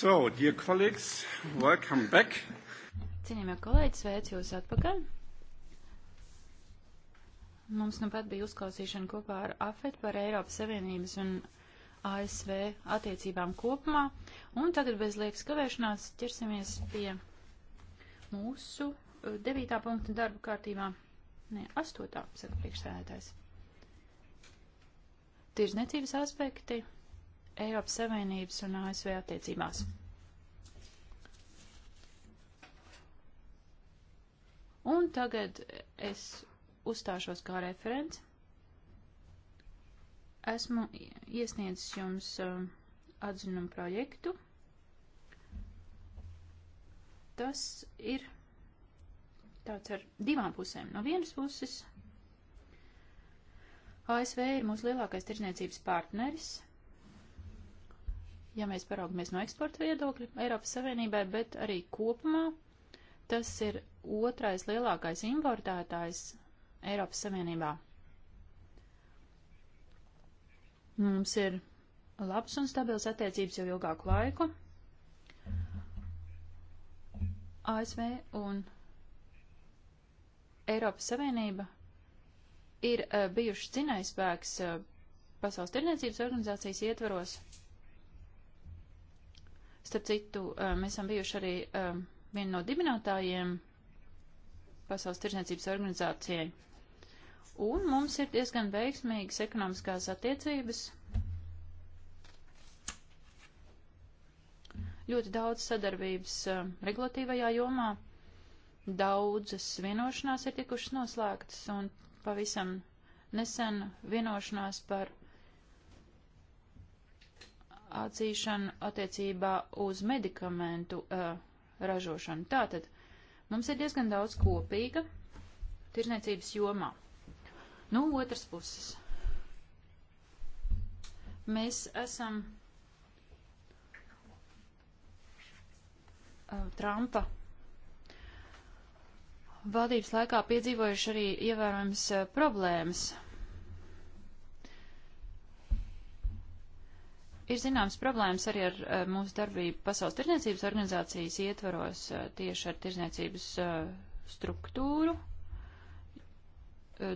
So, dear colleagues, welcome back. Cienījamie kolēģi, sveicu jūs atpakaļ. Mums nu pat bija uzklausīšana kopā ar AFET par Eiropas Savienības un ASV attiecībām kopumā. Un tagad bez liekas kavēšanās ķersimies pie mūsu eh, devītā punkta darba kārtībā. Nē, astotā, saka priekšsēdētājs. Tirzniecības aspekti Eiropas Savienības un ASV attiecībās. Un tagad es uzstāšos kā referents. Esmu iesniedzis jums um, atzinumu projektu. Tas ir tāds ar divām pusēm. No vienas puses ASV ir mūsu lielākais tirdzniecības partneris, ja mēs paraugamies no eksporta viedokļa Eiropas Savienībai, bet arī kopumā tas ir otrais lielākais importētājs Eiropas Savienībā. Mums ir labs un stabils attiecības jau ilgāku laiku. ASV un Eiropas Savienība ir uh, bijuši cinējspēks uh, eh, Pasaules tirniecības organizācijas ietvaros Starp citu, mēs esam bijuši arī vieni no dibinātājiem Pasaules tirsniecības organizācijai. Un mums ir diezgan veiksmīgas ekonomiskās attiecības. Ļoti daudz sadarbības regulatīvajā jomā, daudzas vienošanās ir tikušas noslēgtas un pavisam nesen vienošanās par atzīšanu attiecībā uz medikamentu uh, ražošanu. Tātad mums ir diezgan daudz kopīga tirzniecības jomā. No nu, otras puses, mēs esam uh, Trumpa valdības laikā piedzīvojuši arī ievērojams uh, problēmas Ir zināms problēmas arī ar, ar mūsu darbību Pasaules tirdzniecības organizācijas ietvaros tieši ar tirdzniecības struktūru.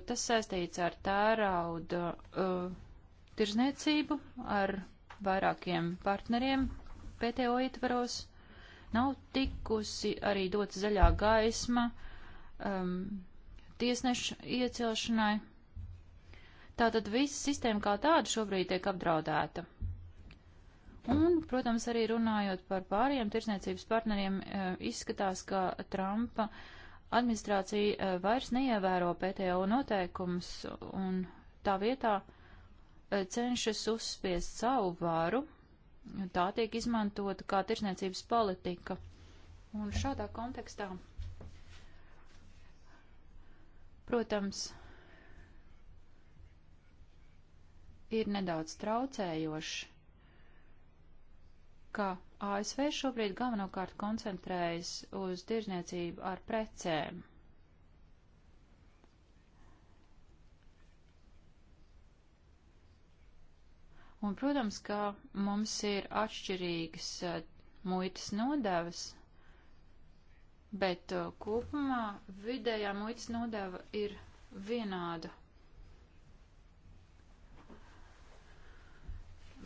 Tas saistīts ar tērauda uh, tirzniecību, ar vairākiem partneriem PTO ietvaros. Nav tikusi arī dota zaļā gaisma um, tiesnešu iecelšanai. Tātad visa sistēma kā tāda šobrīd tiek apdraudēta. Un, protams, arī runājot par pāriem tirsniecības partneriem, e, izskatās, ka Trumpa administrācija e, vairs neievēro PTO noteikumus un tā vietā e, cenšas uzspiest savu varu. Tā tiek izmantota kā tirsniecības politika. Un šādā kontekstā, protams, ir nedaudz traucējoši ka ASV šobrīd galvenokārt koncentrējas uz tirzniecību ar precēm. Un, protams, ka mums ir atšķirīgas uh, muitas nodevas, bet uh, kopumā vidējā muitas nodeva ir vienāda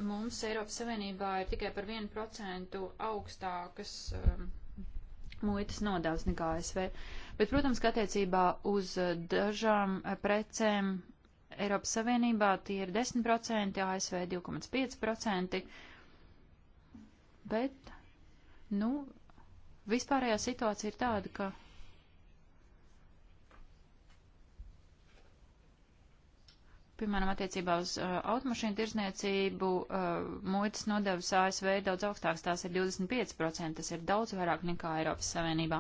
mums Eiropas Savienībā ir tikai par 1% augstākas um, muitas nodevs nekā ASV. Bet, protams, ka attiecībā uz dažām precēm Eiropas Savienībā tie ir 10%, ASV 2,5%. Bet, nu, vispārējā situācija ir tāda, ka Piemēram, attiecībā uz uh, automašīnu tirzniecību uh, muitas nodevas ASV daudz augstāks, tās ir 25%, tas ir daudz vairāk nekā Eiropas Savienībā.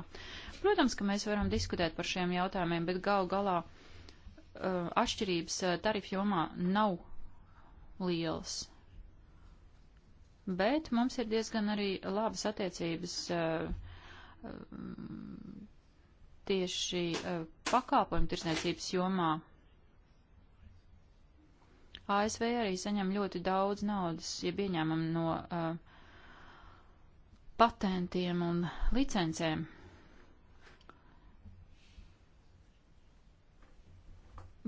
Protams, ka mēs varam diskutēt par šiem jautājumiem, bet gal galā uh, atšķirības uh, tarifu jomā nav liels. Bet mums ir diezgan arī labas attiecības uh, uh, tieši uh, pakāpojumu tirsniecības jomā ASV arī saņem ļoti daudz naudas, ja pieņemam no uh, patentiem un licencēm.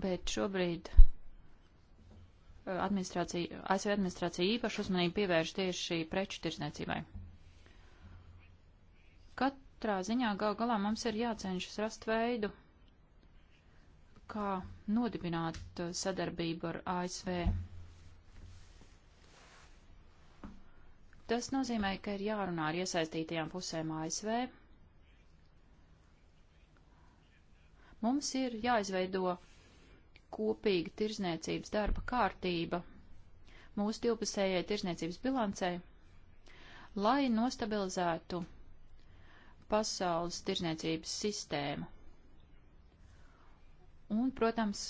Bet šobrīd uh, administrācija, ASV administrācija īpaši uzmanību pievērš tieši preču tirsniecībai. Katrā ziņā gal galā mums ir jācenšas rast veidu, kā nodibināt uh, sadarbību ar ASV. Tas nozīmē, ka ir jārunā ar iesaistītajām pusēm ASV. Mums ir jāizveido kopīga tirzniecības darba kārtība mūsu divpusējai tirzniecības bilancei, lai nostabilizētu pasaules tirzniecības sistēmu. Un, protams,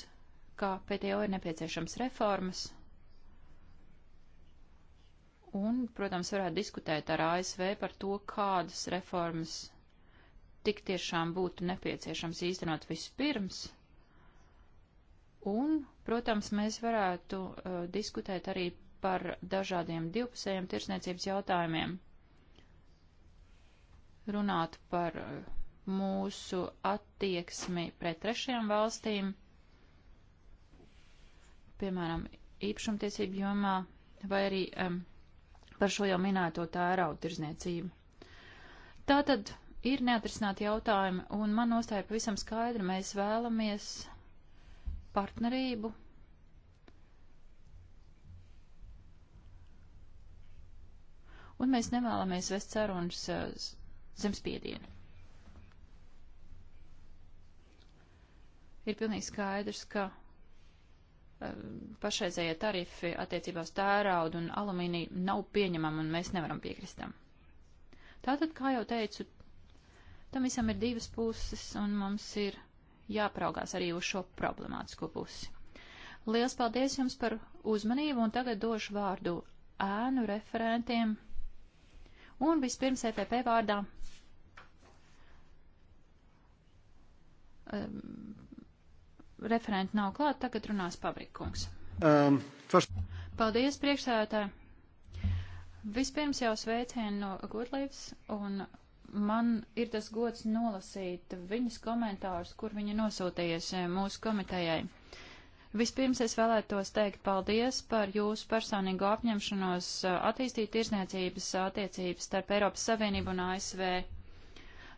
kā PTO ir nepieciešams reformas. Un, protams, varētu diskutēt ar ASV par to, kādas reformas tik tiešām būtu nepieciešams īstenot vispirms. Un, protams, mēs varētu uh, diskutēt arī par dažādiem divpusējiem tirsniecības jautājumiem, runāt par uh, mūsu attieksmi pret trešajām valstīm, piemēram, īpašumtiesību jomā, vai arī um, par šo jau minēto tērauda tirzniecību. Tātad ir neatrisināti jautājumi, un man nostāja pavisam skaidri, mēs vēlamies partnerību. Un mēs nevēlamies vest sarunas eh, zem spiedienu. ir pilnīgi skaidrs, ka eh, pašreizējie tarifi attiecībā uz tēraudu un alumīniju nav pieņemami un mēs nevaram piekrist tam. Tātad, kā jau teicu, tam visam ir divas puses un mums ir jāpraugās arī uz šo problemātisko pusi. Liels paldies jums par uzmanību un tagad došu vārdu ēnu referentiem un vispirms EPP vārdā. Ehm, referenti nav klāt, tagad runās Pabrikungs. Um, first... Paldies, priekšsēdētāji! Vispirms jau sveicienu no Gudlības, un man ir tas gods nolasīt viņas komentārus, kur viņa nosūtījies eh, mūsu komitejai. Vispirms es vēlētos teikt paldies par jūsu personīgo apņemšanos eh, attīstīt tirsniecības attiecības starp Eiropas Savienību un ASV.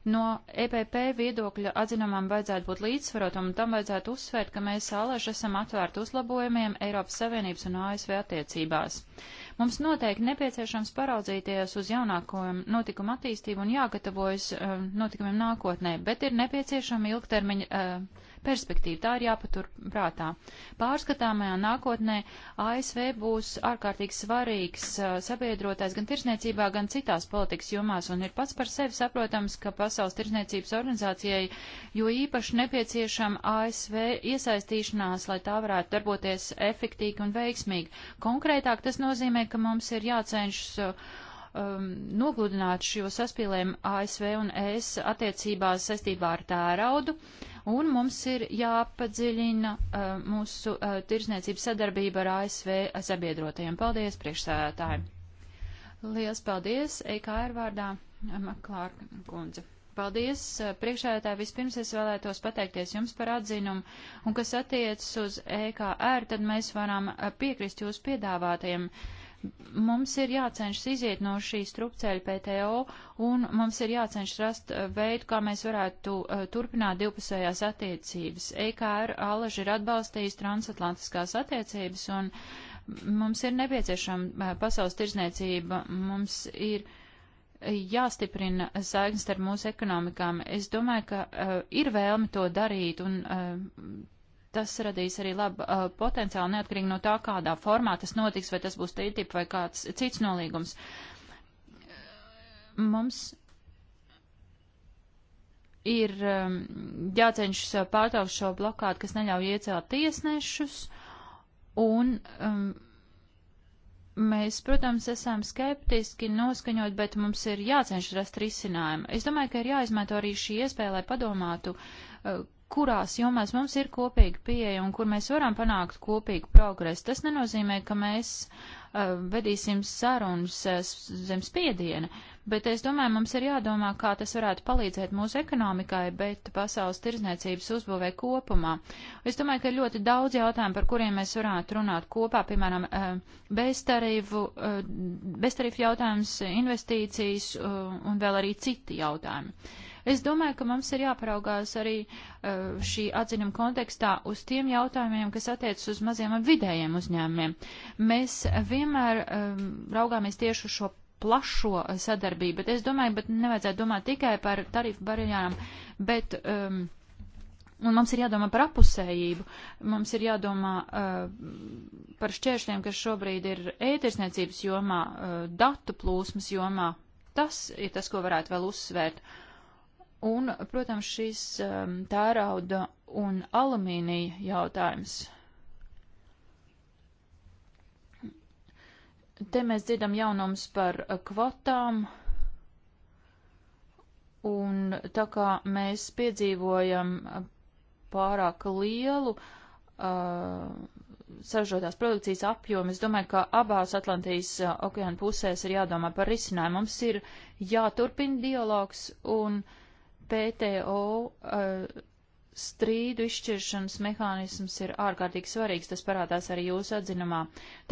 No EPP viedokļa atzinumam vajadzētu būt līdzsvarotam, un tam vajadzētu uzsvērt, ka mēs salaži esam atvērti uzlabojumiem Eiropas Savienības un ASV attiecībās. Mums noteikti nepieciešams paraudzīties uz jaunāko notikumu attīstību un jāgatavojas um, notikumiem nākotnē, bet ir nepieciešama ilgtermiņa. Uh, perspektīvu. Tā ir jāpatur prātā. Pārskatāmajā nākotnē ASV būs ārkārtīgi svarīgs sabiedrotais gan tirsniecībā, gan citās politikas jomās, un ir pats par sevi saprotams, ka Pasaules tirsniecības organizācijai jo īpaši nepieciešama ASV iesaistīšanās, lai tā varētu darboties efektīgi un veiksmīgi. Konkrētāk tas nozīmē, ka mums ir jācenšas um, nogludināt šo saspīlējumu ASV un ES attiecībās saistībā ar tēraudu. Uh, un mums ir jāpadziļina uh, mūsu uh, tirsniecības sadarbība ar ASV sabiedrotajiem. Paldies, priekšsēdētāji! Lielas paldies, EKR vārdā, Maklārka kundze. Paldies, uh, priekšsēdētāji, vispirms es vēlētos pateikties jums par atzinumu, un kas attiecas uz EKR, tad mēs varam uh, piekrist jūsu piedāvātajiem. Uh, Mums ir jācenšas iziet no šī strupceļa PTO un mums ir jācenšas rast eh, veidu, kā mēs varētu uh, turpināt divpusējās attiecības. EKR Alaži ir atbalstījis transatlantiskās attiecības un mums ir nepieciešama eh, pasaules tirzniecība, mums ir jāstiprina saiknes ar mūsu ekonomikām. Es domāju, ka uh, ir vēlme to darīt un uh, tas radīs arī labu uh, potenciālu neatkarīgi no tā, kādā formā tas notiks, vai tas būs TTIP vai kāds cits nolīgums. Mums ir um, jācenšas pārtraukt šo blokādu, kas neļauj iecelt tiesnešus, un um, mēs, protams, esam skeptiski noskaņot, bet mums ir jācenšas rast risinājumu. Es domāju, ka ir jāizmanto arī šī iespēja, lai padomātu, uh, kurās jomās mums ir kopīga pieeja un kur mēs varam panākt kopīgu progresu. Tas nenozīmē, ka mēs uh, vedīsim sarunas uh, zem spiediena, bet es domāju, mums ir jādomā, kā tas varētu palīdzēt mūsu ekonomikai, bet pasaules tirzniecības uzbūvē kopumā. Es domāju, ka ir ļoti daudz jautājumu, par kuriem mēs varētu runāt kopā, piemēram, uh, beztarifu, uh, beztarifu jautājums, investīcijas uh, un vēl arī citi jautājumi. Uh, Es domāju, ka mums ir jāparaugās arī eh, šī atzinuma kontekstā uz tiem jautājumiem, kas attiecas uz maziem un vidējiem uzņēmumiem. Mēs vienmēr ehm, raugāmies tieši uz šo plašo eh, sadarbību, bet es domāju, bet nevajadzētu domāt tikai par tarifu barjām, bet. Um, Un mums ir jādomā par apusējību, mums ir jādomā uh, par šķēršļiem, kas šobrīd ir ētirsniecības jomā, uh, datu plūsmas jomā. Tas ir tas, ko varētu vēl uzsvērt. Un, protams, šis um, tērauda un alumīnija jautājums. Te mēs dzirdam jaunums par kvotām, un tā kā mēs piedzīvojam pārāk lielu uh, sažotās produkcijas apjomu, es domāju, ka abās Atlantijas uh, okeāna pusēs ir jādomā par risinājumu. Mums ir jāturpina dialogs un uh, PTO uh, eh, strīdu izšķiršanas mehānisms ir ārkārtīgi svarīgs, tas parādās arī jūsu atzinumā.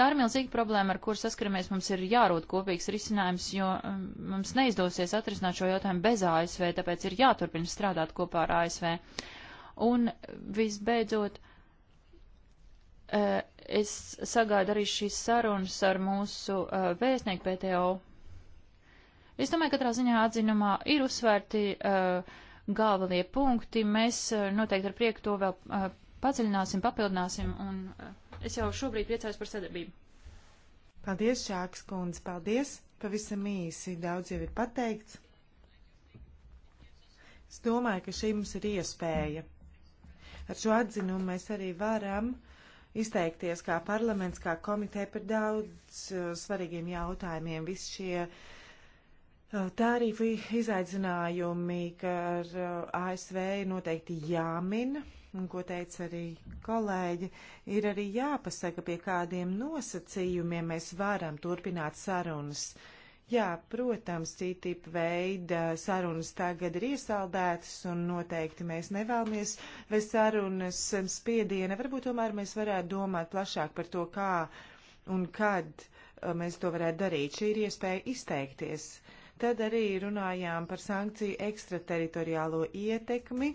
Tā ir milzīga problēma, ar kur saskaramies, mums ir jārūt kopīgs risinājums, jo um, mums neizdosies atrisināt šo jautājumu bez ASV, tāpēc ir jāturpina strādāt kopā ar ASV. Un visbeidzot, uh, es sagādu arī šīs sarunas ar mūsu uh, vēstnieku PTO Es domāju, katrā ziņā atzinumā ir uzsvērti uh, galvenie punkti. Mēs uh, noteikti ar prieku to vēl uh, padziļināsim, papildināsim, un uh, es jau šobrīd priecājos par sadarbību. Paldies, Šāks kundze, paldies. Pavisam īsi, daudz jau ir pateikts. Es domāju, ka šī mums ir iespēja. Ar šo atzinumu mēs arī varam izteikties kā parlaments, kā komiteja par daudz uh, svarīgiem jautājumiem. Visi šie uh, Uh, Tarifu izaicinājumi, ka ar uh, ASV ir noteikti jāmin, un ko teica arī kolēģi, ir arī jāpasaka, pie kādiem nosacījumiem mēs varam turpināt sarunas. Jā, protams, citīpa veida sarunas tagad ir iesaldētas, un noteikti mēs nevēlamies vest sarunas spiediena. Varbūt tomēr mēs varētu domāt plašāk par to, kā un kad uh, mēs to varētu darīt. Šī ir iespēja izteikties. Uh, Tad arī runājām par sankciju ekstrateritoriālo ietekmi.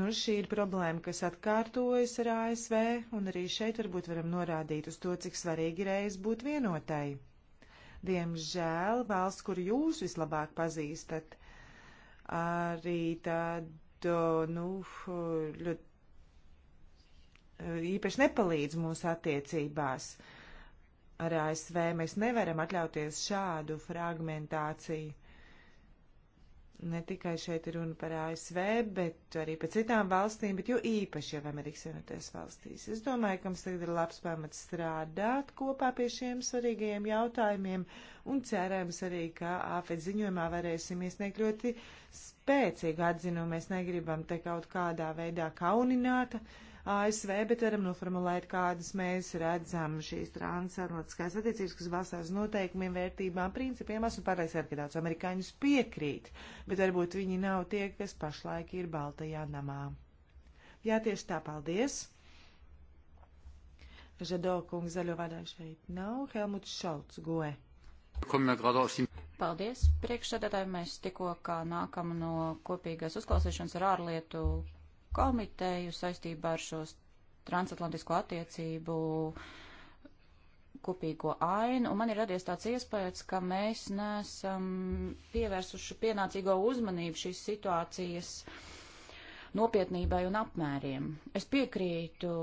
Nu, šī ir problēma, kas atkārtojas ar ASV, un arī šeit varbūt varam norādīt uz to, cik svarīgi ir reiz būt vienotai. Diemžēl valsts, kur jūs vislabāk pazīstat, arī tādu, nu, ļoti īpaši nepalīdz mūsu attiecībās. Uh, ar ASV. Mēs nevaram atļauties šādu fragmentāciju. Ne tikai šeit ir runa par ASV, bet arī par citām valstīm, bet jo īpaši jau Amerikas Savienotajās valstīs. Es domāju, ka mums tagad ir labs pamats strādāt kopā pie šiem svarīgajiem jautājumiem un cerams arī, ka AFED ziņojumā varēsim iesniegt ļoti spēcīgu atzinu. Mēs negribam te kaut kādā veidā kaunināt uh, ASV, bet varam noformulēt, kādas mēs redzam šīs transatlantiskās attiecības, kas balstās noteikumiem, vērtībām, principiem. Esmu pārliecināta, ka daudz amerikāņus piekrīt, bet varbūt viņi nav tie, kas pašlaik ir Baltajā namā. Jā, tieši tā, paldies! Žadokungs zaļo vadā šeit nav, Helmuts Šalts goe. Paldies, priekšsēdētāji, mēs tikko kā nākam no kopīgās uzklausīšanas ar ārlietu komiteju saistībā ar šos transatlantisko attiecību kopīgo ainu, un man ir radies tāds iespējas, ka mēs nesam pievērsuši pienācīgo uzmanību šīs situācijas nopietnībai un apmēriem. Es piekrītu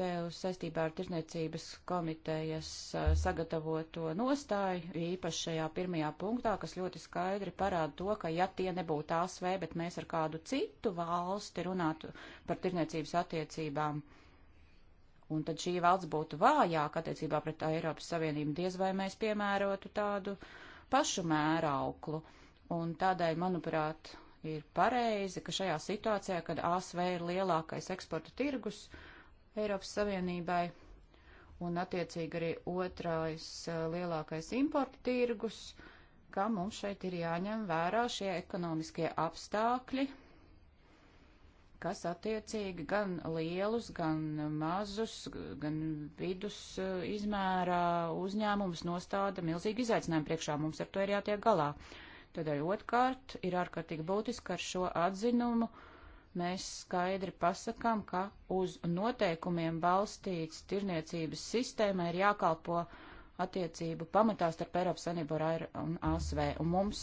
tev saistībā ar Tirzniecības komitejas sagatavoto nostāju, īpaši šajā pirmajā punktā, kas ļoti skaidri parāda to, ka ja tie nebūtu ASV, bet mēs ar kādu citu valsti runātu par tirzniecības attiecībām, un tad šī valsts būtu vājāka attiecībā pret Eiropas Savienību, diez vai mēs piemērotu tādu pašu mērauklu. Un tādēļ, manuprāt, ir pareizi, ka šajā situācijā, kad ASV ir lielākais eksporta tirgus, uh, Eiropas Savienībai un attiecīgi arī otrais eh, lielākais importa tirgus, ka mums šeit ir jāņem vērā šie ekonomiskie apstākļi, kas attiecīgi gan lielus, gan mazus, gan vidus eh, izmērā uzņēmumus nostāda milzīgi izaicinājumu priekšā. Mums ar to ir jātiek galā. Tādēļ otrkārt ir ārkārtīgi būtiski ar šo atzinumu uh, mēs skaidri pasakām, ka uz noteikumiem balstīts tirniecības sistēma ir jākalpo attiecību pamatā starp Eiropas Sanību un ASV. Un mums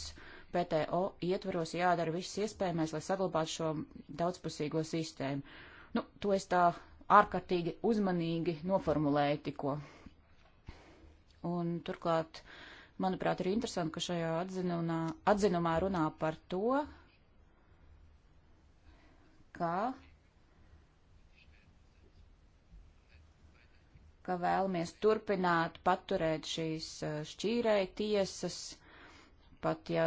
PTO ietveros jādara viss iespējamais, lai saglabātu šo daudzpusīgo sistēmu. Nu, to es tā ārkārtīgi uzmanīgi noformulēju tikko. Un turklāt, manuprāt, ir interesanti, ka šajā atzinumā, atzinumā runā par to, ka, ka vēlamies turpināt paturēt šīs eh, šķīrēja tiesas, pat ja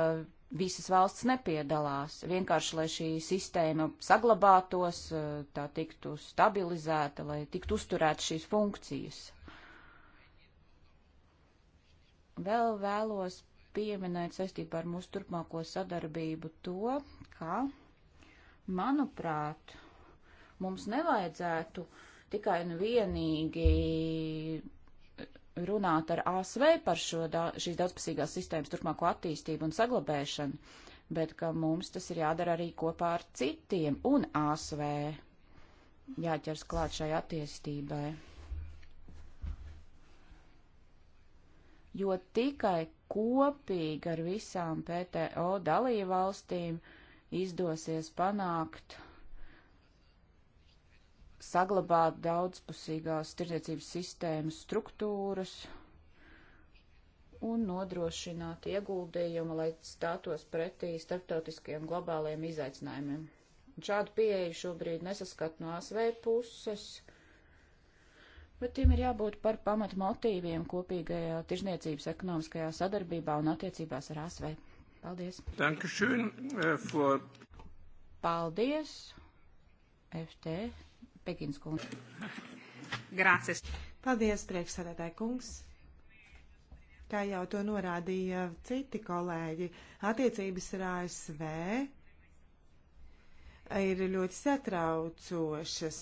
visas valsts nepiedalās, vienkārši lai šī sistēma saglabātos, eh, tā tiktu stabilizēta, lai tiktu uzturēt šīs funkcijas. Vēl vēlos pieminēt saistībā ar mūsu turpmāko sadarbību to, ka Manuprāt, mums nevajadzētu tikai un vienīgi runāt ar ASV par šo, da, šīs daudzpasīgās sistēmas turpmāko attīstību un saglabēšanu, bet ka mums tas ir jādara arī kopā ar citiem un ASV jāķers klāt šai attīstībai. Jo tikai kopīgi ar visām PTO dalībvalstīm valstīm izdosies panākt saglabāt daudzpusīgās tirdzniecības sistēmas struktūras un nodrošināt ieguldījumu, lai stātos pretī starptautiskiem globāliem izaicinājumiem. Un šādu pieeju šobrīd nesaskat no ASV puses, bet tiem ir jābūt par pamatmotīviem kopīgajā tirzniecības ekonomiskajā sadarbībā un attiecībās ar ASV. Paldies. Dankeschön, uh, äh, for... Paldies, FT Pekins kungs. Grācis. Paldies, priekšsēdētāji kungs kā jau to norādīja citi kolēģi, attiecības ar ASV ir ļoti satraucošas.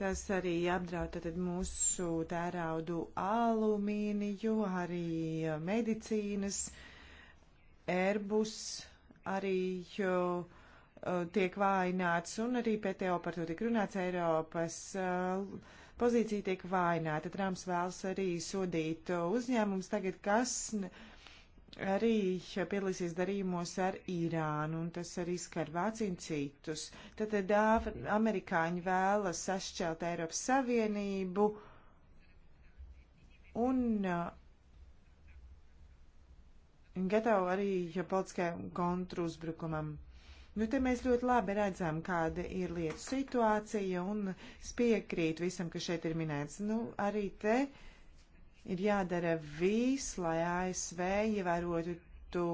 Tas arī apdraud tad mūsu tēraudu alumīniju, arī medicīnas uh, Airbus arī jo, uh, tiek vājināts, un arī PTO par to tiek runāts Eiropas. Uh, pozīcija tiek vājināta. Trumps vēlas arī sodīt uzņēmums tagad, kas arī piedalīsies darījumos ar Irānu, un tas arī skar Vāciju un citus. Tad amerikāņi vēlas sašķelt Eiropas Savienību un uh, gatavu arī politiskajam kontruzbrukumam. Nu, te mēs ļoti labi redzam, kāda ir lietu situācija, un es piekrītu visam, kas šeit ir minēts. Nu, arī te ir jādara viss, lai ASV ievērotu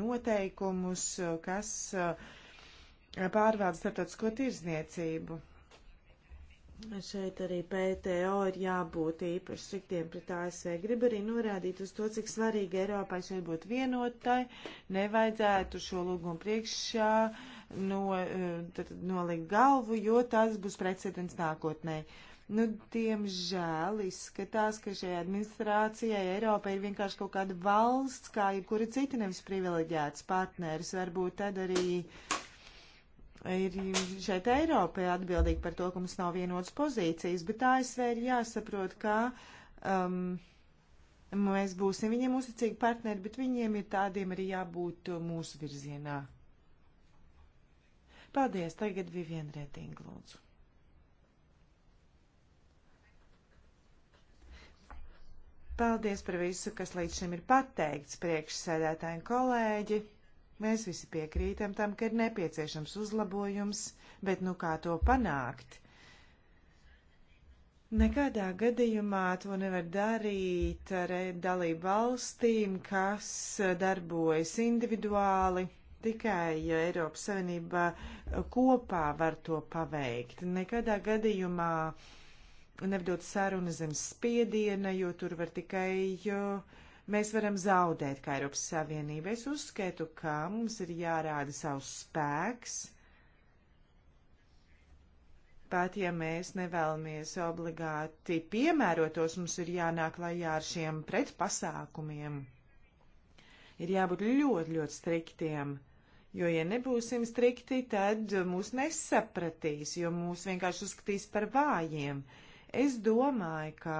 noteikumus, kas uh, pārvalda starptautisko tirzniecību. Šeit arī PTO ir jābūt īpaši striktiem pret ASV. Gribu arī norādīt uz to, cik svarīgi Eiropai šeit būt vienotai. Nevajadzētu šo lūgumu priekšā no, eh, tad, nolikt galvu, jo tas būs precedents nākotnē. Nu, diemžēl izskatās, ka šajā administrācijai Eiropa ir vienkārši kaut kāda valsts, kā jebkura cita nevis privileģēts partneris. Varbūt tad arī uh, ir šeit Eiropa atbildīga par to, ka mums nav vienotas pozīcijas, bet ASV ir jāsaprot, ka um, mēs būsim viņiem uzticīgi partneri, bet viņiem ir tādiem arī jābūt mūsu virzienā. Paldies, tagad Vivien Rētīng, lūdzu. Paldies par visu, kas līdz šim ir pateikts priekšsēdētājiem kolēģi. Mēs visi piekrītam tam, ka ir nepieciešams uzlabojums, bet nu kā to panākt? Nekādā gadījumā to nevar darīt ar dalību valstīm, kas darbojas individuāli. Tikai Eiropas Savienība kopā var to paveikt. Nekādā gadījumā nevedot sarunu zem spiediena, jo tur var tikai uh, mēs varam zaudēt kā Eiropas Savienība. Es uzskatu, ka mums ir jārāda savs spēks, pat ja mēs nevēlamies obligāti piemērotos, mums ir jānāk lajā ar šiem pretpasākumiem. Ir jābūt ļoti, ļoti striktiem. Jo, ja nebūsim strikti, tad mūs nesapratīs, jo mūs vienkārši uzskatīs par vājiem. Es domāju, ka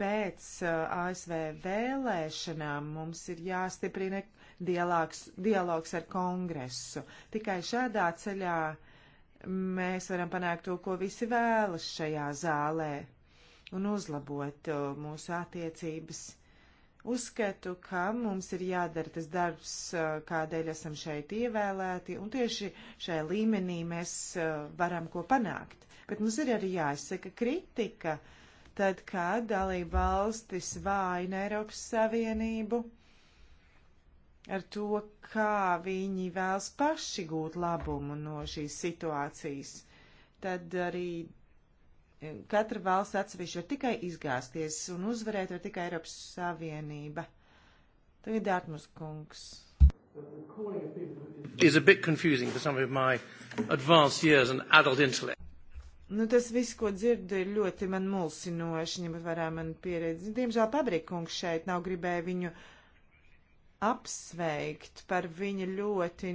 pēc ASV vēlēšanām mums ir jāstiprina dialogs, dialogs ar kongresu. Tikai šādā ceļā mēs varam panākt to, ko visi vēlas šajā zālē un uzlabot mūsu attiecības. Uzskatu, ka mums ir jādara tas darbs, kādēļ esam šeit ievēlēti, un tieši šajā līmenī mēs varam ko panākt. Bet mums ir arī jāizsaka kritika uh, tad, kad dalība valstis vājina Eiropas Savienību ar to, kā viņi vēlas paši gūt labumu no šīs situācijas, tad arī eh, katra valsts atsevišķi var tikai izgāzties un uzvarēt var tikai Eiropas Savienība. Tagad Dārtmus kungs. Is a bit confusing for some of my advanced years and adult intellect. Nu, tas viss, ko dzirdu, ir ļoti man mulsinoši, ņemot vērā man pieredzi. Diemžēl Pabrikungs šeit nav gribēja viņu apsveikt par viņa ļoti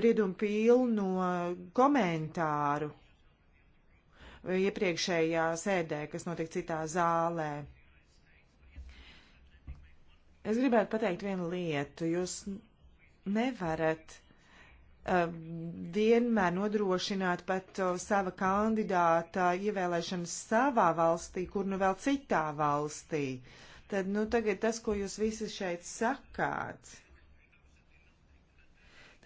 briedumu pilnu komentāru iepriekšējā sēdē, kas notiek citā zālē. Es gribētu pateikt vienu lietu. Jūs nevarat Um, vienmēr nodrošināt pat uh, sava kandidāta ievēlēšanu savā valstī, kur nu vēl citā valstī. Tad, nu, tagad tas, ko jūs visi šeit sakāt,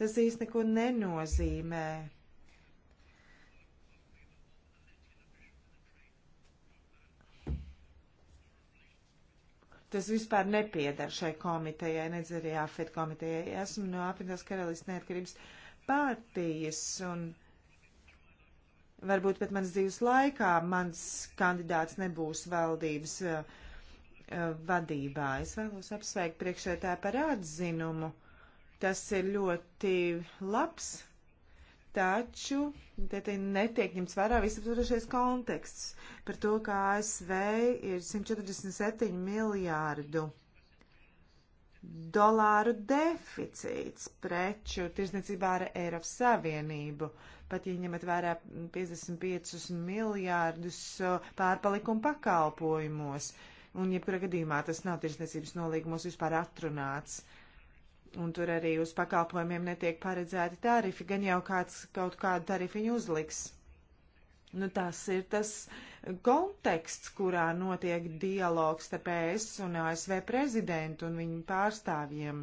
tas īsti neko nenozīmē. tas vispār nepiedar šai komitejai, nedz arī AFET komitejai. Esmu no apvienotās karalists neatkarības. Uh, partijas, un varbūt pat manas dzīves laikā mans kandidāts nebūs valdības uh, uh, vadībā. Es vēlos apsveikt priekšētā par atzinumu. Tas ir ļoti labs, taču te netiek ņemts vērā visaptvarošais konteksts par to, ka ASV ir 147 miljārdu dolāru deficīts preču tirzniecībā ar Eiropas Savienību. Pat ja ņemat vērā 55 miljārdus pārpalikumu pakalpojumos, un jebkurā gadījumā tas nav tirzniecības nolīgumos vispār atrunāts. Un tur arī uz pakalpojumiem netiek paredzēti tarifi, gan jau kāds kaut kādu tarifiņu uzliks. Nu, tas ir tas konteksts, kurā notiek dialogs starp ES un ASV prezidentu un viņu pārstāvjiem.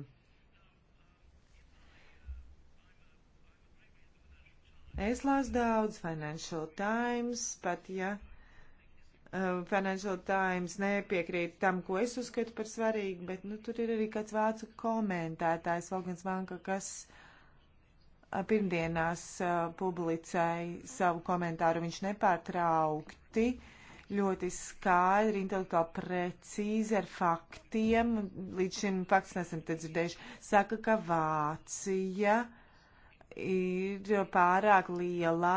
Es lasu daudz Financial Times, pat ja uh, Financial Times nepiekrīt tam, ko es uzskatu par svarīgu, bet nu, tur ir arī kāds vācu komentētājs, Volgans Vanka, kas pirmdienās publicēja savu komentāru. Viņš nepārtraukti, ļoti skaidri, intelektuāli precīzi ar faktiem, līdz šim fakts nesam te dzirdējuši, saka, ka Vācija ir pārāk lielā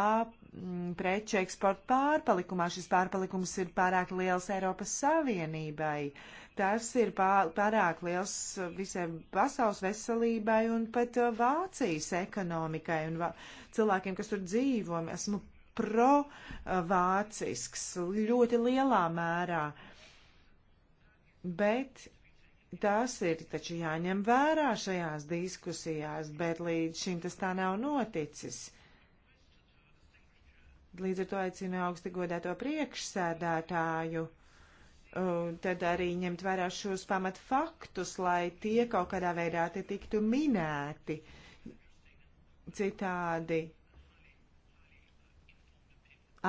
preču eksporta pārpalikumā. Šis pārpalikums ir pārāk liels Eiropas Savienībai. Uh, Tas ir pārāk liels visai pasaules veselībai un pat uh, Vācijas ekonomikai un vā cilvēkiem, kas tur dzīvo. Esmu provācisks uh, ļoti lielā mērā. Bet tas ir taču jāņem vērā šajās diskusijās, bet līdz šim tas tā nav noticis. Līdz ar to aicinu augsti godēto priekšsēdētāju tad arī ņemt vērā šos pamat faktus, lai tie kaut kādā veidā te tiktu minēti citādi.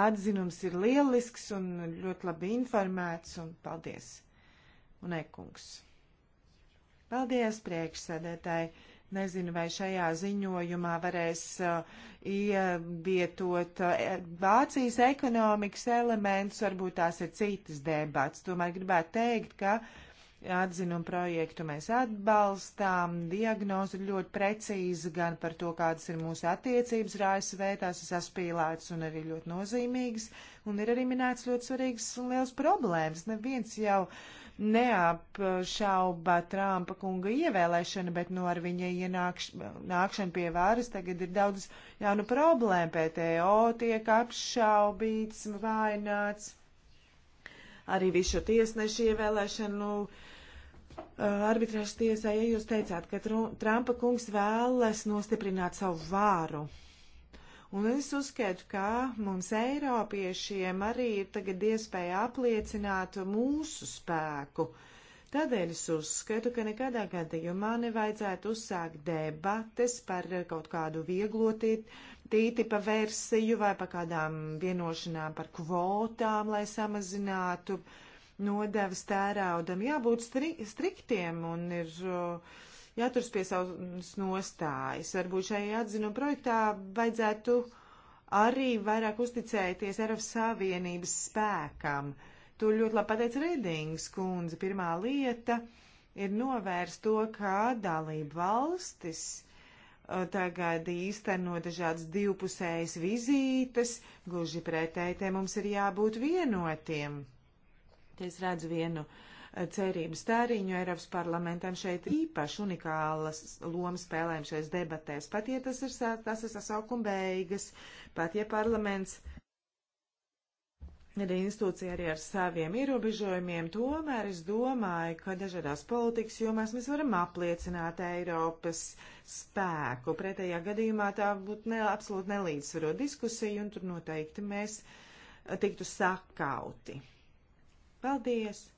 Atzinums ir lielisks un ļoti labi informēts, un paldies, un ekungs. Paldies, priekšsēdētāji! Nezinu, vai šajā ziņojumā varēs uh, ievietot uh, Vācijas ekonomikas elementus, varbūt tās ir citas debats. Tomēr gribētu teikt, ka atzinumu projektu mēs atbalstām, diagnozi ļoti precīzi gan par to, kādas ir mūsu attiecības ar ASV, tās ir saspīlētas un arī ļoti nozīmīgas, un ir arī minēts ļoti svarīgas un liels problēmas. Neviens jau. Uh, neapšauba Trumpa kunga ievēlēšana, bet no nu ar viņa ienākšanu pie varas tagad ir daudz jaunu problēmu. PTO tiek apšaubīts, vaināts. Arī visu tiesnešu ievēlēšanu. Nu, arbitrāžas tiesā, ja jūs teicāt, ka Trumpa kungs vēlas nostiprināt savu vāru, Un es uzskatu, ka mums Eiropiešiem arī ir tagad iespēja apliecināt mūsu spēku. Tādēļ es uzskatu, ka nekādā gadījumā nevajadzētu uzsākt debates par kaut kādu vieglotīt tītipa versiju vai par kādām vienošanām par kvotām, lai samazinātu nodevas tērādam. Jābūt stri striktiem un ir. Uh, jāturas pie savas nostājas. Varbūt šajā atzinuma projektā vajadzētu arī vairāk uzticēties Eiropas Savienības spēkam. To ļoti labi pateica Redings kundze. Pirmā lieta ir novērst to, kā dalība valstis uh, tagad īsteno dažādas divpusējas vizītes, gluži pretēji te mums ir jābūt vienotiem. Te es redzu vienu uh, cerību stāriņu Eiropas parlamentam šeit īpaši unikālas lomas spēlēm šais debatēs, pat ja tas ir, tas ir sasaukuma beigas, pat ja parlaments ir institūcija arī ar saviem ierobežojumiem, tomēr es domāju, ka dažādās politikas jomās mēs varam apliecināt Eiropas spēku. Pretējā gadījumā tā būtu ne, absolūti nelīdzsvarot diskusiju, un tur noteikti mēs tiktu sakauti. Paldies!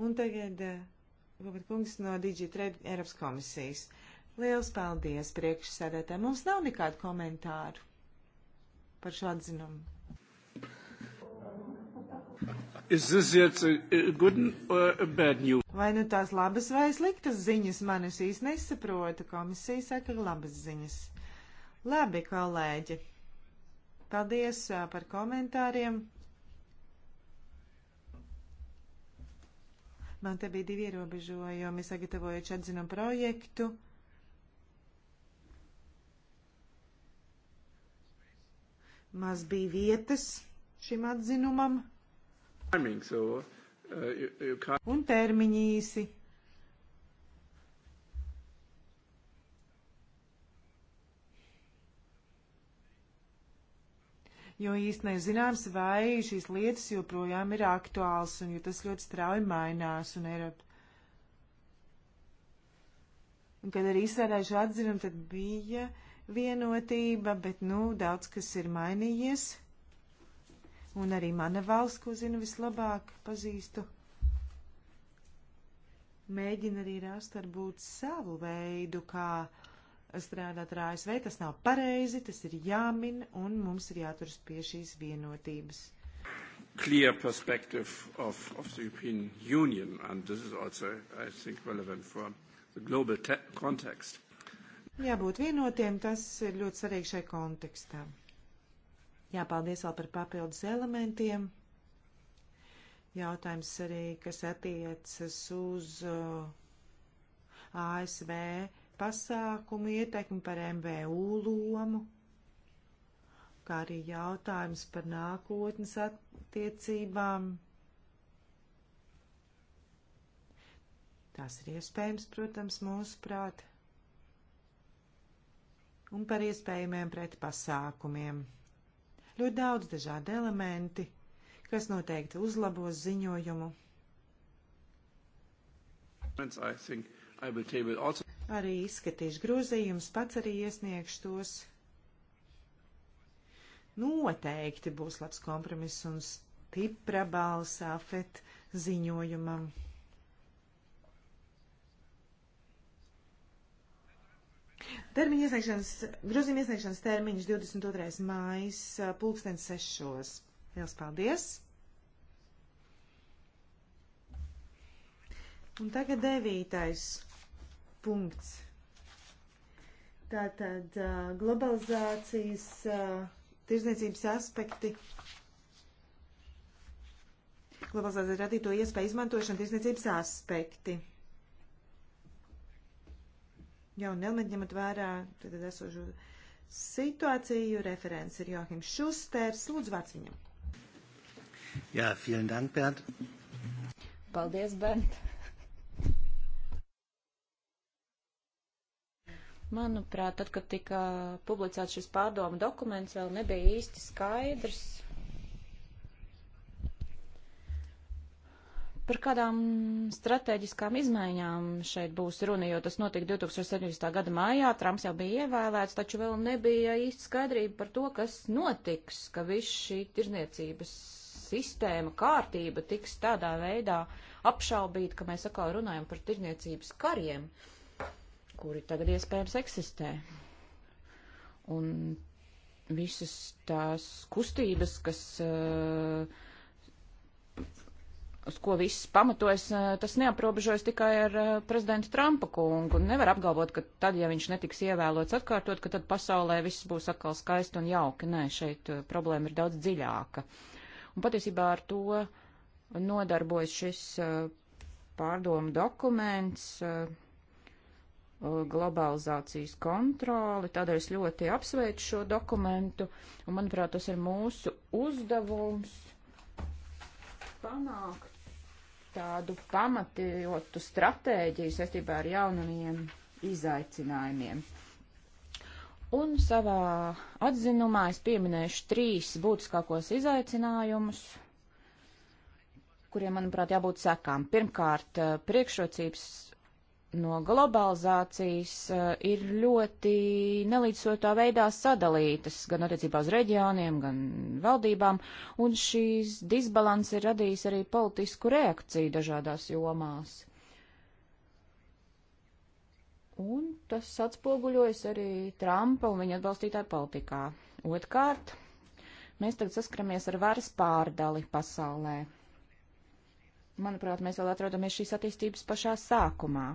Un tagad eh, Robert Kungs no Digitrade Eiropas komisijas. Liels paldies priekšsēdētājiem. Mums nav nekādu komentāru par šo atzinumu. Vai nu tās labas vai sliktas ziņas man es īsti nesaprotu? Komisija saka labas ziņas. Labi, kolēģi. Paldies eh, par komentāriem. Man te bija divi ierobežojumi, sagatavojot atzinu projektu. Maz bija vietas šim atzinumam. Timing, so, uh, you, you un termiņi īsi. jo īsti nezināms, vai šīs lietas joprojām ir aktuāls un jo tas ļoti strauji mainās un Eiropa. Un kad arī izsvērēšu atzinumu, tad bija vienotība, bet, nu, daudz kas ir mainījies. Un arī mana valsts, ko zinu vislabāk, pazīstu mēģina arī rast varbūt savu veidu, kā strādāt ar ASV. Tas nav pareizi, tas ir jāmin, un mums ir jāturas pie šīs vienotības. Clear perspective of, of the European Union, and this is also, I think, relevant for the global context. Jābūt vienotiem, tas ir ļoti svarīgi šai kontekstā. Jāpaldies vēl par papildus elementiem. Jautājums arī, kas attiecas uz uh, ASV pasākumu ietekmi, par MVU lomu, kā arī jautājums par nākotnes attiecībām. Tas ir iespējams, protams, mūsu prāt. Un par iespējamiem pretpasākumiem. Ļoti daudz dažādi elementi, kas noteikti uzlabos ziņojumu. I think I will table also arī izskatīšu grozījumus, pats arī iesniegšu tos. Noteikti būs labs kompromiss un stipra balss afet ziņojumam. Termiņa iesniegšanas, grozījuma iesniegšanas termiņš 22. mājas pulkstens sešos. Liels paldies! Un tagad devītais punkts. Tātad globalizācijas tirdzniecības aspekti. Globalizācija radīto iespēju izmantošana tirdzniecības aspekti. Jauni elementi ņemot vērā tad esošo situāciju. Referents ir Johims Šusters. Lūdzu, vārds viņam. Jā, vielen dank, Bert. Paldies, Bert. Manuprāt, tad, kad tika publicēts šis pārdomu dokuments, vēl nebija īsti skaidrs, par kādām strateģiskām izmaiņām šeit būs runa, jo tas notika 2017. gada mājā, Trumps jau bija ievēlēts, taču vēl nebija īsti skaidrība par to, kas notiks, ka viss šī tirzniecības sistēma, kārtība tiks tādā veidā apšaubīta, ka mēs atkal runājam par tirzniecības kariem. Uh, kuri tagad iespējams eksistē. Un visas tās kustības, kas, eh, uz ko viss pamatojas, eh, tas neaprobežojas tikai ar eh, prezidenta Trumpa kungu. Nevar apgalvot, ka tad, ja viņš netiks ievēlots atkārtot, ka tad pasaulē viss būs atkal skaisti un jauki. Nē, šeit problēma ir daudz dziļāka. Un patiesībā ar to nodarbojas šis pārdomu dokuments. Uh, Uh, globalizācijas kontroli, tādēļ es ļoti apsveicu šo dokumentu, un manuprāt, tas ir mūsu uzdevums panākt tādu pamatotu stratēģiju saistībā ar jaunajiem izaicinājumiem. Un savā atzinumā es pieminēšu trīs būtiskākos izaicinājumus, kuriem, manuprāt, jābūt sekām. Pirmkārt, uh, priekšrocības no globalizācijas eh, ir ļoti nelīdzsvarotā veidā sadalītas gan attiecībā uz reģioniem, gan valdībām, un šīs disbalans ir radījis arī politisku reakciju dažādās jomās. Un tas atspoguļojas arī Trumpa un viņa atbalstītāju politikā. Otkārt, mēs tagad saskaramies ar varas pārdali pasaulē. Manuprāt, mēs vēl atrodamies šīs attīstības pašā sākumā.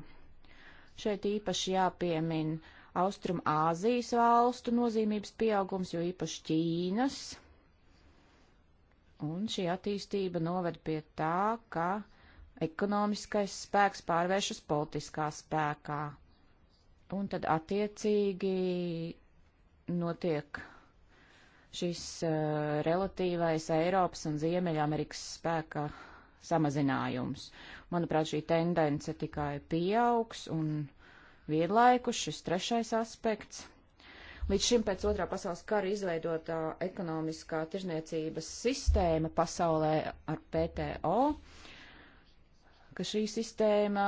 Šeit īpaši jāpiemin Austrum Āzijas valstu nozīmības pieaugums, jo īpaši Ķīnas. Un šī attīstība noved pie tā, ka ekonomiskais spēks pārvēršas politiskā spēkā. Un tad attiecīgi notiek šis uh, relatīvais Eiropas un Ziemeļamerikas spēka samazinājums. Manuprāt, šī tendence tikai pieaugs un vienlaikus šis trešais aspekts. Līdz šim pēc otrā pasaules kara izveidotā ekonomiskā tirzniecības sistēma pasaulē ar PTO, ka šī sistēma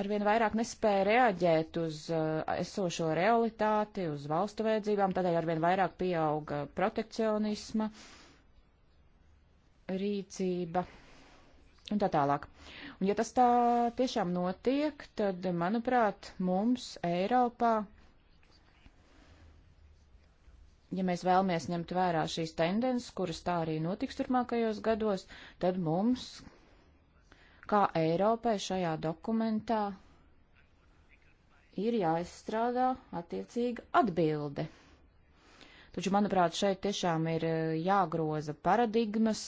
arvien vairāk nespēja reaģēt uz uh, esošo realitāti, uz valstu vajadzībām, tādēļ arvien vairāk pieauga protekcionisma rīcība un tā tālāk. Un ja tas tā tiešām notiek, tad, manuprāt, mums Eiropā, ja mēs vēlamies ņemt vērā šīs tendences, kuras tā arī notiks turpmākajos gados, tad mums, kā Eiropai šajā dokumentā, ir jāizstrādā attiecīga atbilde. Taču, manuprāt, šeit tiešām ir eh, jāgroza paradigmas,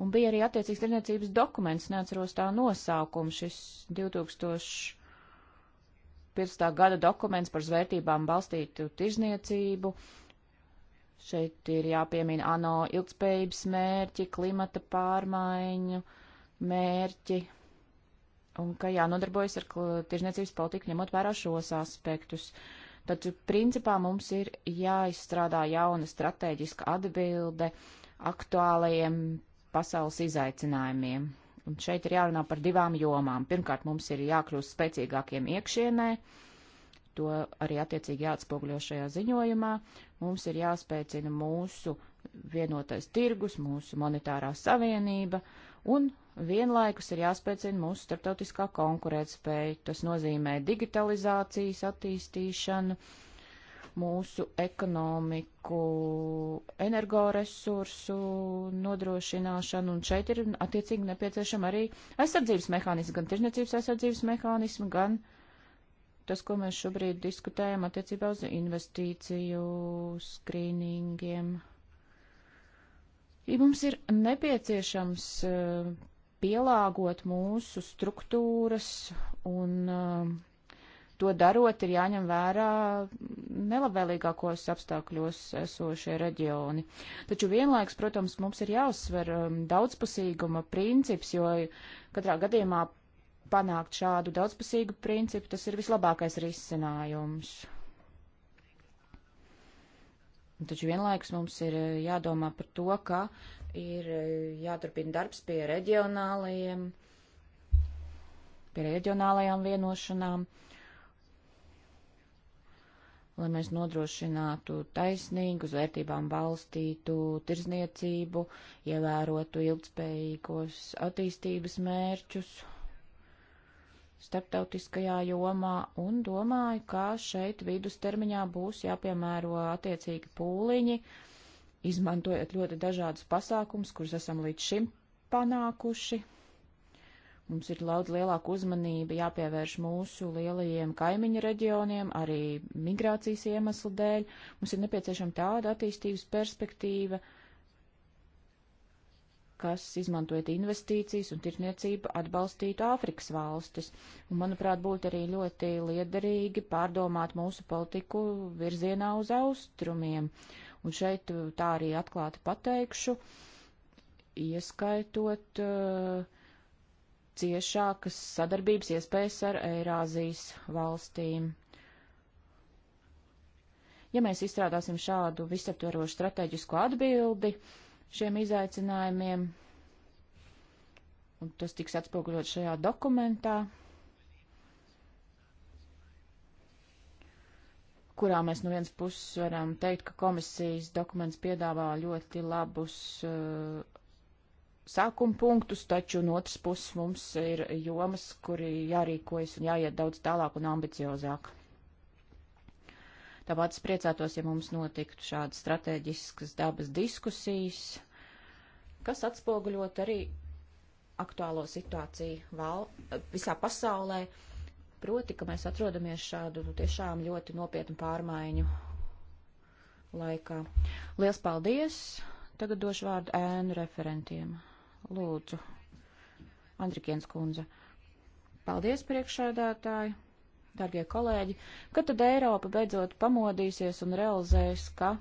Un bija arī attiecīgs tirniecības dokuments, neatceros tā nosaukumu, šis 2015. gada dokuments par zvērtībām balstītu tirzniecību. Šeit ir jāpiemina ANO ilgspējības mērķi, klimata pārmaiņu mērķi, un ka jānodarbojas ar tirzniecības politiku ņemot vērā šos aspektus. Taču principā mums ir jāizstrādā jauna strateģiska atbilde aktuālajiem pasaules izaicinājumiem. Un šeit ir jārunā par divām jomām. Pirmkārt, mums ir jākļūst spēcīgākiem iekšienē, to arī attiecīgi jāatspoguļo šajā ziņojumā. Mums ir jāspēcina mūsu vienotais tirgus, mūsu monetārā savienība, un vienlaikus ir jāspēcina mūsu starptautiskā konkurētspēja. Tas nozīmē digitalizācijas attīstīšanu, uh, mūsu ekonomiku, energoresursu nodrošināšanu, un šeit ir attiecīgi nepieciešama arī aizsardzības mehānismi, gan tirzniecības aizsardzības mehānismi, gan tas, ko mēs šobrīd diskutējam attiecībā uz investīciju skrīningiem. Ja mums ir nepieciešams eh, pielāgot mūsu struktūras un uh, to darot, ir jāņem vērā nelabvēlīgākos apstākļos esošie reģioni. Taču vienlaiks, protams, mums ir jāuzsver um, daudzpusīguma princips, jo katrā gadījumā panākt šādu daudzpusīgu principu, tas ir vislabākais risinājums. Taču vienlaikus mums ir uh, jādomā par to, ka ir uh, jāturpina darbs pie reģionālajiem, pie reģionālajām vienošanām. Uh, lai mēs nodrošinātu taisnīgu, uz vērtībām balstītu tirzniecību, ievērotu ilgspējīgos attīstības mērķus starptautiskajā jomā un domāju, ka šeit vidustermiņā būs jāpiemēro attiecīgi pūliņi, izmantojot ļoti dažādus pasākums, kurus esam līdz šim panākuši, Mums ir daudz lielāka uzmanība jāpievērš mūsu lielajiem kaimiņu reģioniem, arī migrācijas iemeslu dēļ. Mums ir nepieciešama tāda attīstības perspektīva, kas, izmantojot investīcijas un tirniecību, atbalstītu Āfrikas valstis. Un, manuprāt, būtu arī ļoti liederīgi pārdomāt mūsu politiku virzienā uz austrumiem. Un šeit uh, tā arī atklāti pateikšu, ieskaitot uh, ciešākas sadarbības iespējas ar Eirāzijas valstīm. Ja mēs izstrādāsim šādu visaptverošu strateģisku atbildi šiem izaicinājumiem, un tas tiks atspoguļot šajā dokumentā, kurā mēs no vienas puses varam teikt, ka komisijas dokuments piedāvā ļoti labus uh, sākuma punktus, taču no otras puses mums ir jomas, kuri jārīkojas un jāiet daudz tālāk un ambiciozāk. Tāpēc es priecātos, ja mums notiktu šādas strateģiskas dabas diskusijas, kas atspoguļot arī aktuālo situāciju val, visā pasaulē, proti, ka mēs atrodamies šādu nu, tiešām ļoti nopietnu pārmaiņu laikā. Liels paldies! Tagad došu vārdu ēnu referentiem. Lūdzu, Andrikienas kundze. Paldies, priekšsēdētāji, darbie kolēģi, ka tad Eiropa beidzot pamodīsies un realizēs, ka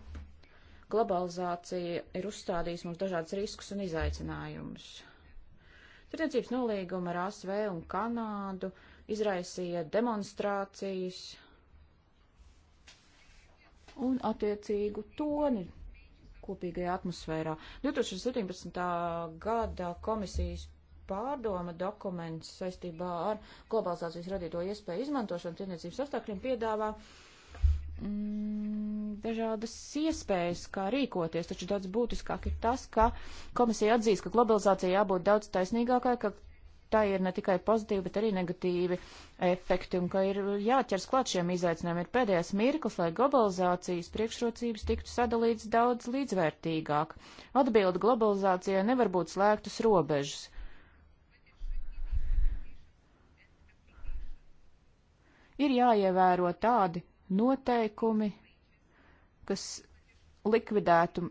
globalizācija ir uzstādījusi mums dažādas riskus un izaicinājumus. Tirdzniecības nolīguma ar ASV un Kanādu izraisīja demonstrācijas un attiecīgu toni kopīgajā atmosfērā. 2017. gada komisijas pārdoma dokuments saistībā ar globalizācijas radīto iespēju izmantošanu tirniecības apstākļiem piedāvā mm, dažādas iespējas, kā rīkoties, taču daudz būtiskāk ir tas, ka komisija atzīst, ka globalizācija jābūt daudz taisnīgākai, ka tā ir ne tikai pozitīvi, bet arī negatīvi efekti, un ka ir jāķers klāt šiem izaicinājumiem. Ir pēdējais mirklis, lai globalizācijas priekšrocības tiktu sadalīts daudz līdzvērtīgāk. Atbildi globalizācijai nevar būt slēgtas robežas. Ir jāievēro tādi noteikumi, kas likvidētu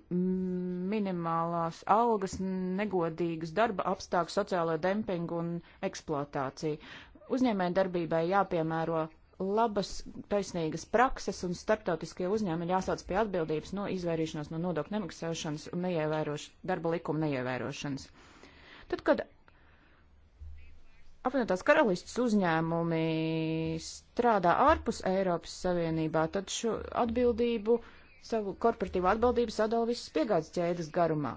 minimālās algas, negodīgas darba apstākļus, sociālo dempingu un eksploatāciju. Uzņēmēja darbībai jāpiemēro labas, taisnīgas prakses un starptautiskie uzņēmumi jāsauc pie atbildības no izvairīšanās no nodokļu nemaksāšanas un darba likuma neievērošanas. Tad, kad apvienotās karalists uzņēmumi strādā ārpus Eiropas Savienībā, tad šo atbildību uh, savu korporatīvu atbildību sadala visas piegādes ķēdes garumā.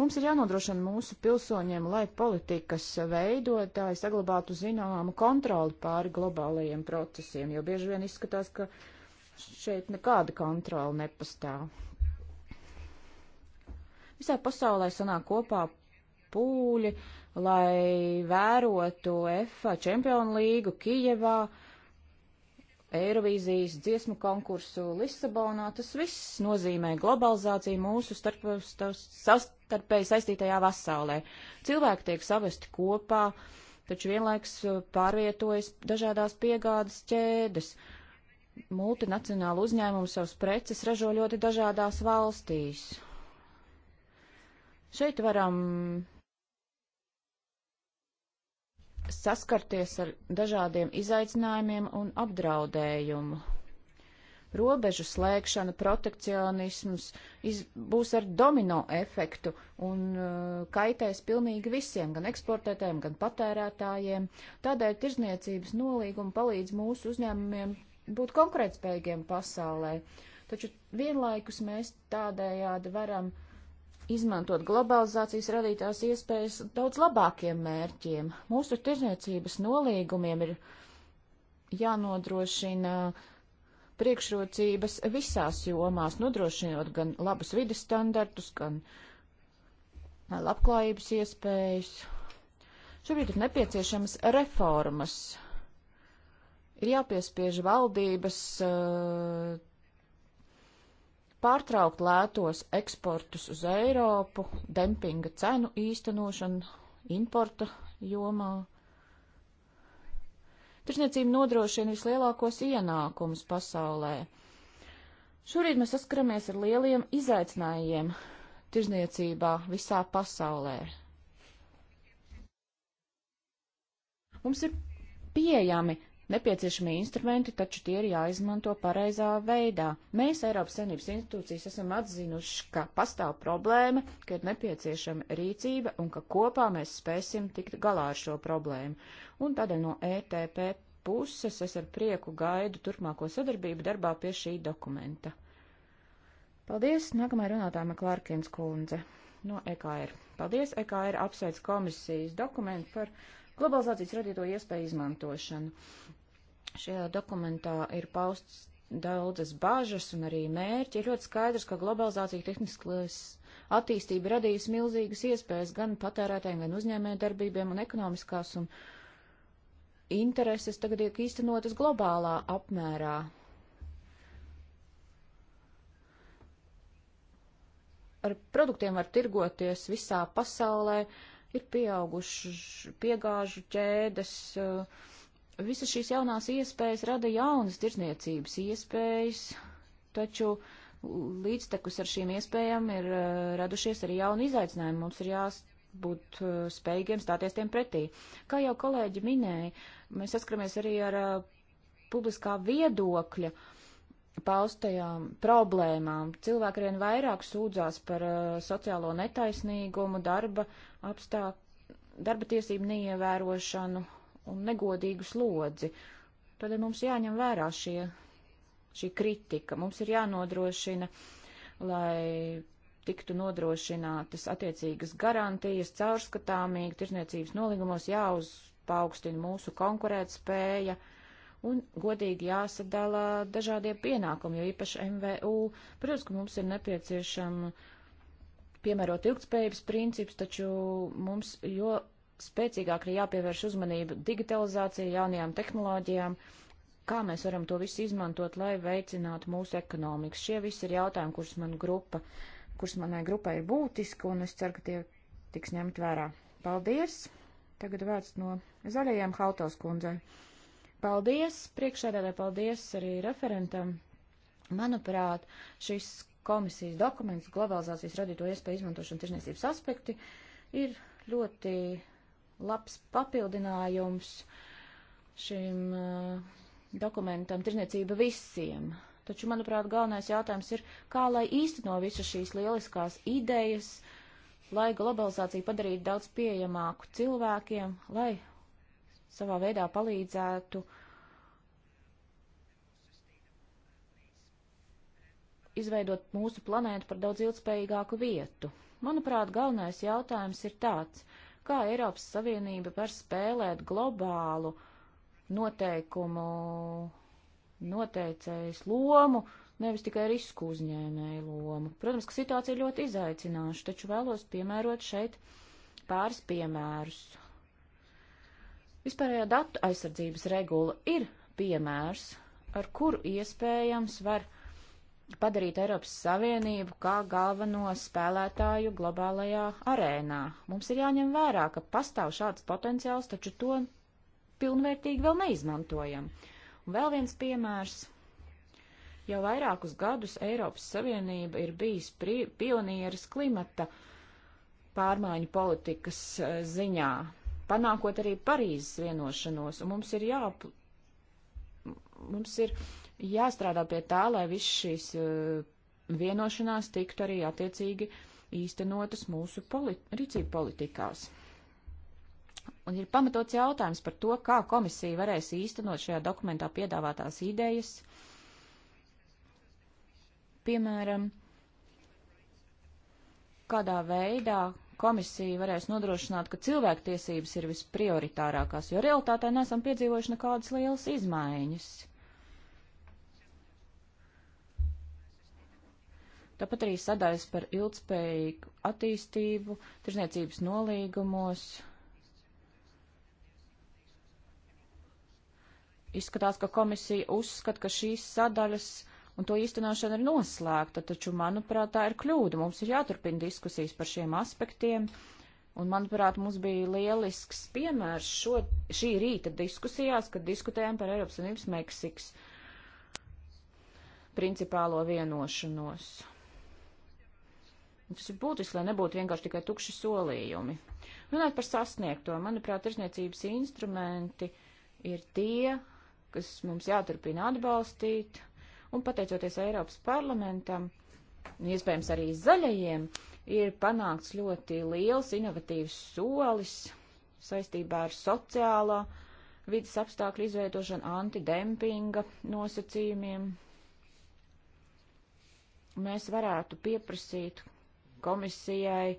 Mums ir jānodrošina mūsu pilsoņiem, lai politikas veidotāji saglabātu zināmu kontroli pāri globālajiem procesiem, jo bieži vien izskatās, ka šeit nekāda kontrola nepastāv. Visā pasaulē sanāk kopā pūļi, lai vērotu FA čempionu līgu Kijevā, uh, Eirovīzijas dziesmu konkursu Lisabonā. Tas viss nozīmē globalizāciju mūsu starp, savstarpēji saistītajā pasaulē. Cilvēki tiek savesti kopā, taču vienlaiks uh, pārvietojas dažādās piegādes ķēdes. Multinacionāli uzņēmumi savus preces ražo ļoti dažādās valstīs. Šeit varam saskarties ar dažādiem izaicinājumiem un apdraudējumu. Robežu slēgšana, protekcionisms iz, būs ar domino efektu un uh, kaitēs pilnīgi visiem, gan eksportētājiem, gan patērētājiem. Tādēļ tirzniecības nolīguma palīdz mūsu uzņēmumiem būt konkurētspējīgiem pasaulē. Taču vienlaikus mēs tādējādi varam uh, izmantot globalizācijas radītās iespējas daudz labākiem mērķiem. Mūsu tirzniecības nolīgumiem ir jānodrošina priekšrocības visās jomās, nodrošinot gan labus vidas standartus, gan labklājības iespējas. Šobrīd ir nepieciešamas reformas. Ir jāpiespiež valdības uh, pārtraukt lētos eksportus uz Eiropu, dempinga cenu īstenošanu importa jomā. Tirzniecība nodrošina vislielākos ienākumus pasaulē. Šorīt mēs saskaramies ar lieliem izaicinājumiem tirzniecībā visā pasaulē. Mums ir pieejami nepieciešamie instrumenti, taču tie ir jāizmanto pareizā veidā. Mēs, Eiropas Savienības institūcijas, esam atzinuši, ka pastāv problēma, ka ir nepieciešama rīcība un ka kopā mēs spēsim tikt galā ar šo problēmu. Un tādēļ no ETP puses es ar prieku gaidu turpmāko sadarbību darbā pie šī dokumenta. Paldies! Nākamā runātāja Maklārkins kundze no EKR. Paldies! EKR apsveic komisijas dokumentu par globalizācijas radīto iespēju izmantošanu. Šajā dokumentā ir pausts daudzas bažas un arī mērķi. Ir ļoti skaidrs, ka globalizācija tehniskās attīstība radījusi milzīgas iespējas gan patērētājiem, gan uzņēmē darbībiem un ekonomiskās un intereses tagad tiek īstenotas globālā apmērā. Ar produktiem var tirgoties visā pasaulē, uh, ir pieauguši piegāžu ķēdes. Eh, visas šīs jaunās iespējas rada jaunas tirzniecības iespējas, taču līdztekus ar šīm iespējām ir eh, radušies arī jauni izaicinājumi. Mums ir jābūt eh, spējīgiem stāties tiem pretī. Kā jau kolēģi minēja, mēs saskaramies arī ar publiskā viedokļa uh, paustajām problēmām. Cilvēki vien vairāk sūdzās par uh, sociālo netaisnīgumu, darba apstāk, darba tiesību neievērošanu un negodīgu slodzi. Tādēļ mums jāņem vērā šie, šī kritika. Mums ir jānodrošina, lai tiktu nodrošinātas attiecīgas garantijas, caurskatāmīgi, tirzniecības nolīgumos jāuzpaukstina mūsu konkurētspēja spēja un godīgi jāsadala dažādie pienākumi, jo īpaši MVU, protams, ka mums ir nepieciešama piemērot ilgtspējības princips, taču mums jo spēcīgāk ir jāpievērš uzmanība digitalizācijai, jaunajām tehnoloģijām, kā mēs varam to visu izmantot, lai veicinātu mūsu ekonomikas. Šie visi ir jautājumi, kurus, man grupa, kurus manai grupai ir būtiski, un es ceru, ka tie tiks ņemt vērā. Paldies! Tagad vērts no zaļajiem Hautals kundzei. Paldies, priekšsēdētāji, paldies arī referentam. Manuprāt, šis komisijas dokuments, globalizācijas radīto iespēju izmantošanu tirsniecības aspekti, ir ļoti labs papildinājums šim uh, dokumentam tirsniecība visiem. Taču, manuprāt, galvenais jautājums ir, kā lai īsteno visas šīs lieliskās idejas, lai globalizāciju padarītu daudz pieejamāku cilvēkiem, lai savā veidā palīdzētu izveidot mūsu planētu par daudz ilgspējīgāku vietu. Manuprāt, galvenais jautājums ir tāds, kā Eiropas Savienība var spēlēt globālu noteikumu noteicējas lomu, nevis tikai risku uzņēmēju lomu. Protams, ka situācija ļoti izaicināša, taču vēlos piemērot šeit pāris piemērus. Vispārējā datu aizsardzības regula ir piemērs, ar kuru iespējams var padarīt Eiropas Savienību kā galveno spēlētāju globālajā arēnā. Mums ir jāņem vērā, ka pastāv šāds potenciāls, taču to pilnvērtīgi vēl neizmantojam. Un vēl viens piemērs. Jau vairākus gadus Eiropas Savienība ir bijis pionieris klimata pārmaiņu politikas eh, ziņā panākot arī Parīzes vienošanos, un mums ir jā, mums ir jāstrādā pie tā, lai viss šīs uh, vienošanās tiktu arī attiecīgi īstenotas mūsu polit rīcību politikās. Un ir pamatots jautājums par to, kā komisija varēs īstenot šajā dokumentā piedāvātās idejas. Piemēram, kādā veidā komisija varēs nodrošināt, ka cilvēktiesības ir visprioritārākās, jo realitātē nesam piedzīvojuši nekādas lielas izmaiņas. Tāpat arī sadaļas par ilgspējīgu attīstību, tirzniecības nolīgumos. Izskatās, ka komisija uzskata, ka šīs sadaļas uh, un to īstenošana ir noslēgta, taču, manuprāt, tā ir kļūda. Mums ir jāturpina diskusijas par šiem aspektiem, un, manuprāt, mums bija lielisks piemērs šo, šī rīta diskusijās, kad diskutējām par Eiropas Unības Meksikas principālo vienošanos. Tas ir būtiski, lai nebūtu vienkārši tikai tukši solījumi. Runāt par sasniegto, manuprāt, tirsniecības instrumenti ir tie, kas mums jāturpina atbalstīt, un pateicoties Eiropas parlamentam, iespējams arī zaļajiem, ir panākts ļoti liels inovatīvs solis saistībā ar sociālo vidas apstākļu izveidošanu, antidempinga nosacījumiem. Mēs varētu pieprasīt komisijai,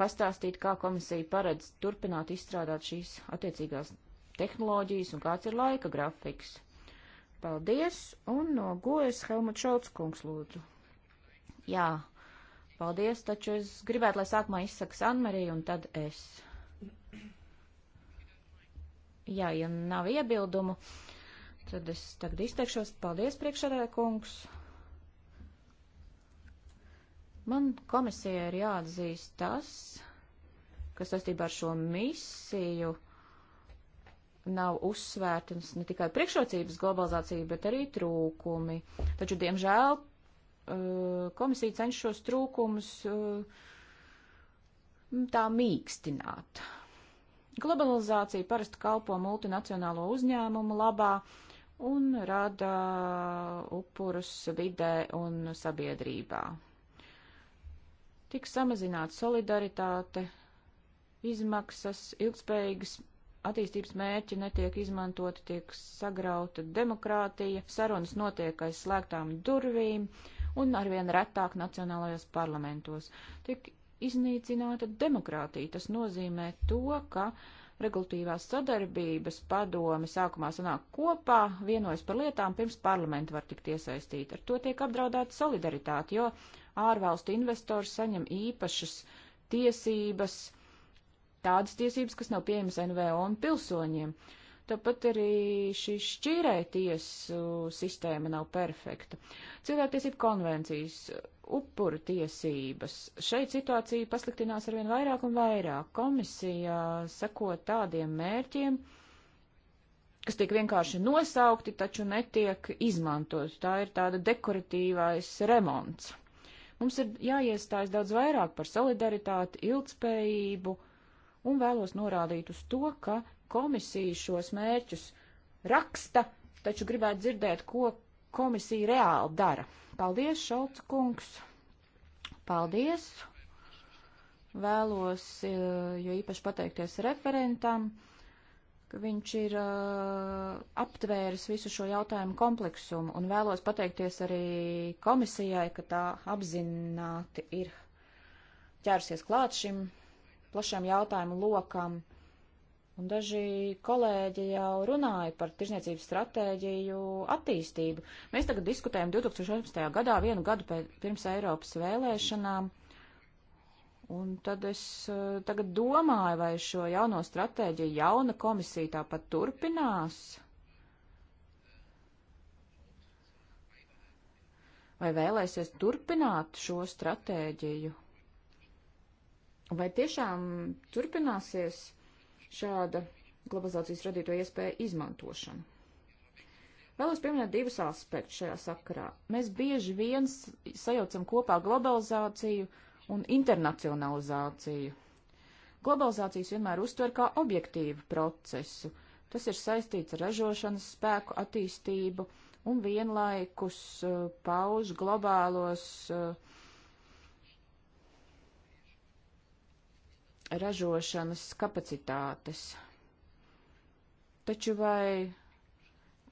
pastāstīt, kā komisija paredz turpināt izstrādāt šīs attiecīgās tehnoloģijas un kāds ir laika grafiks. Paldies, un no gojas Helmut Šolts kungs lūdzu. Jā, paldies, taču es gribētu, lai sākumā izsaka Sanmarija un tad es. Jā, ja nav iebildumu, tad es tagad izteikšos. Paldies, priekšsēdētāj kungs. Man komisija ir jāatzīst tas, kas saistībā ar šo misiju. Uh, nav uzsvērtas ne tikai priekšrocības globalizācija, bet arī trūkumi. Taču, diemžēl, eh, komisija cenšas šos trūkumus eh, tā mīkstināt. Globalizācija parasti kalpo multinacionālo uzņēmumu labā un rada upurus vidē un sabiedrībā. Tik samazināta solidaritāte, izmaksas, ilgspējīgas attīstības mērķi netiek izmantoti, tiek sagrauta demokrātija, sarunas notiek aiz slēgtām durvīm un arvien retāk nacionālajos parlamentos. Tiek iznīcināta demokrātija. Tas nozīmē to, ka regulatīvās sadarbības padome sākumā sanāk kopā, vienojas par lietām, pirms parlamenti var tikt iesaistīti. Ar to tiek apdraudēta solidaritāte, jo ārvalstu investors saņem īpašas tiesības, uh, tādas tiesības, kas nav pieejamas NVO un pilsoņiem. Tāpat arī šī šķīrētiesu sistēma nav perfekta. Cilvēktiesību konvencijas, upuru tiesības. Šeit situācija pasliktinās arvien vairāk un vairāk. Komisija seko tādiem mērķiem, kas tiek vienkārši nosaukti, taču netiek izmantot. Tā ir tāda dekoratīvais remonts. Mums ir jāiestājas daudz vairāk par solidaritāti, ilgspējību, uh, un vēlos norādīt uz to, ka komisija šos mērķus raksta, taču gribētu dzirdēt, ko komisija reāli dara. Paldies, Šalca kungs! Paldies! Vēlos e, jo īpaši pateikties referentam, ka viņš ir uh, aptvēris visu šo jautājumu kompleksumu, un vēlos pateikties arī komisijai, ka tā apzināti ir ķērsies klāt šim plašam jautājumu lokam. Un daži kolēģi jau runāja par tirzniecības stratēģiju attīstību. Mēs tagad diskutējam 2018. gadā, vienu gadu pēc, pirms Eiropas vēlēšanām. Un tad es eh, tagad domāju, vai šo jauno stratēģiju jauna komisija tāpat turpinās. Vai vēlēsies turpināt šo stratēģiju? Vai tiešām turpināsies šāda globalizācijas radīto iespēju izmantošana? Vēlos pieminēt divus aspektus šajā sakarā. Mēs bieži vien sajaucam kopā globalizāciju un internacionalizāciju. Globalizācijas vienmēr uztver kā objektīvu procesu. Tas ir saistīts ar ražošanas spēku attīstību un vienlaikus uh, pauž globālos uh, ražošanas kapacitātes. Taču vai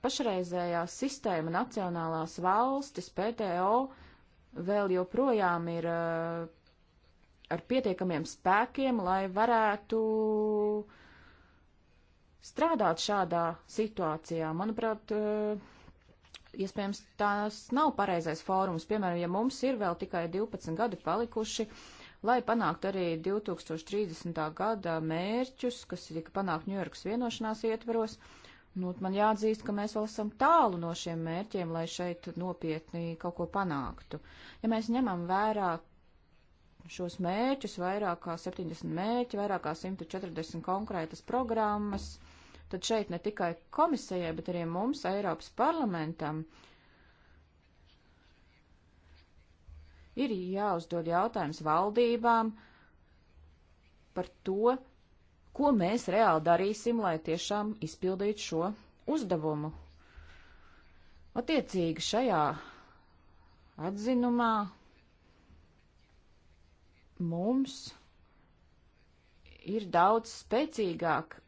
pašreizējā sistēma nacionālās valstis PTO vēl joprojām ir uh, ar pietiekamiem spēkiem, lai varētu strādāt šādā situācijā? Manuprāt, uh, iespējams, tās nav pareizais fórums. Piemēram, ja mums ir vēl tikai 12 gadi palikuši, uh, lai panāktu arī 2030. gada mērķus, kas tika panākt Ņujorkas vienošanās ietveros. Nu, man jāatzīst, ka mēs vēl esam tālu no šiem mērķiem, lai šeit nopietni kaut ko panāktu. Ja mēs ņemam vērā šos mērķus, vairāk kā 70 mērķi, vairāk kā 140 konkrētas programmas, tad šeit ne tikai komisijai, bet arī mums, Eiropas parlamentam, uh, Ir jāuzdod jautājums valdībām par to, ko mēs reāli darīsim, lai tiešām izpildītu šo uzdevumu. Attiecīgi šajā atzinumā mums ir daudz spēcīgāk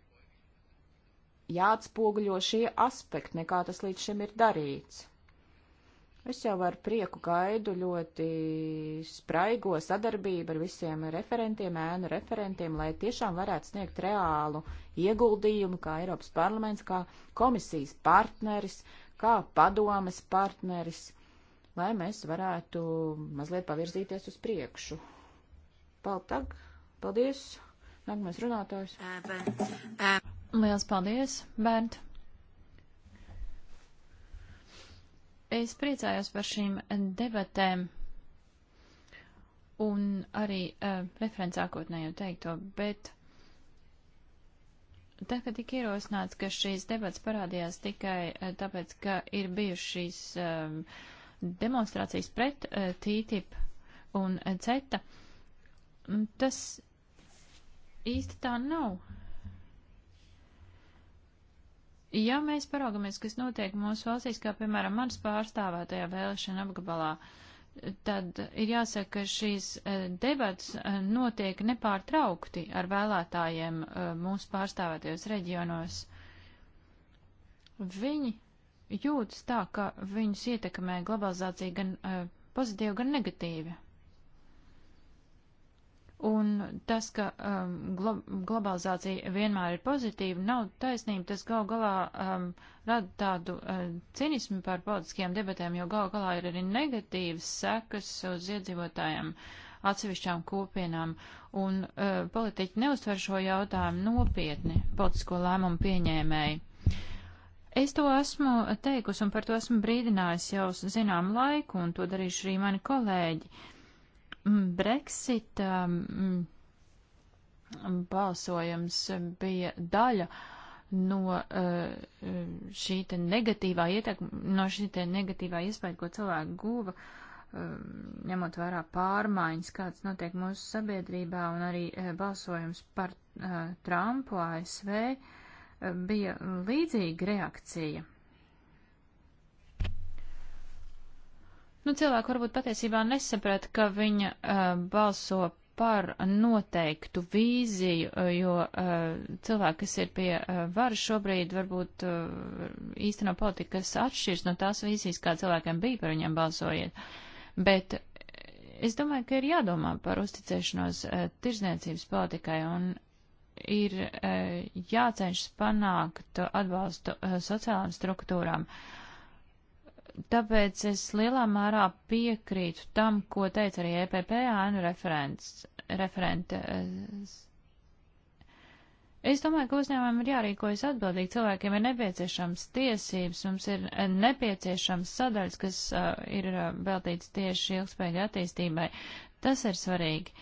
jāatspoguļo šie aspekti, nekā tas līdz šim ir darīts. Es jau ar prieku gaidu ļoti spraigo sadarbību ar visiem referentiem, ēnu referentiem, lai tiešām varētu sniegt reālu ieguldījumu kā Eiropas parlaments, kā komisijas partneris, kā padomes partneris, lai mēs varētu mazliet pavirzīties uz priekšu. Paltag, paldies! Nākamais runātājs. Liels paldies, Bernt! Es priecājos par šīm debatēm un arī uh, referents sākotnējo teikto, bet tad, kad tika ierosināts, ka šīs debats parādījās tikai uh, tāpēc, ka ir bijušas šīs e, um, demonstrācijas pret uh, TTIP un CETA, tas īsti tā nav. Ja mēs paraugamies, kas notiek mūsu valstīs, kā piemēram manas pārstāvētajā vēlēšana apgabalā, tad ir jāsaka, ka šīs e, debats e, notiek nepārtraukti ar vēlētājiem e, mūsu pārstāvētajos reģionos. Viņi jūtas tā, ka viņus ietekmē globalizācija gan pozitīvi, gan negatīvi. Un tas, ka um, glo globalizācija vienmēr ir pozitīva, nav taisnība, tas gal galā um, rada tādu uh, cinismu par politiskajām debatēm, jo gal galā ir arī negatīvas sekas uz iedzīvotājiem atsevišķām kopienām, un uh, politiķi neuztver šo jautājumu nopietni politisko lēmumu pieņēmēji. Es to esmu teikusi un par to esmu brīdinājis jau zinām laiku, un to darīšu arī mani kolēģi. Uh, Mm, Brexit um, mm, balsojums bija daļa no uh, šī te negatīvā ietekme, no šī te negatīvā iespēja, ko cilvēki guva, uh, ņemot vērā pārmaiņas, kāds notiek mūsu sabiedrībā, un arī uh, balsojums par uh, Trumpu ASV uh, bija līdzīga reakcija. Nu, cilvēki varbūt patiesībā nesaprat, ka viņa uh, balso par noteiktu vīziju, uh, jo uh, cilvēki, kas ir pie uh, varas šobrīd, varbūt uh, īsteno politiku, kas atšķirs no tās vīzijas, kā cilvēkiem bija par viņiem balsojiet. Bet uh, es domāju, ka ir jādomā par uzticēšanos uh, tirzniecības politikai un ir uh, jācenšas panākt atbalstu uh, sociālām struktūrām. Uh, Tāpēc es lielā mērā piekrītu tam, ko teica arī EPP ēnu referente. Es domāju, ka uzņēmumam ir jārīkojas atbildīgi, cilvēkiem ir nepieciešams tiesības, mums ir eh, nepieciešams sadaļas, kas uh, ir eh, veltīts tieši ilgspējīgai attīstībai. Tas ir svarīgi.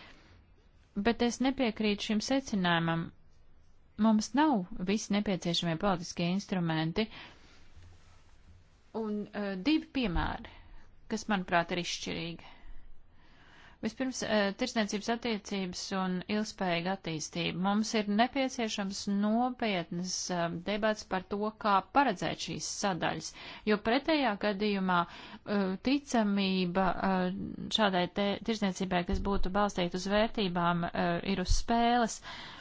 Bet es nepiekrītu šim secinājumam. Mums nav visi nepieciešamie politiskie instrumenti. Uh, Un uh, divi piemēri, kas, manuprāt, ir izšķirīgi. Vispirms, uh, tirsniecības attiecības un ilgspējīga attīstība. Mums ir nepieciešams nopietnas uh, debats par to, kā paredzēt šīs sadaļas, jo pretējā gadījumā uh, ticamība šādai tirsniecībai, kas būtu balstīta uz vērtībām, ir uz spēles. Uh,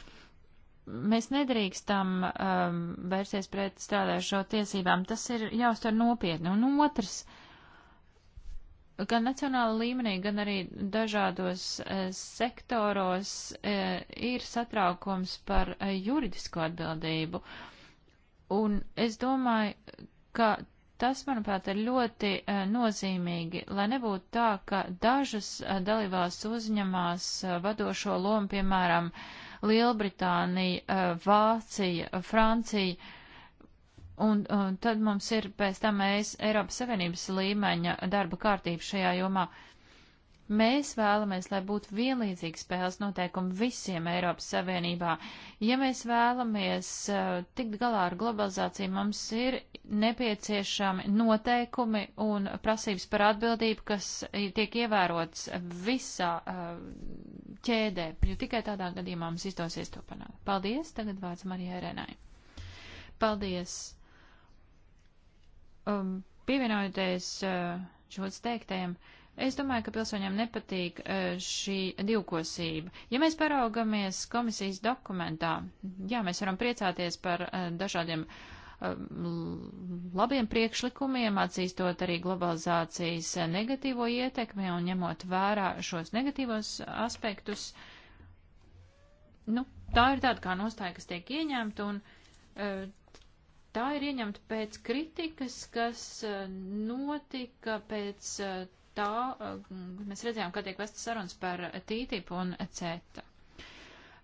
Mēs nedrīkstam um, vērsties pret strādājušo tiesībām. Tas ir jāuztver nopietni. Un otrs, gan nacionāla līmenī, gan arī dažādos uh, sektoros uh, ir satraukums par uh, juridisko atbildību. Un es domāju, ka tas, manuprāt, ir ļoti uh, nozīmīgi, lai nebūtu tā, ka dažas uh, dalībās uzņemās uh, vadošo lomu, piemēram, uh, Lielbritānija, eh, Vācija, eh, Francija. Un, un eh, tad mums ir pēc tam mēs Eiropas Savienības līmeņa darba kārtība šajā jomā. Uh, Mēs vēlamies, lai būtu vienlīdzīgi spēles noteikumi visiem Eiropas Savienībā. Ja mēs vēlamies uh, tikt galā ar globalizāciju, mums ir nepieciešami noteikumi un prasības par atbildību, kas tiek ievērots visā uh, ķēdē, jo tikai tādā gadījumā mums izdosies to panākt. Paldies, tagad vārds Marijai Renai. Paldies. Um, pievienojoties uh, eh, šos teiktējiem. Uh, Es domāju, ka pilsoņiem nepatīk e, šī divkosība. Ja mēs paraugamies komisijas dokumentā, jā, mēs varam priecāties par e, dažādiem e, labiem priekšlikumiem, atzīstot arī globalizācijas negatīvo ietekmi un ņemot vērā šos negatīvos aspektus. Nu, tā ir tāda kā nostāja, kas tiek ieņemta un tā ir ieņemta pēc kritikas, kas notika pēc tā eh, mēs redzējām, kā tiek vestas sarunas par TTIP un CETA.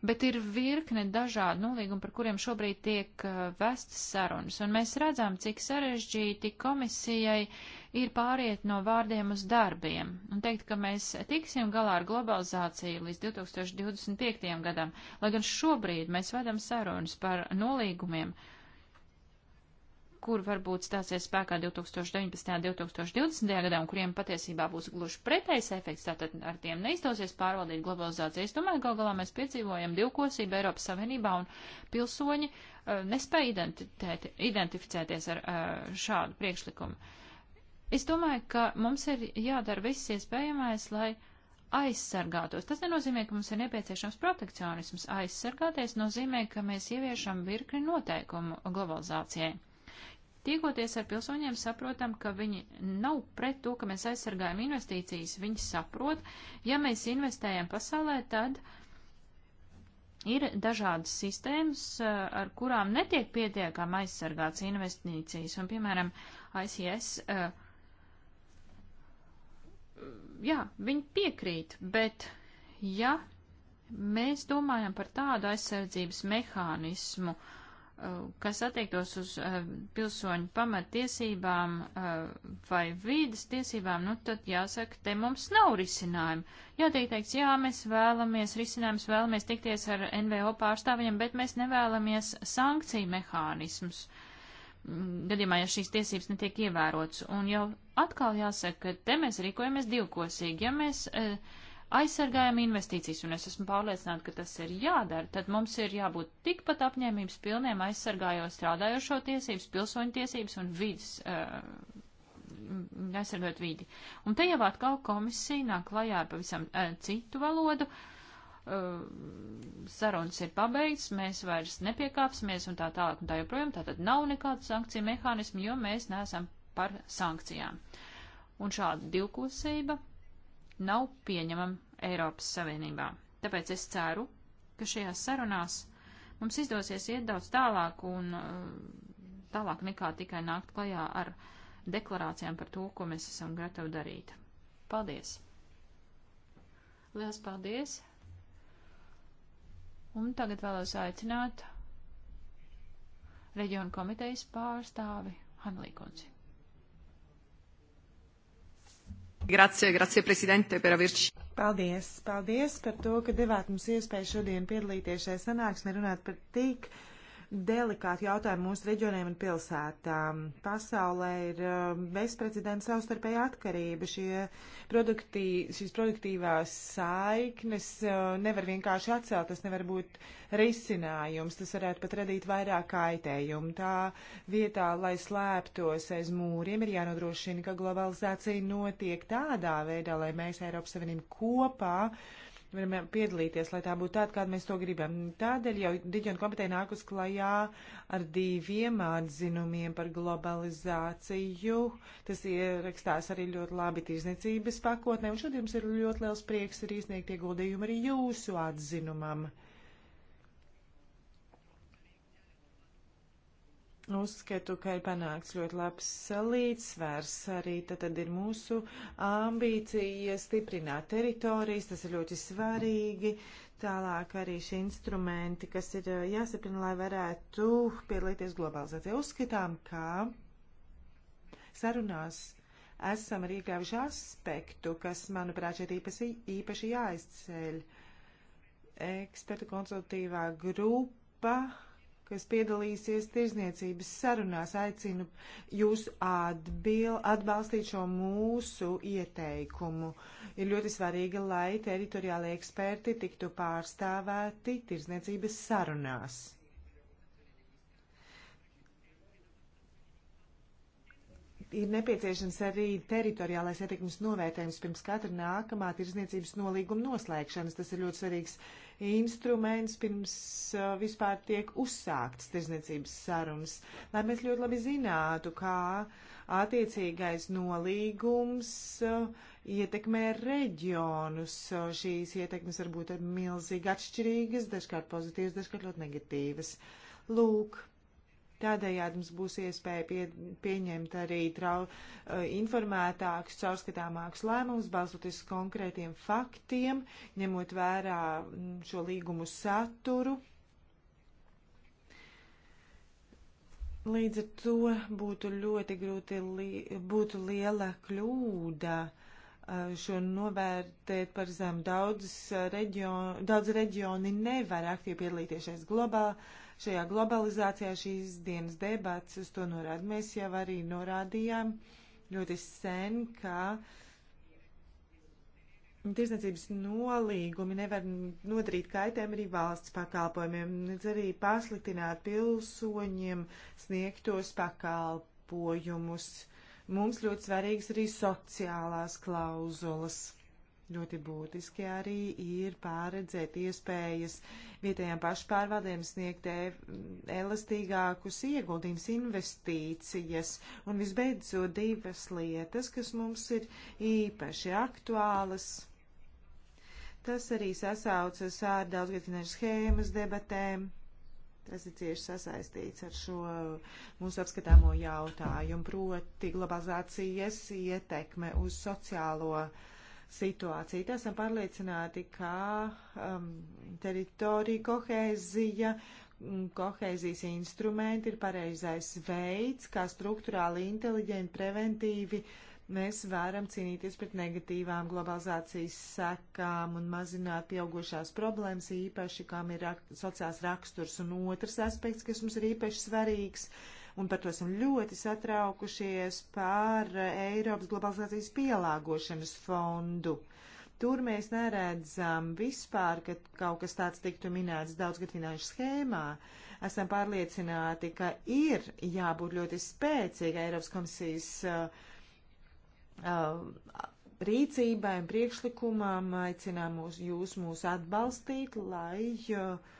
Bet ir virkne dažādu nolīgumu, par kuriem šobrīd tiek eh, vestas sarunas, un mēs redzam, cik sarežģīti komisijai ir pāriet no vārdiem uz darbiem un teikt, ka mēs tiksim galā ar globalizāciju līdz 2025. gadam, lai gan šobrīd mēs vedam sarunas par nolīgumiem, kur varbūt stāsies spēkā 2019. un 2020. gadā, un kuriem patiesībā būs gluži pretējs efekts, tātad ar tiem neizdosies pārvaldīt globalizāciju. Es domāju, gal galā mēs piedzīvojam divkosību Eiropas Savienībā, un pilsoņi uh, nespēja identificēties ar uh, šādu priekšlikumu. Es domāju, ka mums ir jādara viss iespējamais, lai aizsargātos. Tas nenozīmē, ka mums ir nepieciešams protekcionisms. Aizsargāties nozīmē, ka mēs ieviešam virkni noteikumu globalizācijai. Tiekoties ar pilsoņiem, saprotam, ka viņi nav pret to, ka mēs aizsargājam investīcijas. Viņi saprot, ja mēs investējam pasaulē, tad ir dažādas sistēmas, eh, ar kurām netiek pietiekām aizsargāts investīcijas. Un, piemēram, ICS, eh, jā, viņi piekrīt, bet ja mēs domājam par tādu aizsardzības mehānismu, uh, kas attiektos uz eh, pilsoņu pamatiesībām eh, vai vīdas tiesībām, nu tad jāsaka, te mums nav risinājumu. Jā, tiek teikts, jā, mēs vēlamies risinājums, vēlamies tikties ar NVO pārstāvjiem, bet mēs nevēlamies sankciju mehānismus mm, gadījumā, ja šīs tiesības netiek ievērotas. Un jau atkal jāsaka, ka te mēs rīkojamies divkosīgi. Ja mēs eh, aizsargājam investīcijas, un es esmu pārliecināta, ka tas ir jādara, tad mums ir jābūt tikpat apņēmības pilniem aizsargājot strādājošo tiesības, pilsoņu tiesības un vidas, uh, aizsargājot vidi. Un te jau atkal komisija nāk klajā ar pavisam uh, citu valodu. Uh, sarunas ir pabeigts, mēs vairs nepiekāpsimies un tā tālāk un tā joprojām. Tātad nav nekādu sankciju mehānismu, jo mēs neesam par sankcijām. Un šāda divkosība nav pieņemama Eiropas Savienībā. Tāpēc es ceru, ka šajās sarunās mums izdosies iet daudz tālāk un uh, tālāk nekā tikai nākt klajā ar deklarācijām par to, ko mēs esam gatavi darīt. Paldies! Liels paldies! Un tagad vēlos aicināt reģionu komitejas pārstāvi Hanlīkunci. Grazie, grazie, prezidente, par avirši. Paldies, paldies par to, ka devāt mums iespēju šodien piedalīties šajā sanāksmē runāt par tik delikāti jautājumi mūsu reģioniem un pilsētām. Pasaulē ir um, bezprecedenta savstarpēja atkarība. Šie produktī, šīs produktīvās saiknes uh, nevar vienkārši atcelt, tas nevar būt risinājums, tas varētu pat radīt vairāk kaitējumu. Tā vietā, lai slēptos aiz mūriem, ir jānodrošina, ka globalizācija notiek tādā veidā, lai mēs Eiropas Savienību kopā varam piedalīties, lai tā būtu tāda, kāda mēs to gribam. Tādēļ jau Diģiona komiteja nāk uz klajā ar diviem atzinumiem par globalizāciju. Tas ierakstās arī ļoti labi tirzniecības pakotnē, un šodien mums ir ļoti liels prieks ir izniegt ieguldījumu arī jūsu atzinumam. Nu, uzskatu, ka ir panākts ļoti labs līdzsvers. Arī tad, tad ir mūsu ambīcija stiprināt teritorijas, tas ir ļoti svarīgi. Tālāk arī šie instrumenti, kas ir eh, jāsaprina, lai varētu piedalīties globalizācijā. Uzskatām, ka sarunās esam arī iekļāvuši aspektu, kas, manuprāt, šeit īpaši, īpaši jāizceļ. Ekspertu konsultīvā grupa kas piedalīsies tirzniecības sarunās. Aicinu jūs atbil, atbalstīt šo mūsu ieteikumu. Ir ļoti svarīgi, lai teritoriāli eksperti tiktu pārstāvēti tirzniecības sarunās. ir nepieciešams arī teritoriālais ietekmes novērtējums pirms katra nākamā tirzniecības nolīguma noslēgšanas. Tas ir ļoti svarīgs instruments pirms uh, vispār tiek uzsāktas tirzniecības sarunas, lai mēs ļoti labi zinātu, kā attiecīgais nolīgums uh, ietekmē reģionus. Uh, šīs ietekmes var būt milzīgi atšķirīgas, dažkārt pozitīvas, dažkārt ļoti negatīvas. Lūk, Tādējādi mums būs iespēja pie, pieņemt arī trau, eh, informētāks, caurskatāmāks lēmums, balstoties konkrētiem faktiem, ņemot vērā mm, šo līgumu saturu. Līdz ar to būtu ļoti grūti, li būtu liela kļūda eh, šo novērtēt par zem. Daudz eh, reģioni, daudz reģioni nevar aktīvi piedalīties šajās globālajās Šajā globalizācijā šīs dienas debats uz to norāda. Mēs jau arī norādījām ļoti sen, ka tirsniecības nolīgumi nevar nodarīt kaitēm arī valsts pakalpojumiem, nedz arī pasliktināt pilsoņiem sniegtos pakalpojumus. Mums ļoti svarīgas arī sociālās klauzulas Ļoti būtiski arī ir pārredzēt iespējas vietējām pašpārvaldēm sniegt e, elastīgākus ieguldījums investīcijas. Un visbeidzot divas lietas, kas mums ir īpaši aktuālas. Tas arī sasaucas ar daudzgadzinēšu schēmas debatēm. Tas ir cieši sasaistīts ar šo mūsu apskatāmo jautājumu, proti globalizācijas ietekme uz sociālo uh, situāciju. Tā esam pārliecināti, ka um, teritorija kohēzija, mm, kohēzijas instrumenti ir pareizais veids, kā struktūrāli inteliģenti, preventīvi mēs varam cīnīties pret negatīvām globalizācijas sekām un mazināt pieaugušās problēmas, īpaši, kam ir rak sociāls raksturs. Un otrs aspekts, kas mums ir īpaši svarīgs, uh, un par to esam ļoti satraukušies par Eiropas globalizācijas pielāgošanas fondu. Tur mēs neredzam vispār, ka kaut kas tāds tiktu minēts daudzgad finanšu schēmā. Esam pārliecināti, ka ir jābūt ļoti spēcīgai Eiropas komisijas uh, uh, rīcībai un priekšlikumam. Aicinām mūs, jūs mūs atbalstīt, lai uh,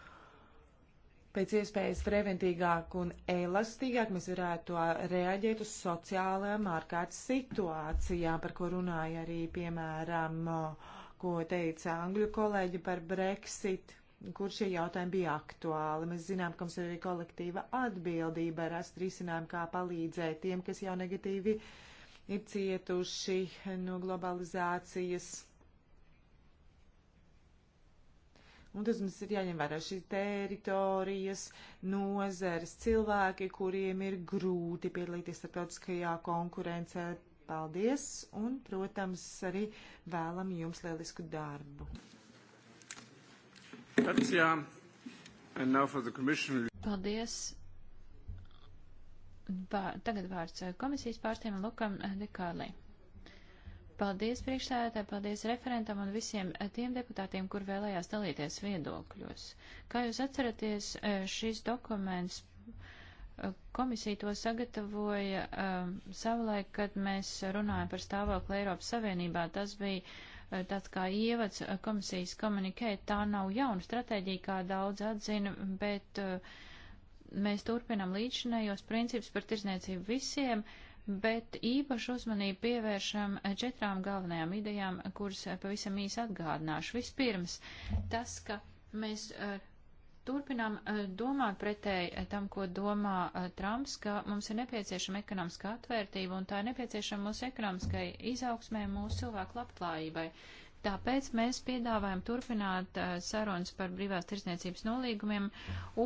pēc iespējas preventīgāk un elastīgāk mēs varētu reaģēt uz sociālajām ārkārtas situācijām, par ko runāja arī, piemēram, ko teica angļu kolēģi par Brexit, kur šie jautājumi bija aktuāli. Mēs zinām, ka mums ir arī kolektīva atbildība rast risinājumu, kā palīdzēt tiem, kas jau negatīvi ir cietuši no globalizācijas Un tas mums ir jāņem vērā šīs teritorijas, nozeres, cilvēki, kuriem ir grūti piedalīties starptautiskajā konkurencē. Paldies! Un, protams, arī vēlam jums lielisku darbu. Paldies! Bā, tagad vārds eh, komisijas pārstāvim Lukam eh, Dekārlī. Paldies priekšsēdētāji, paldies referentam un visiem eh, tiem deputātiem, kur vēlējās dalīties viedokļos. Kā jūs atceraties, eh, šis dokuments eh, komisija to sagatavoja um, savulaik, kad mēs runājam par stāvokli Eiropas Savienībā. Tas bija tāds kā ievads komisijas komunikē. Tā nav jauna stratēģija, kā daudz atzina, bet uh, mēs turpinam līdzinējos principus par tirzniecību visiem. Uh, bet īpašu uzmanību pievēršam četrām galvenajām idejām, kuras eh, pavisam īsi atgādināšu. Vispirms, tas, ka mēs eh, turpinām eh, domāt pretēji tam, ko domā Trumps, ka mums ir nepieciešama ekonomiskā atvērtība un tā ir nepieciešama mūsu ekonomiskai izaugsmē, mūsu cilvēku labklājībai. Tāpēc mēs piedāvājam turpināt uh, sarunas par brīvās tirsniecības nolīgumiem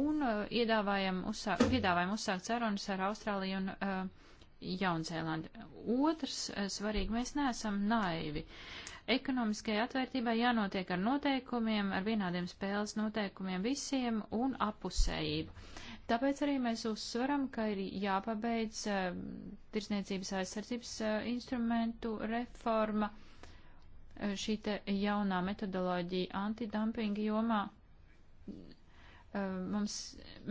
un uh, iedāvājam uzsākt, piedāvājam uzsākt sarunas ar Austrāliju un uh, Jaunzēlandi. Otrs eh, svarīgi, mēs neesam naivi. Ekonomiskajai atvērtībai jānotiek ar noteikumiem, ar vienādiem spēles noteikumiem visiem un apusējību. Tāpēc arī mēs uzsveram, ka ir jāpabeidz uh, tirsniecības aizsardzības uh, instrumentu reforma, uh, šī jaunā metodoloģija antidumpinga jomā. Eh, mums,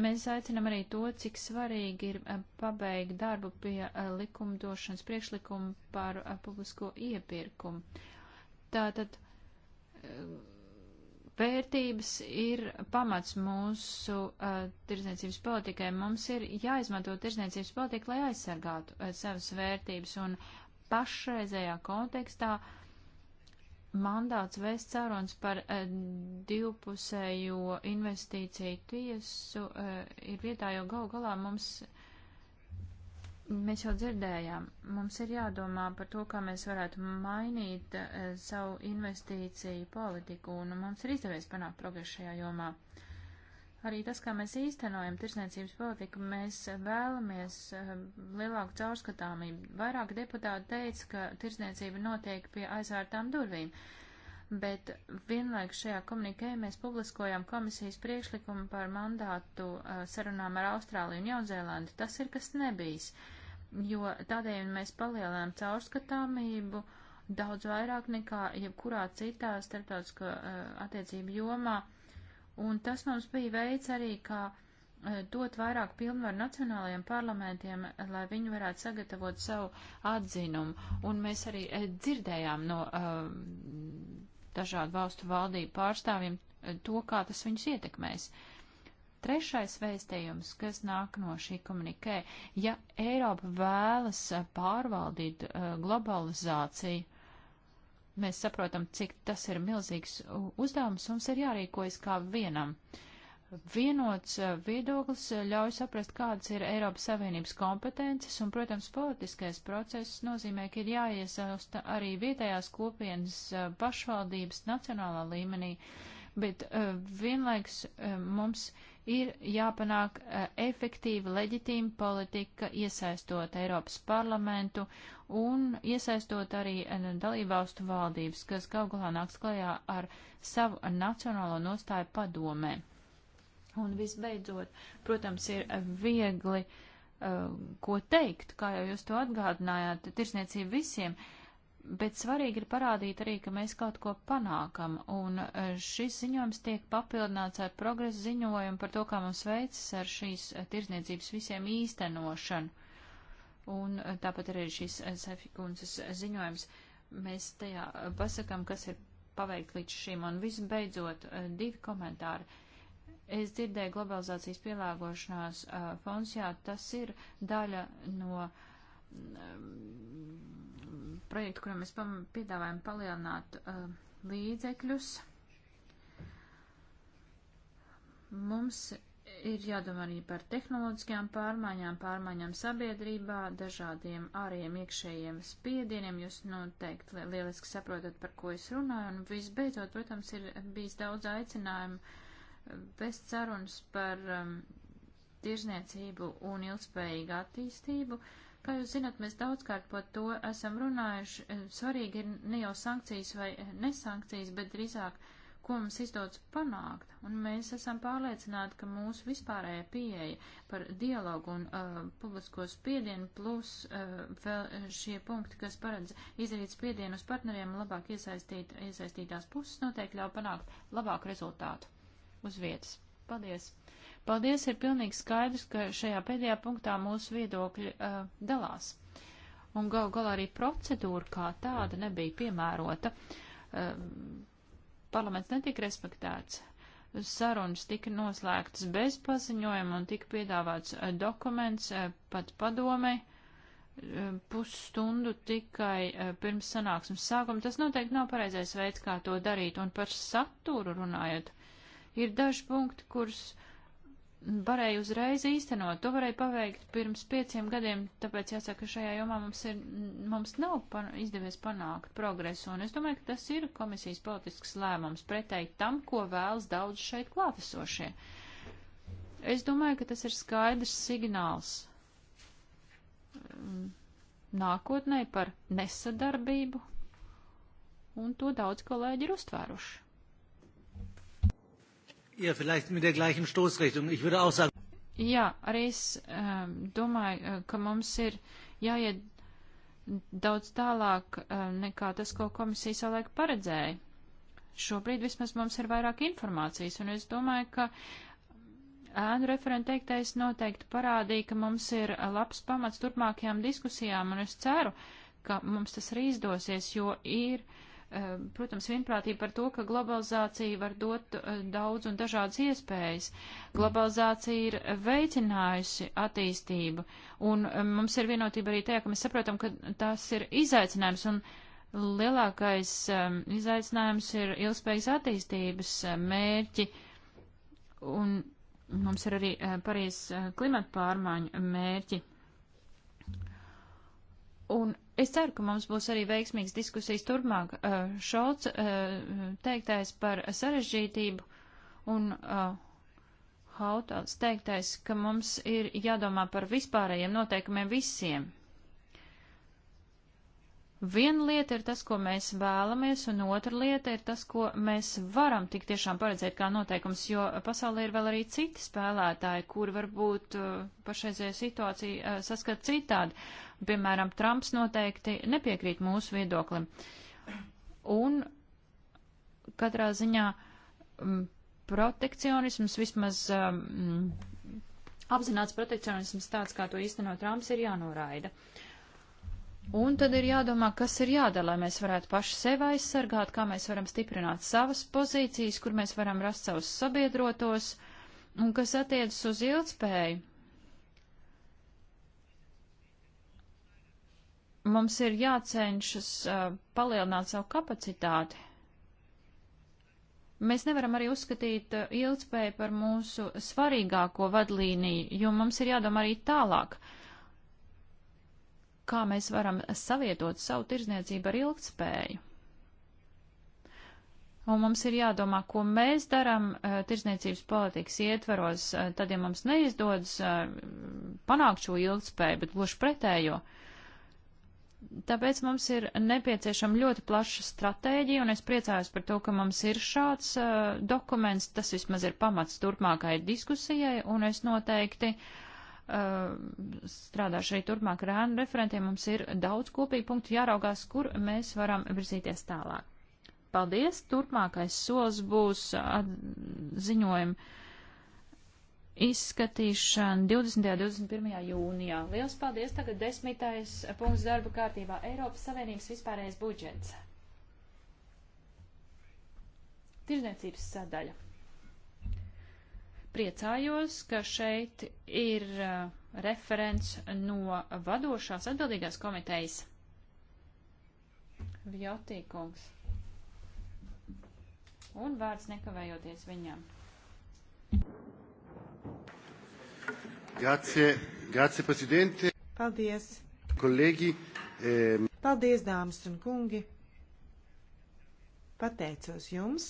mēs aicinam arī to, cik svarīgi ir eh, pabeigt darbu pie eh, likumdošanas priekšlikumu par publisko iepirkumu. Tātad vērtības ir pamats mūsu uh, tirzniecības politikai. Mums ir jāizmanto tirzniecības politika, lai aizsargātu uh, savas vērtības un pašreizējā kontekstā uh, mandāts vēst cauruns par uh, divpusējo investīciju tiesu uh, ir vietā, jo gal galā mums, mēs jau dzirdējām, mums ir jādomā par to, kā mēs varētu mainīt uh, savu investīciju politiku, un mums ir izdevies panākt progresu šajā jomā. Uh, arī tas, kā mēs īstenojam tirsniecības politiku, mēs vēlamies eh, lielāku caurskatāmību. Vairāk deputāti teica, ka tirsniecība notiek pie aizvērtām durvīm, bet vienlaikus šajā komunikē mēs publiskojam komisijas priekšlikumu par mandātu eh, sarunām ar Austrāliju un Jaunzēlandu. Tas ir kas nebijis, jo tādēļ mēs palielinām caurskatāmību daudz vairāk nekā jebkurā citā starptautisko eh, attiecību jomā Un tas mums bija veids arī, kā eh, dot vairāk pilnvaru nacionālajiem parlamentiem, lai viņi varētu sagatavot savu atzinumu. Un mēs arī eh, dzirdējām no um, dažādu valstu valdību pārstāvjiem to, kā tas viņus ietekmēs. Trešais vēstījums, kas nāk no šī komunikē, ja Eiropa vēlas pārvaldīt uh, globalizāciju, Mēs saprotam, cik tas ir milzīgs uzdevums, mums ir jārīkojas kā vienam. Vienots uh, viedoklis uh, ļauj saprast, kādas ir Eiropas Savienības kompetences, un, protams, politiskais process nozīmē, ka ir jāiesausta arī vietējās kopienas uh, pašvaldības nacionālā līmenī, bet vienlaiks mums ir ir jāpanāk e, efektīva, leģitīma politika, iesaistot Eiropas parlamentu un iesaistot arī e, nu, dalībvalstu valdības, kas galu galā nāks klajā ar savu nacionālo nostāju padomē. Un visbeidzot, protams, ir viegli uh, ko teikt, kā jau jūs to atgādinājāt, tirsniecība visiem. Uh, bet svarīgi ir parādīt arī, ka mēs kaut ko panākam, un e, šis ziņojums tiek papildināts ar progresu ziņojumu par to, kā mums veicas ar šīs e, tirzniecības visiem īstenošanu. Un e, tāpat arī šis Sefikunces ziņojums. Mēs tajā pasakam, kas ir paveikt līdz šim, un visbeidzot divi komentāri. Es dzirdēju globalizācijas pielāgošanās fonds, jā, tas ir daļa no projektu, kuram mēs piedāvājam palielināt uh, līdzekļus. Mums ir jādomā arī par tehnoloģiskajām pārmaiņām, pārmaiņām sabiedrībā, dažādiem ārējiem iekšējiem spiedieniem. Jūs noteikti li lieliski saprotat, par ko es runāju. Un visbeidzot, protams, ir bijis daudz aicinājumu eh, vest sarunas par um, tirzniecību un ilgspējīgu attīstību. Uh, Kā jūs zināt, mēs daudzkārt par to esam runājuši. Eh, svarīgi ir ne jau sankcijas vai eh, nesankcijas, bet drīzāk, ko mums izdodas panākt. Un mēs esam pārliecināti, ka mūsu vispārējā pieeja par dialogu un uh, publisko spiedienu plus uh, vēl šie punkti, kas paredz izdarīt spiedienu uz partneriem, labāk iesaistīt, iesaistītās puses noteikti ļauj panākt labāku rezultātu uz vietas. Paldies! Paldies, ir pilnīgi skaidrs, ka šajā pēdējā punktā mūsu viedokļi uh, dalās. Un gal galā arī procedūra kā tāda nebija piemērota. Uh, parlaments netika respektēts. Sarunas tika noslēgtas bez paziņojuma un tika piedāvāts uh, dokuments uh, pat padomei pusstundu tikai pirms sanāksmes sākuma. Tas noteikti nav pareizais veids, kā to darīt. Un par saturu runājot, ir daži punkti, kurus varēja uzreiz īstenot. To varēja paveikt pirms pieciem gadiem, tāpēc jāsaka, ka šajā jomā mums, ir, mums nav pan, izdevies panākt progresu, un es domāju, ka tas ir komisijas politisks lēmums pretēji tam, ko vēlas daudz šeit klātesošie. Es domāju, ka tas ir skaidrs signāls um, nākotnē par nesadarbību, un to daudz kolēģi ir uztvēruši. Ja, vielleicht mit der gleichen Stoßrichtung. Ich würde auch sagen. Jā, arī es um, domāju, eh, ka mums ir jāiet daudz tālāk um, nekā tas, ko komisija savulaik paredzēja. Šobrīd vismaz mums ir vairāk informācijas, un es domāju, ka ēnu referenta teiktais noteikti parādīja, ka mums ir labs pamats turpmākajām diskusijām, un es ceru, ka mums tas arī izdosies, jo ir uh, Eh, protams, vienprātība par to, ka globalizācija var dot eh, daudz un dažādas iespējas. Globalizācija ir veicinājusi attīstību, un eh, mums ir vienotība arī tajā, ka mēs saprotam, ka tas ir izaicinājums, un lielākais um, izaicinājums ir ilgspējas attīstības mērķi, un mums ir arī Parīzes klimata pārmaiņu mērķi. Un es ceru, ka mums būs arī veiksmīgas diskusijas turpmāk. Eh, Šolts eh, teiktais par sarežģītību un eh, Hautals teiktais, ka mums ir jādomā par vispārējiem noteikumiem visiem. Viena lieta ir tas, ko mēs vēlamies, un otra lieta ir tas, ko mēs varam tik tiešām paredzēt kā noteikums, jo pasaulē ir vēl arī citi spēlētāji, kuri varbūt pašreizēju situāciju saskat citādi. Piemēram, Trumps noteikti nepiekrīt mūsu viedoklim. Un katrā ziņā m, mm, protekcionisms, vismaz m, mm, apzināts protekcionisms tāds, kā to īstenot Trumps, ir jānoraida. Un tad ir jādomā, kas ir jādara, lai mēs varētu paši sevi aizsargāt, kā mēs varam stiprināt savas pozīcijas, kur mēs varam rast savus sabiedrotos, un kas attiecas uz ilgspēju. mums ir jācenšas uh, palielināt savu kapacitāti. Mēs nevaram arī uzskatīt uh, ilgspēju par mūsu svarīgāko vadlīniju, jo mums ir jādomā arī tālāk, kā mēs varam savietot savu tirzniecību ar ilgspēju. Un mums ir jādomā, ko mēs darām uh, tirsniecības politikas ietvaros, uh, tad, ja mums neizdodas uh, panākt šo ilgspēju, bet gluži pretējo. Uh, Tāpēc mums ir nepieciešama ļoti plaša stratēģija, un es priecājos par to, ka mums ir šāds uh, dokuments. Tas vismaz ir pamats turpmākai diskusijai, un es noteikti uh, strādāšu arī turpmāk ar ēnu referentiem. Mums ir daudz kopīgi punktu jāraugās, kur mēs varam virzīties tālāk. Paldies! Turpmākais solis būs uh, ziņojumi izskatīšanu 20. un 21. jūnijā. Liels paldies! Tagad desmitais punkts darba kārtībā - Eiropas Savienības vispārējais budžets. Tirzniecības sadaļa. Priecājos, ka šeit ir uh, referents no vadošās atbildīgās komitejas. Vjotīkungs. Un vārds nekavējoties viņam. Grazie, grazie, prezidente. Paldies. Kolēģi. Eh... Paldies, dāmas un kungi. Pateicos jums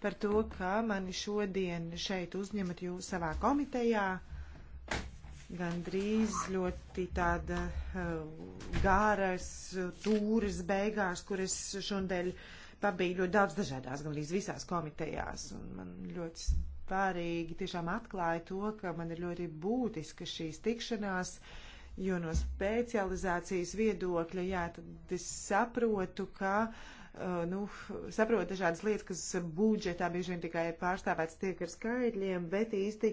par to, ka mani šodien šeit uzņemat jūs savā komitejā gandrīz ļoti tāda uh, gāras tūris beigās, kur es šodien pabiju ļoti daudz dažādās, gandrīz visās komitejās, un man ļoti vispārīgi tiešām atklāja to, ka man ir ļoti būtiska šīs tikšanās, jo no specializācijas viedokļa, jā, tad es saprotu, ka, uh, nu, saprotu dažādas lietas, kas budžetā bieži vien tikai pārstāvēts tiek ar skaidļiem, bet īsti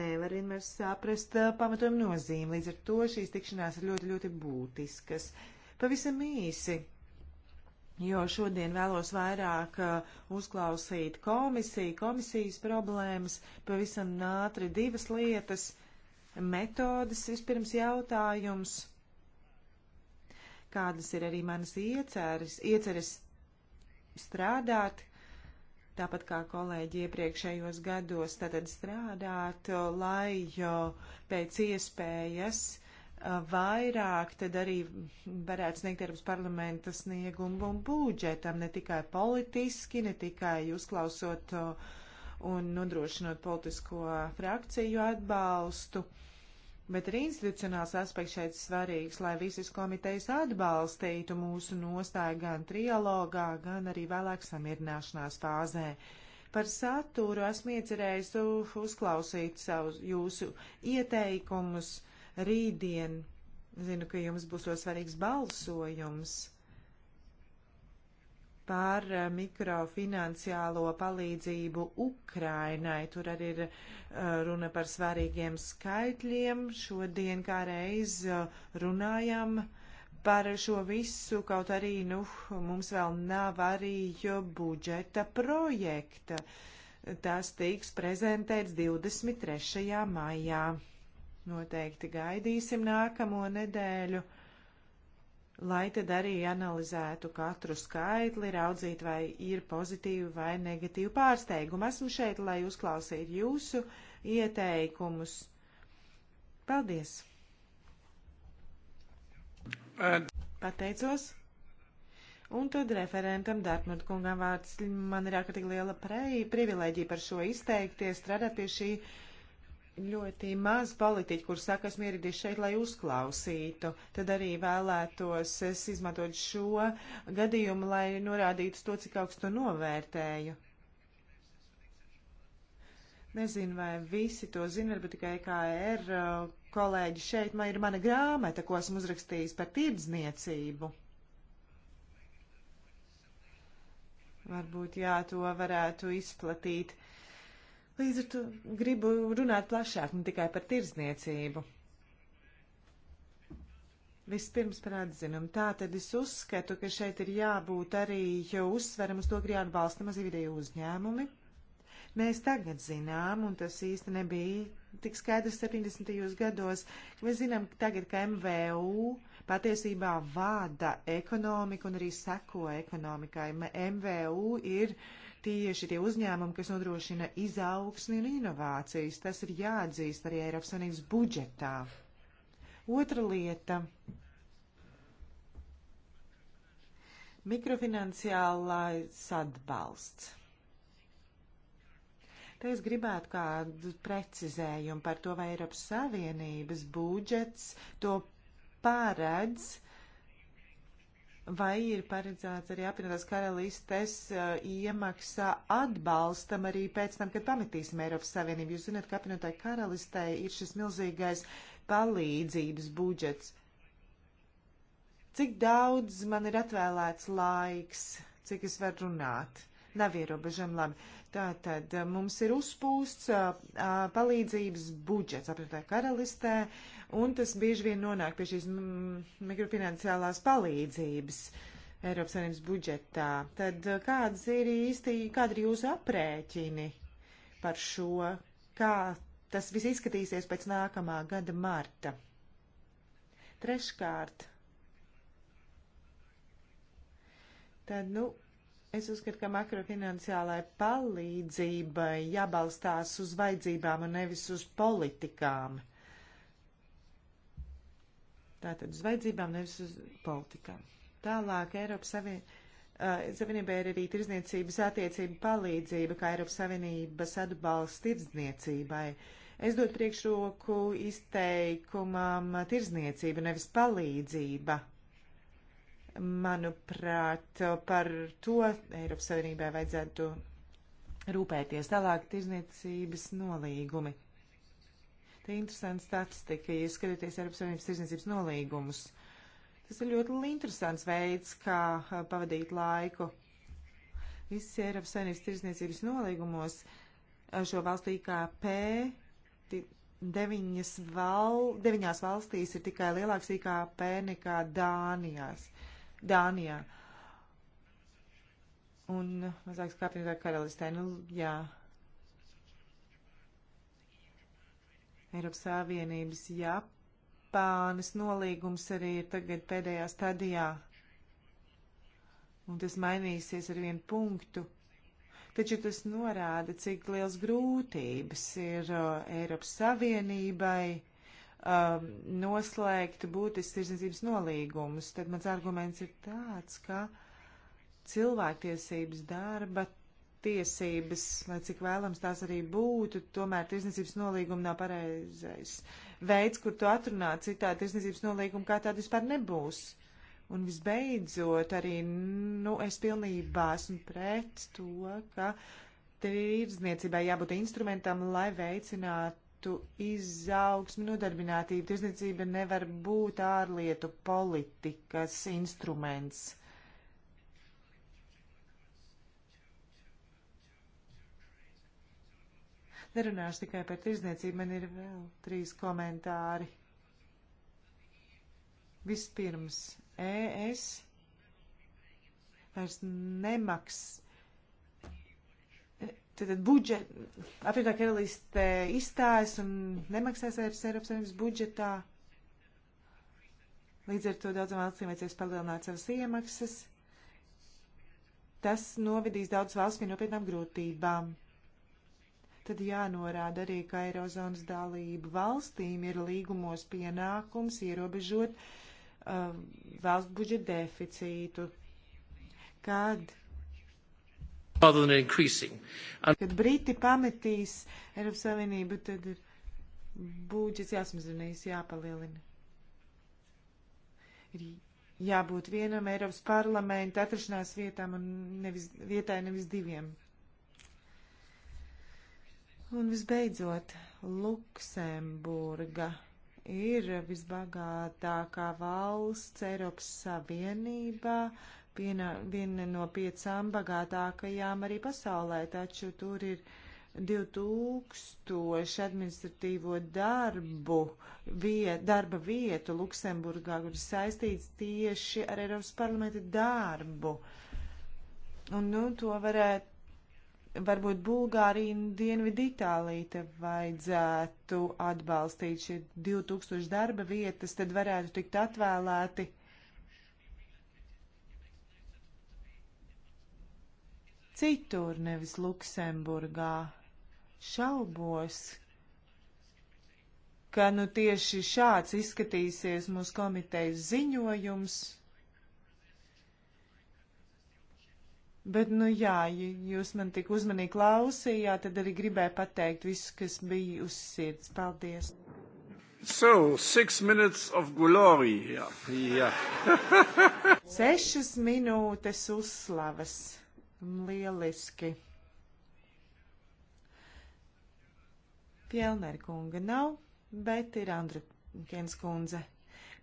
nevar vienmēr saprast uh, pamatojumu nozīmi. Līdz ar to šīs tikšanās ir ļoti, ļoti būtiskas. Pavisam īsi jo šodien vēlos vairāk uh, uzklausīt komisiju, komisijas problēmas, pavisam nātri divas lietas, metodas vispirms jautājums, kādas ir arī manas ieceres, ieceres strādāt, tāpat kā kolēģi iepriekšējos gados, tad strādāt, lai pēc iespējas uh, vairāk tad arī varētu sniegt Eiropas parlamenta sniegumu un būdžetam, ne tikai politiski, ne tikai uzklausot un nodrošinot politisko frakciju atbalstu, bet arī institucionāls aspekts šeit svarīgs, lai visas komitejas atbalstītu mūsu nostāju gan trialogā, gan arī vēlāk samierināšanās fāzē par saturu esmu iecerējis uzklausīt savus jūsu ieteikumus rītdien. Zinu, ka jums būs ļoti svarīgs balsojums par eh, mikrofinanciālo palīdzību Ukrainai. Tur arī ir eh, runa par svarīgiem skaitļiem. Šodien kā reiz eh, runājam par šo visu, kaut arī nu, mums vēl nav arī budžeta projekta. Tas tiks prezentēts 23. maijā. Noteikti gaidīsim nākamo nedēļu, lai tad arī analizētu katru skaitli, raudzīt, vai ir pozitīvi vai negatīvi pārsteigumi. Esmu šeit, lai uzklausītu jūsu ieteikumus. Paldies! Pateicos! Un tad referentam Dārtmut kungam vārds. Man ir ārkārtīgi liela privileģija par šo izteikties, strādāt pie šī ļoti maz politiķu, kur saka, esmu ieradies šeit, lai uzklausītu. Tad arī vēlētos es izmantot šo gadījumu, lai norādītu to, cik augstu novērtēju. Nezinu, vai visi to zina, bet tikai KR uh, kolēģi šeit man ir mana grāmata, ko esmu uzrakstījis par tirdzniecību. Varbūt jā, to varētu izplatīt. Uh, Līdz ar to gribu runāt plašāk, ne tikai par tirzniecību. Vispirms par atzinumu. Tā tad es uzskatu, ka šeit ir jābūt arī uzsveram uz to, ka jāatbalsta mazvidēju uzņēmumi. Mēs tagad zinām, un tas īsti nebija tik skaidrs 70. gados, ka mēs zinām ka tagad, ka MVU patiesībā vāda ekonomiku un arī seko ekonomikai. MVU ir uh, tieši tie uzņēmumi, kas nodrošina izaugsmi un inovācijas. Tas ir jāatzīst arī Eiropas Savienības budžetā. Otra lieta - mikrofinanciālais atbalsts. Te es gribētu kādu precizējumu par to, vai Eiropas Savienības budžets to paredz Vai ir paredzēts arī apvienotās karalistes uh, iemaksā atbalstam arī pēc tam, kad pametīsim Eiropas Savienību? Jūs zināt, ka apvienotāji karalistei ir šis milzīgais palīdzības budžets. Cik daudz man ir atvēlēts laiks, cik es varu runāt? Nav ierobežam labi. Tātad uh, mums ir uzpūsts uh, palīdzības budžets apvienotāji karalistē. Uh, un tas bieži vien nonāk pie šīs mikrofinanciālās palīdzības. Eiropas Savienības budžetā, tad eh, kādas ir īsti, kāda ir jūsu aprēķini par šo, kā tas viss izskatīsies pēc nākamā gada marta? Treškārt, tad, nu, es uzskatu, ka makrofinanciālai palīdzībai jābalstās uz vajadzībām un nevis uz politikām. Uh, Tātad uz vajadzībām, nevis uz politikām. Tālāk Eiropas Savien... uh, Savienībai ir arī tirzniecības attiecība palīdzība, kā Eiropas Savienības atbalsts tirdzniecībai. Es dotu priekšroku izteikumam tirzniecība, nevis palīdzība. Manuprāt, par to Eiropas Savienībai vajadzētu rūpēties. Tālāk tirzniecības nolīgumi. Te interesanta statistika, ja skatāties Eiropas Savienības tirsniecības nolīgumus. Tas ir ļoti interesants veids, kā pavadīt laiku. Visas Eiropas Savienības tirsniecības nolīgumos šo valstu IKP deviņas val, deviņās valstīs ir tikai lielāks IKP nekā Dānijās. Dānijā. Un mazāks kāpņu karalistē. Nu, jā, Eiropas Savienības Japānas nolīgums arī ir tagad pēdējā stadijā. Un tas mainīsies ar vienu punktu. Taču tas norāda, cik liels grūtības ir uh, Eiropas Savienībai um, noslēgt būtisks tirdzniecības nolīgumus. Tad mans arguments ir tāds, ka cilvēktiesības darba tiesības, lai cik vēlams tās arī būtu, tomēr tirsniecības nolīguma nav pareizais veids, kur to atrunāt, citā tirsniecības nolīguma kā tāda vispār nebūs. Un visbeidzot, arī, nu, es pilnībā esmu pret to, ka tirdzniecībai jābūt instrumentam, lai veicinātu izaugsmi nodarbinātību. Tirdzniecība nevar būt ārlietu politikas instruments. Uh, Nerunāšu tikai par tirzniecību, man ir vēl trīs komentāri. Vispirms, ES vairs nemaks. Tātad budžet, apvienotā karaliste izstājas un nemaksās vairs Eiropas Savienības budžetā. Līdz ar to daudzām valstīm vajadzēs palielināt savas iemaksas. Tas novedīs daudz valsts pie nopietnām grūtībām. Tad jānorāda arī, ka Eirozonas dalību valstīm ir līgumos pienākums ierobežot uh, valsts budžeta deficītu. Kad Kad Briti pametīs Eiropas Savienību, tad ir būdžets jāsmazinās, jāpalielina. Ir jābūt vienam Eiropas parlamenta atrašanās vietām un nevis, vietai nevis diviem. Un visbeidzot, Luksemburga ir visbagātākā valsts Eiropas Savienībā, viena, viena no piecām bagātākajām arī pasaulē, taču tur ir 2000 administratīvo darbu, viet, darba vietu Luksemburgā, kur ir saistīts tieši ar Eiropas parlamenta darbu. Un, nu, to varētu varbūt Bulgārija un Dienviditālija te vajadzētu atbalstīt šie 2000 darba vietas, tad varētu tikt atvēlēti. Citur, nevis Luksemburgā. Šaubos, ka nu tieši šāds izskatīsies mūsu komitejas ziņojums Bet, nu jā, jūs man tik uzmanīgi klausījāt, tad arī gribēju pateikt visu, kas bija uz sirds. Paldies! So, six minutes of glory. Yeah. Yeah. Sešas minūtes uzslavas. Lieliski. Pielner kunga nav, bet ir Andru Kienskundze.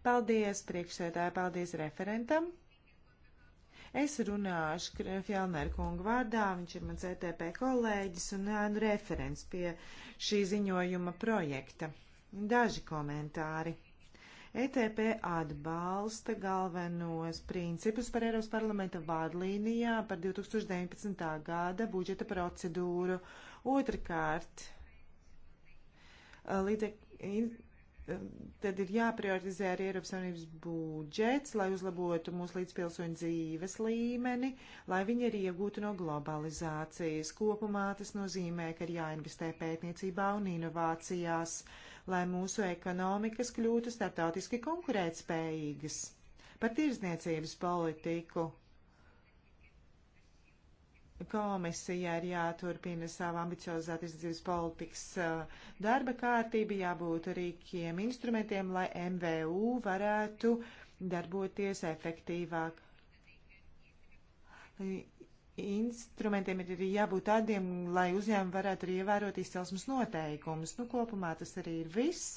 Paldies priekšsētāji, paldies referentam. Es runāšu Fjellner kungu vārdā, viņš ir mans ETP kolēģis un nu, referents pie šī ziņojuma projekta. Daži komentāri. ETP atbalsta galvenos principus par Eiropas parlamenta vārdlīnijā par 2019. gada budžeta procedūru. Otrakārt, līdzek, tad ir jāprioritizē arī Eiropas Savienības budžets, lai uzlabotu mūsu līdzpilsoņu dzīves līmeni, lai viņi arī iegūtu no globalizācijas. Kopumā tas nozīmē, ka ir jāinvestē pētniecībā un inovācijās, lai mūsu ekonomikas kļūtu startautiski konkurētspējīgas. Par tirzniecības politiku Komisija ir jāturpina savu ambiciozā tirdzniecības politikas uh, darba kārtību, jābūt rīkiem instrumentiem, lai MVU varētu darboties efektīvāk. Instrumentiem ir jābūt tādiem, lai uzņēmumi varētu arī ievērot izcelsmes noteikumus. Nu, kopumā tas arī ir viss.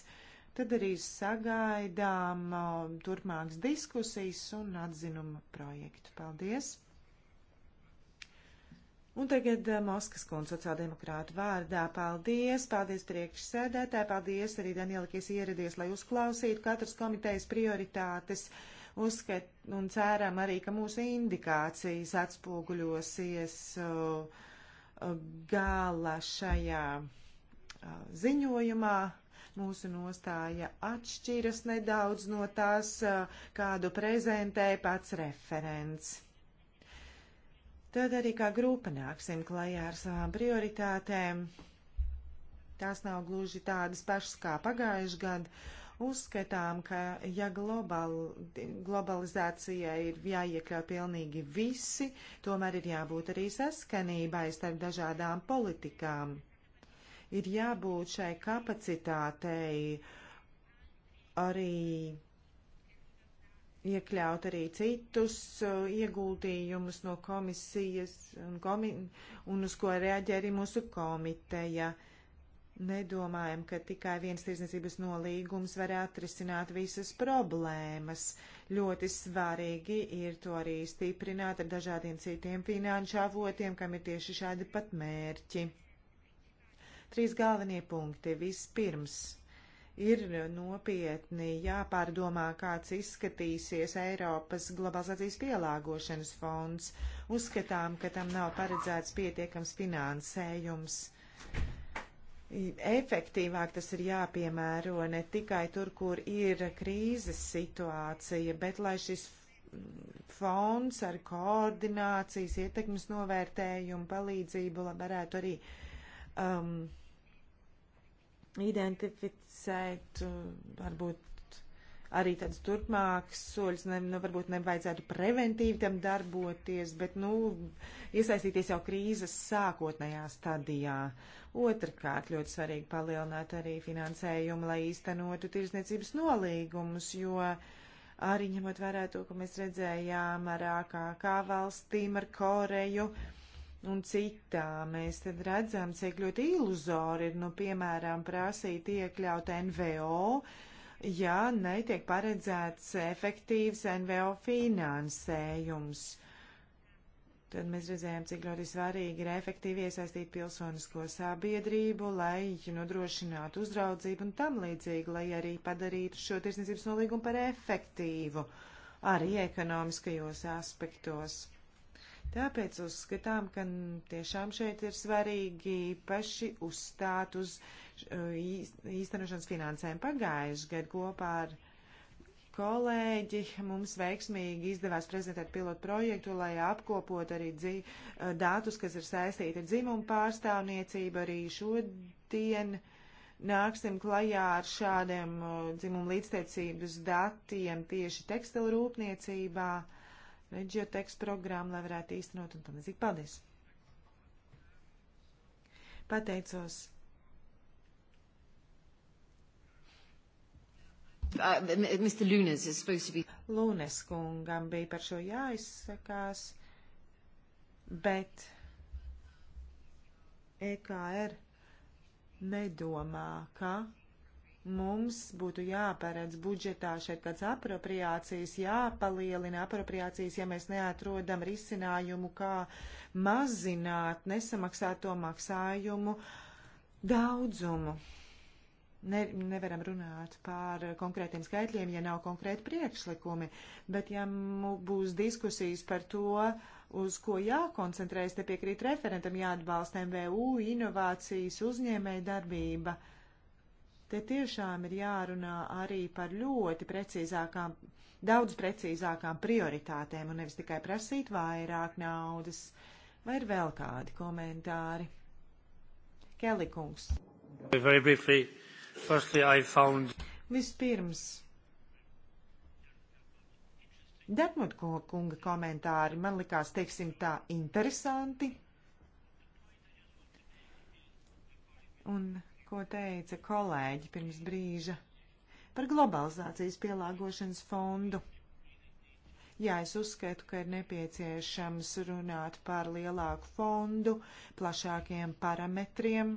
Tad arī sagaidām uh, turpmākas diskusijas un atzinuma projektu. Paldies! Un tagad eh, Moskas kundze sociāldemokrātu vārdā. Paldies, paldies priekšsēdētāji, paldies arī Daniela, kas ieradies, lai uzklausītu katras komitejas prioritātes. Uzskat un ceram arī, ka mūsu indikācijas atspoguļosies uh, gala šajā uh, ziņojumā mūsu nostāja atšķiras nedaudz no tās, kādu prezentē pats referents. Tad arī kā grupa nāksim klajā ar savām prioritātēm. Tās nav gluži tādas pašas kā pagājuši gadu. Uzskatām, ka ja global, globalizācijai ir jāiekļauj pilnīgi visi, tomēr ir jābūt arī saskanībai starp dažādām politikām. Ir jābūt šai kapacitātei arī iekļaut arī citus uh, ieguldījumus no komisijas un, komi un uz ko reaģē arī mūsu komiteja. Nedomājam, ka tikai viens tirsniecības nolīgums var atrisināt visas problēmas. Ļoti svarīgi ir to arī stiprināt ar dažādiem citiem finanšu avotiem, kam ir tieši šādi pat mērķi. Trīs galvenie punkti. Vispirms ir nopietni jāpārdomā, kāds izskatīsies Eiropas globalizācijas pielāgošanas fonds. Uzskatām, ka tam nav paredzēts pietiekams finansējums. Efektīvāk tas ir jāpiemēro ne tikai tur, kur ir krīzes situācija, bet lai šis fonds ar koordinācijas ietekmes novērtējumu palīdzību varētu arī um, identificēt, uh, varbūt arī tāds turpmāks soļus, ne, nu, varbūt nevajadzētu preventīvi tam darboties, bet, nu, iesaistīties jau krīzes sākotnējā stadijā. Otrakārt, ļoti svarīgi palielināt arī finansējumu, lai īstenotu tirsniecības nolīgumus, jo arī ņemot vērā to, ko mēs redzējām ar AKK valstīm, ar Koreju, uh, un citā. Mēs tad redzam, cik ļoti iluzori ir, nu, piemēram, prasīt iekļaut NVO, ja netiek paredzēts efektīvs NVO finansējums. Tad mēs redzējām, cik ļoti svarīgi ir efektīvi iesaistīt pilsonisko sabiedrību, lai nodrošinātu uzraudzību un tam līdzīgi, lai arī padarītu šo tirsniecības nolīgumu par efektīvu arī ekonomiskajos aspektos. Tāpēc uzskatām, ka tiešām šeit ir svarīgi paši uzstāt uz uh, īstenošanas finansēm pagājuši gadu kopā ar kolēģi. Mums veiksmīgi izdevās prezentēt pilotu projektu, lai apkopot arī dzī, uh, datus, kas ir saistīti ar dzimumu pārstāvniecību arī šodien nāksim klajā ar šādiem uh, dzimumu līdztiecības datiem tieši tekstilu rūpniecībā reģiotekstu programmu, lai varētu īstenot un tam līdzīgi. Paldies! Pateicos! Uh, Mr. Lunes is supposed to be. Lunes kungam bija par šo jāizsakās, bet EKR nedomā, ka mums būtu jāparedz budžetā šeit kāds apropriācijas, jāpalielina apropriācijas, ja mēs neatrodam risinājumu, kā mazināt nesamaksāto maksājumu daudzumu. Ne, nevaram runāt par konkrētiem skaitļiem, ja nav konkrēti priekšlikumi, bet ja būs diskusijas par to, uz ko jākoncentrējas, te piekrīt referentam jāatbalsta MVU, inovācijas, uzņēmēja darbība. Uh, Te tiešām ir jārunā arī par ļoti precīzākām, daudz precīzākām prioritātēm un nevis tikai prasīt vairāk naudas. Vai ir vēl kādi komentāri? Kelikungs. Found... Vispirms. Detmut kunga komentāri man likās, teiksim tā, interesanti. Un ko teica kolēģi pirms brīža par globalizācijas pielāgošanas fondu. Jā, es uzskatu, ka ir nepieciešams runāt par lielāku fondu, plašākiem parametriem,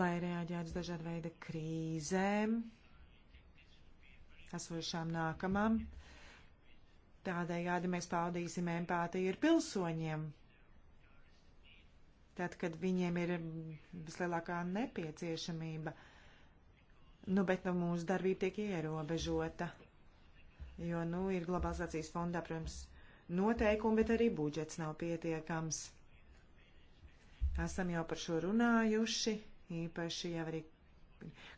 lai reaģētu uz dažādu veidu krīzēm, esošām nākamām. Tādējādi mēs paudīsim empātiju ar pilsoņiem, tad, kad viņiem ir vislielākā nepieciešamība. Nu, bet nu, mūsu darbība tiek ierobežota, jo, nu, ir globalizācijas fondā, protams, noteikumi, bet arī budžets nav pietiekams. Esam jau par šo runājuši, īpaši jau arī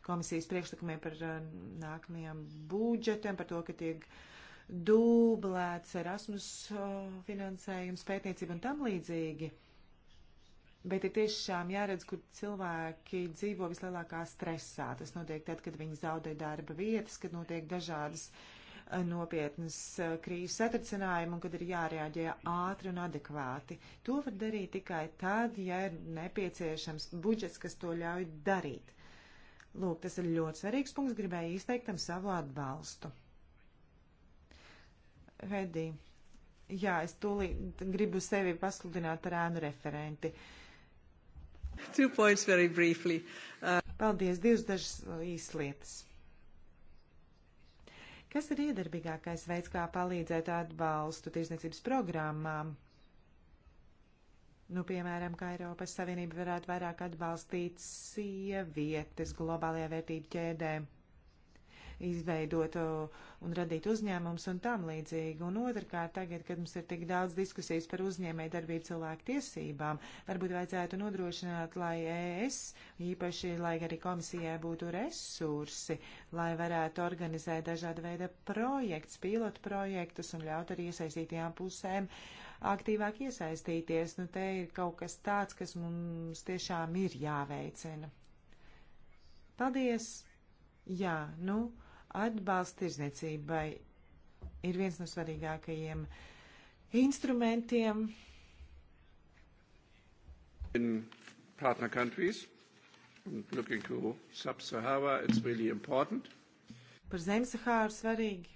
komisijas priekšlikumiem par uh, nākamajiem budžetiem, par to, ka tiek dublēts Erasmus uh, finansējums, pētniecība un tam līdzīgi. Bet ir tiešām jāredz, kur cilvēki dzīvo vislielākā stresā. Tas notiek tad, kad viņi zaudē darba vietas, kad notiek dažādas eh, nopietnas eh, krīzes satricinājumi un kad ir jārēģē ātri un adekvāti. To var darīt tikai tad, ja ir nepieciešams budžets, kas to ļauj darīt. Lūk, tas ir ļoti svarīgs punkts, gribēju izteikt tam savu atbalstu. Hedī, jā, es tūlīt gribu sevi pasludināt ar ēnu referenti. Uh, Two points very briefly. Uh... Paldies, divas dažas uh, īslietas. Kas ir iedarbīgākais veids, kā palīdzēt atbalstu tirsniecības programmām? Nu, piemēram, kā Eiropas Savienība varētu vairāk atbalstīt sievietes globālajā vērtību ķēdē izveidot un radīt uzņēmumus un tam līdzīgi. Un otrkārt, tagad, kad mums ir tik daudz diskusijas par uzņēmēju darbību cilvēku tiesībām, varbūt vajadzētu nodrošināt, lai ES, īpaši, lai arī komisijai būtu resursi, lai varētu organizēt dažāda veida projekts, pilotu projektus un ļaut arī iesaistītajām pusēm aktīvāk iesaistīties. Nu, te ir kaut kas tāds, kas mums tiešām ir jāveicina. Paldies! Jā, nu, Atbalsts tirzniecībai ir viens no svarīgākajiem instrumentiem. In partner countries, looking to sub-Sahara, it's really important. Par Zemsahāru svarīgi.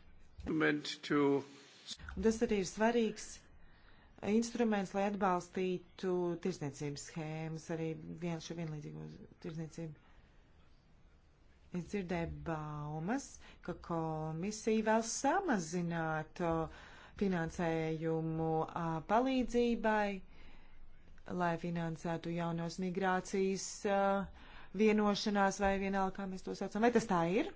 To... Un tas arī ir svarīgs instruments, lai atbalstītu tirsniecības schēmas, arī vienšu vienlīdzīgo tirsniecību. Es dzirdēju baumas, ka komisija vēl samazināt finansējumu palīdzībai, lai finansētu jaunos migrācijas vienošanās vai vienalga, kā mēs to saucam. Vai tas tā ir?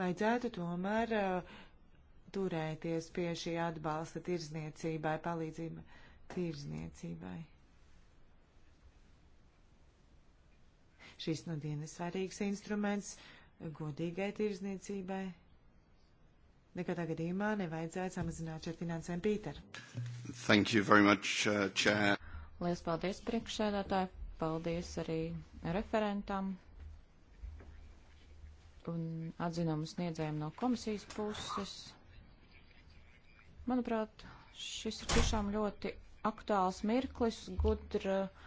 Vajadzētu tomēr turēties pie šī atbalsta tirzniecībai, palīdzībai tirzniecībai. Šis nu diena ir svarīgs instruments godīgai tirzniecībai. Nekādā gadījumā nevajadzētu samazināt šo finansēm, Pīter. Thank you very much, uh, Chair. Lielas paldies priekšsēdētāji, paldies arī referentam un atzinumu sniedzējiem no komisijas puses. Manuprāt, šis ir tiešām ļoti aktuāls mirklis, gudra uh,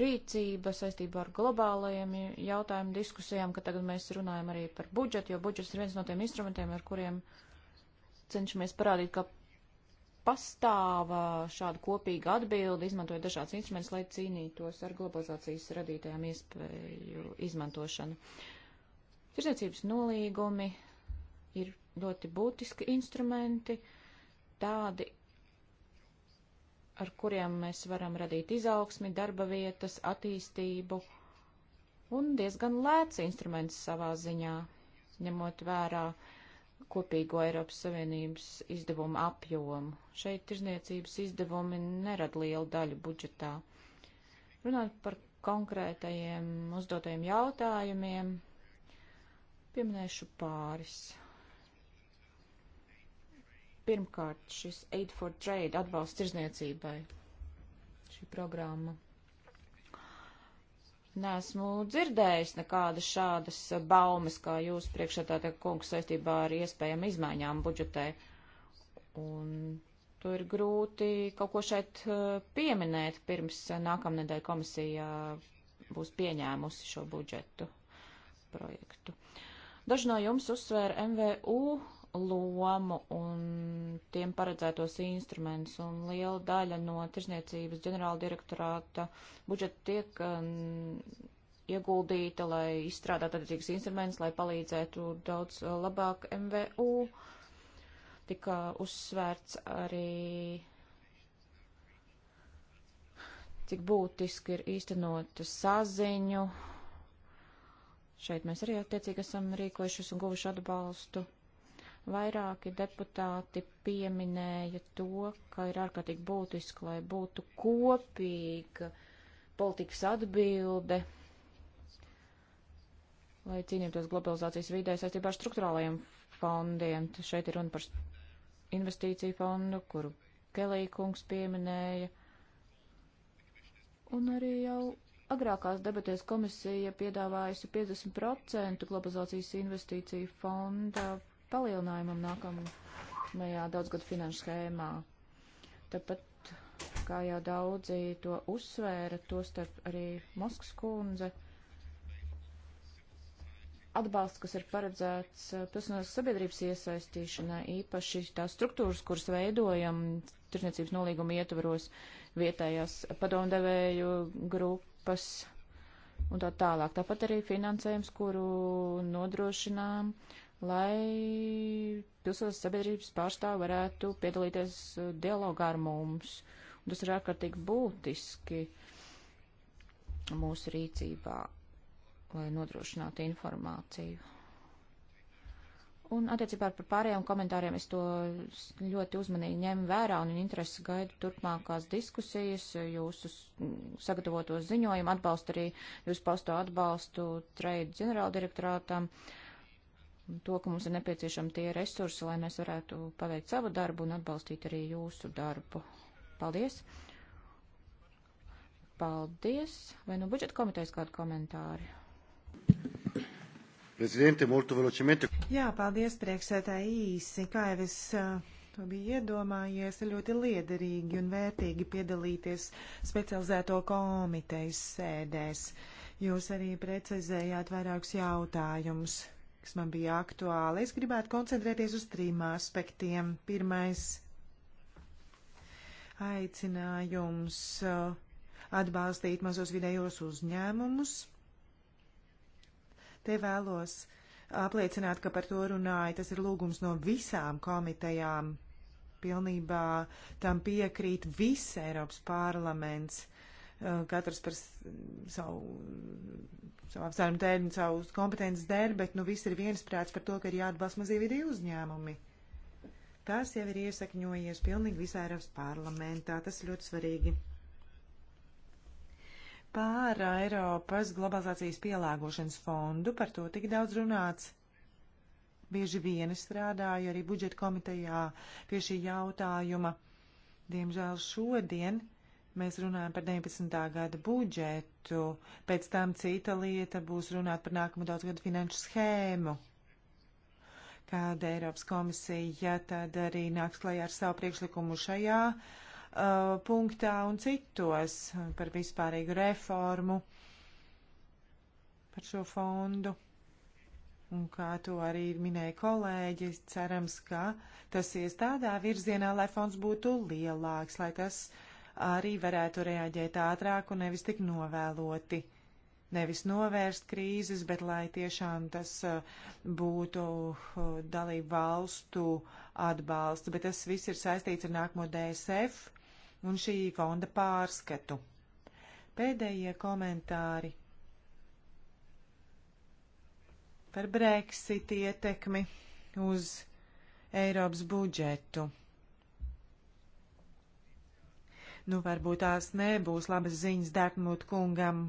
rīcība saistībā ar globālajiem jautājumu diskusijām, ka tagad mēs runājam arī par budžetu, jo budžets ir viens no tiem instrumentiem, ar kuriem cenšamies parādīt, ka pastāv uh, šāda kopīga atbilde, izmantojot dažādas instrumentus, lai cīnītos ar globalizācijas radītajām iespēju izmantošanu. Tirzniecības nolīgumi ir ļoti būtiski instrumenti, tādi ar kuriem mēs varam radīt izaugsmi, darba vietas, attīstību un diezgan lēts instruments savā ziņā, ņemot vērā kopīgo Eiropas Savienības izdevumu apjomu. Šeit tirzniecības izdevumi nerada lielu daļu budžetā. Runāt par konkrētajiem uzdotajiem jautājumiem, pieminēšu pāris. Pirmkārt, šis Aid for Trade atbalsts tirzniecībai. Šī programma. Nesmu dzirdējis nekādas šādas baumas, kā jūs priekšētāte kungs saistībā ar iespējām izmaiņām budžetē. Un to ir grūti kaut ko šeit uh, pieminēt, pirms nākamnedēļ komisija būs pieņēmusi šo budžetu projektu. Daži no jums uzsvēra MVU lomu un tiem paredzētos instrumentus, un liela daļa no tirzniecības ģenerāla direktorāta budžeta tiek um, ieguldīta, lai izstrādātu attiecīgas instrumentus, lai palīdzētu daudz uh, labāk MVU. Tika uzsvērts arī, cik būtiski ir īstenot saziņu. Šeit mēs arī attiecīgi esam rīkojušies un guvuši atbalstu Vairāki deputāti pieminēja to, ka ir ārkārtīgi būtiski, lai būtu kopīga politikas atbilde, lai cīnītos globalizācijas vidē saistībā ar struktūrālajiem fondiem. Šeit ir runa par investīciju fondu, kuru Kelija kungs pieminēja. Un arī jau agrākās debatēs komisija piedāvājusi 50% globalizācijas investīciju fonda palielinājumam nākamajā daudzgadu finanšu schēmā. Tāpat, kā jau daudzi to uzsvēra, to starp arī Moskvas kundze, atbalsts, kas ir paredzēts eh, pilsonās sabiedrības iesaistīšanai, īpaši tās struktūras, kuras veidojam tirsniecības nolīguma ietvaros vietējās padomdevēju grupas un tā tālāk. Tāpat arī finansējums, kuru nodrošinām uh, lai pilsētas sabiedrības pārstāvi varētu piedalīties uh, dialogā ar mums. Un tas ir ārkārtīgi būtiski mūsu rīcībā, lai nodrošinātu informāciju. Un attiecībā par pārējiem komentāriem es to ļoti uzmanīgi ņemu vērā un interesi gaidu turpmākās diskusijas, jūsu sagatavotos ziņojumu atbalstu arī, jūs pausto atbalstu trade ģenerāldirektorātam. direktorātam to, ka mums ir nepieciešami tie resursi, lai mēs varētu paveikt savu darbu un atbalstīt arī jūsu darbu. Paldies! Paldies! Vai nu budžeta komitejas kādu komentāru? Prezidente, molto velocemente. Jā, paldies, priekšsētāji īsi. Kā jau es eh, to biju iedomājies, ir ļoti liederīgi un vērtīgi piedalīties specializēto komitejas sēdēs. Jūs arī precizējāt vairākus jautājumus kas man bija aktuāli. Es gribētu koncentrēties uz trim aspektiem. Pirmais - aicinājums uh, atbalstīt mazos vidējos uzņēmumus. Te vēlos apliecināt, ka par to runāja. Tas ir lūgums no visām komitejām. Pilnībā tam piekrīt viss Eiropas parlaments Eh, katrs par savu, savu apsvērumu dēļ un savus kompetences dēļ, bet nu viss ir viensprāts par to, ka ir jāatbalsta mazie vidēji uzņēmumi. Tas jau ir iesakņojies pilnīgi visā Eiropas parlamentā, tas ir ļoti svarīgi. Pār Eiropas globalizācijas pielāgošanas fondu par to tik daudz runāts. Bieži vien es strādāju arī budžeta komitejā pie šī jautājuma. Diemžēl šodien Mēs runājam par 19. gada budžetu, pēc tam cita lieta būs runāt par nākamo daudzgadu finanšu schēmu. Kāda Eiropas komisija tad arī nāks klajā ar savu priekšlikumu šajā uh, punktā un citos par vispārīgu reformu, par šo fondu. Un kā to arī minēja kolēģi, cerams, ka tas ies tādā virzienā, lai fonds būtu lielāks, lai tas uh, arī varētu reaģēt ātrāk un nevis tik novēloti. Nevis novērst krīzes, bet lai tiešām tas uh, būtu uh, dalību valstu atbalsts, bet tas viss ir saistīts ar nākamo DSF un šī fonda pārskatu. Pēdējie komentāri par Brexit ietekmi uz Eiropas budžetu. Nu, varbūt tās nebūs labas ziņas Dārkmūt kungam,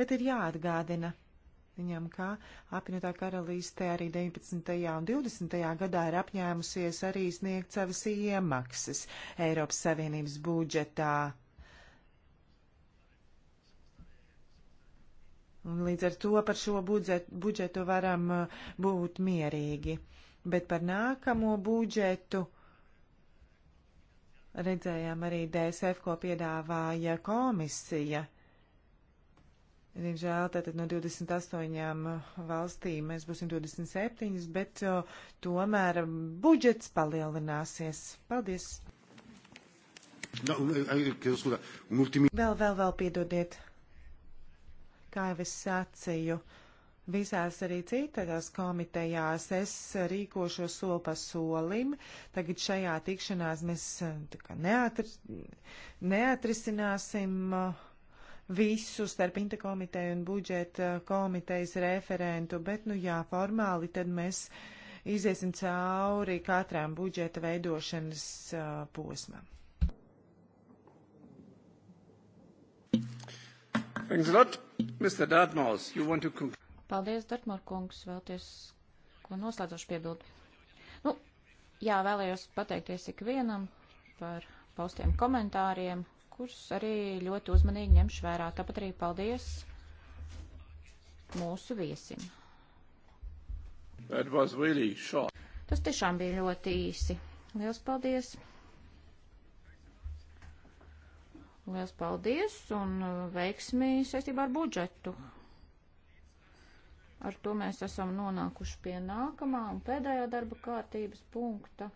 bet ir jāatgādina viņam, ka apvienotā karalīste arī 19. un 20. gadā ir apņēmusies arī sniegt savas iemaksas Eiropas Savienības budžetā. Un līdz ar to par šo budžetu, budžetu varam uh, būt mierīgi. Bet par nākamo budžetu Redzējām arī DSF, ko piedāvāja komisija. Diemžēl tātad no 28 uh, valstīm mēs būsim 27, bet o, uh, tomēr budžets palielināsies. Paldies! No, e, e, e, vēl, vēl, vēl piedodiet. Kā jau es sacīju, uh, visās arī citās komitejās es rīkošos soli pa solim. Tagad šajā tikšanās mēs eh, neatri, neatrisināsim eh, visu starp interkomiteju un budžeta komitejas referentu, bet, nu jā, formāli tad mēs iziesim cauri katram budžeta veidošanas uh, posmam. Thanks a lot. Mr. Dartmouth, you want to conclude? Paldies, Dartmār kungs, vēlties, ko noslēdzoši piebild. Nu, jā, vēlējos pateikties ikvienam par paustiem komentāriem, kurus arī ļoti uzmanīgi ņemšu vērā. Tāpat arī paldies mūsu viesim. Really Tas tiešām bija ļoti īsi. Liels paldies! Liels paldies un uh, veiksmi saistībā ar budžetu! Ar to mēs esam nonākuši pie nākamā un pēdējā darba kārtības punkta.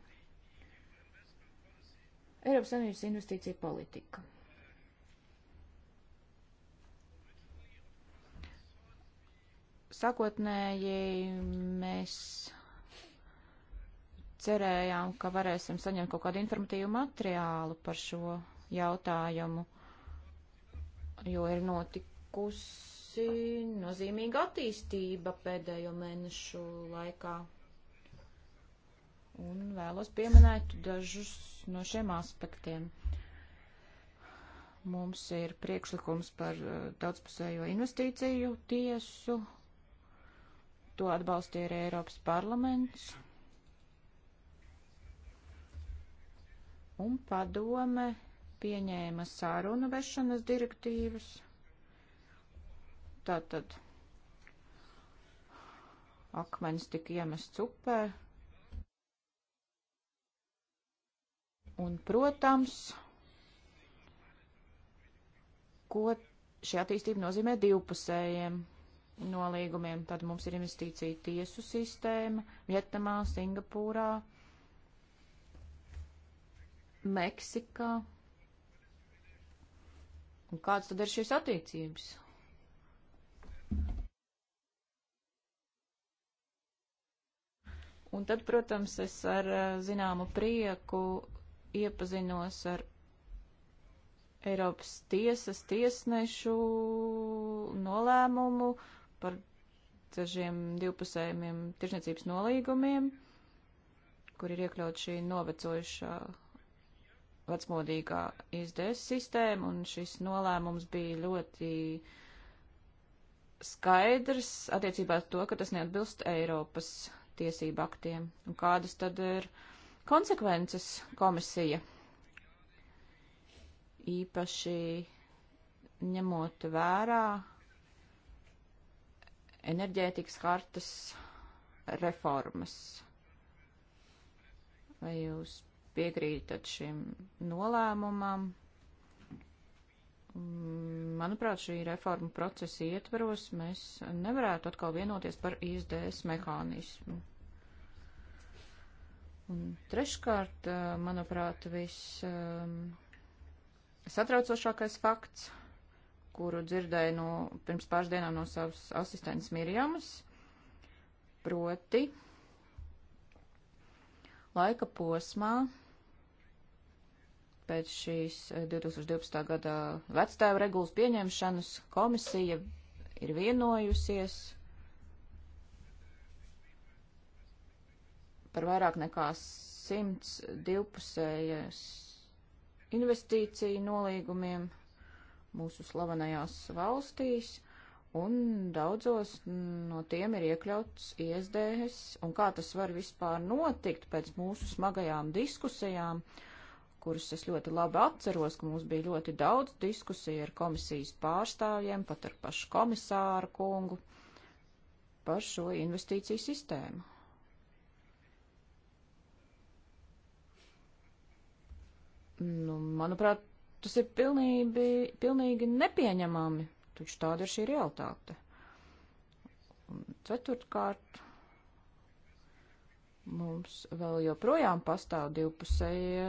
Eiropas Savienības investīcija politika. Sākotnēji mēs cerējām, ka varēsim saņemt kaut kādu informatīvu materiālu par šo jautājumu, jo ir notikusi bijusi nozīmīga attīstība pēdējo mēnešu laikā. Un vēlos pieminēt dažus no šiem aspektiem. Mums ir priekšlikums par uh, daudzpusējo investīciju tiesu. To atbalstīja arī Eiropas parlaments. Un padome pieņēma sārunu vešanas direktīvas. Tātad akmens tika iemests upē. Un, protams, ko šī attīstība nozīmē divpusējiem nolīgumiem. Tad mums ir investīcija tiesu sistēma Vietnamā, Singapūrā, Meksikā. Un kāds tad ir šīs attiecības? Un tad, protams, es ar eh, zināmu prieku iepazinos ar Eiropas tiesas tiesnešu nolēmumu par dažiem divpusējiem tirsniecības nolīgumiem, kur ir iekļaut šī novecojušā vecmodīgā ISDS sistēma, un šis nolēmums bija ļoti skaidrs attiecībā to, ka tas neatbilst Eiropas tiesību aktiem. Un kādas tad ir konsekvences komisija? Īpaši ņemot vērā enerģētikas hartas reformas. Vai jūs piekrītat šim nolēmumam? Manuprāt, šī reforma procesa ietvaros mēs nevarētu atkal vienoties par ISDS mehānismu. Un treškārt, eh, manuprāt, viss ehm, satraucošākais fakts, kuru dzirdēju no, pirms pāris dienām no savas asistentes Mirjamas, proti laika posmā pēc šīs 2012. Eh, gada vecstāva regulas pieņemšanas komisija ir vienojusies par vairāk nekā simts divpusējas investīciju nolīgumiem mūsu slavenajās valstīs, un daudzos no tiem ir iekļauts ISDS, un kā tas var vispār notikt pēc mūsu smagajām diskusijām, kuras es ļoti labi atceros, ka mums bija ļoti daudz diskusiju ar komisijas pārstāvjiem, pat ar pašu komisāru kungu par šo investīciju sistēmu. Nu, manuprāt, tas ir pilnībi, pilnīgi nepieņemami, taču tāda ir šī realitāte. Un ceturtkārt, mums vēl joprojām pastāv divpusējie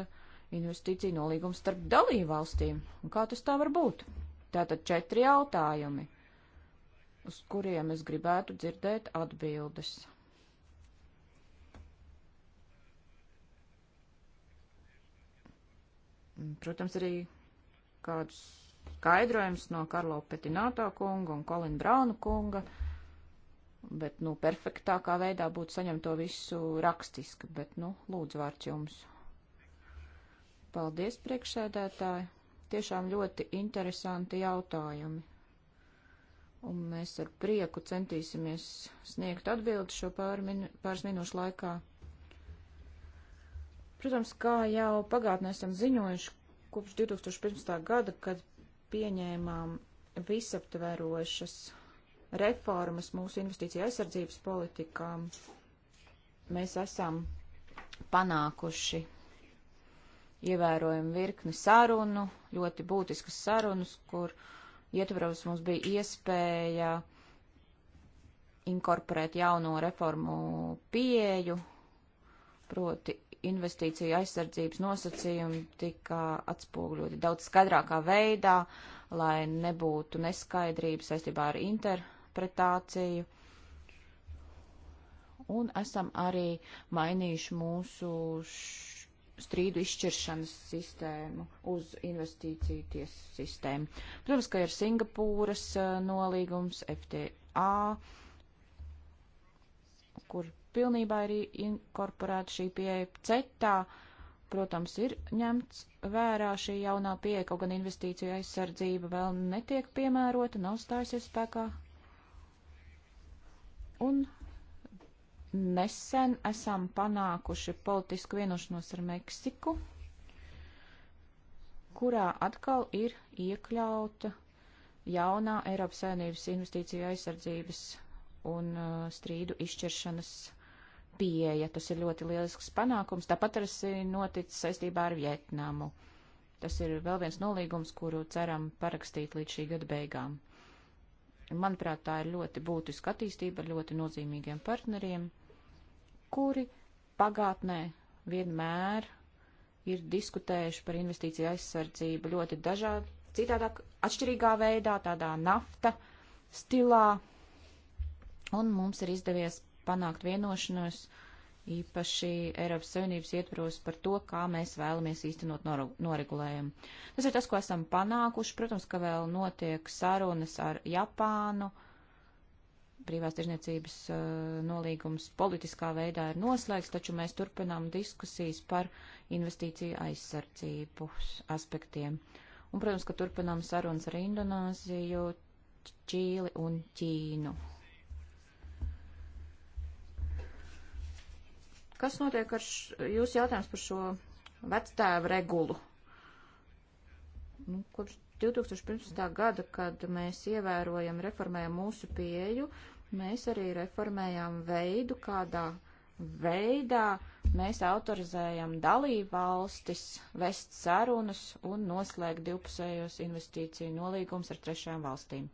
investīciju nolīgums starp dalībvalstīm. Un kā tas tā var būt? Tātad četri jautājumi, uz kuriem es gribētu dzirdēt atbildes. protams, arī kādus skaidrojumus no Karlo Petināto kunga un Kolina Brauna kunga, bet, nu, perfektākā veidā būtu saņemt to visu rakstiski, bet, nu, lūdzu vārds jums. Paldies, priekšsēdētāji! Tiešām ļoti interesanti jautājumi. Un mēs ar prieku centīsimies sniegt atbildi šo pār minu, pāris minūšu laikā. Protams, kā jau pagātnē esam ziņojuši, kopš 2015. gada, kad pieņēmām visaptverošas reformas mūsu investīcija aizsardzības politikā, mēs esam panākuši ievērojumu virkni sarunu, ļoti būtiskas sarunas, kur ietvaros mums bija iespēja inkorporēt jauno reformu pieeju, proti investīciju aizsardzības nosacījumi tika atspoguļoti daudz skaidrākā veidā, lai nebūtu neskaidrības saistībā ar interpretāciju. Un esam arī mainījuši mūsu strīdu izšķiršanas sistēmu uz investīciju tiesu sistēmu. Protams, ka ir Singapūras eh, nolīgums FTA, kur pilnībā ir inkorporēta šī pieeja cetā. Protams, ir ņemts vērā šī jaunā pieeja, kaut gan investīciju aizsardzība vēl netiek piemērota, nav stājusies spēkā. Un nesen esam panākuši politisku vienošanos ar Meksiku, kurā atkal ir iekļauta jaunā Eiropas Savienības investīciju aizsardzības un uh, strīdu izšķiršanas pieeja. Tas ir ļoti lielisks panākums. Tāpat arī noticis saistībā ar Vietnamu. Tas ir vēl viens nolīgums, kuru ceram parakstīt līdz šī gada beigām. Manuprāt, tā ir ļoti būtiska attīstība ar ļoti nozīmīgiem partneriem, kuri pagātnē vienmēr ir diskutējuši par investīciju aizsardzību ļoti dažādi, citādāk, atšķirīgā veidā, tādā nafta stilā, un mums ir izdevies panākt vienošanos, īpaši Eiropas Savienības ietvaros par to, kā mēs vēlamies īstenot noregulējumu. Tas ir tas, ko esam panākuši. Protams, ka vēl notiek sarunas ar Japānu. Brīvās tirzniecības uh, nolīgums politiskā veidā ir noslēgts, taču mēs turpinām diskusijas par investīciju aizsardzību aspektiem. Un, protams, ka turpinām sarunas ar Indonēziju, Čīli un Ķīnu. Kas notiek ar jūsu jautājums par šo vectēvu regulu? Nu, kopš 2015. gada, kad mēs ievērojam, reformējam mūsu pieeju, mēs arī reformējam veidu, kādā veidā mēs autorizējam dalību valstis vest sarunas un noslēgt divpusējos investīciju nolīgumus ar trešajām valstīm.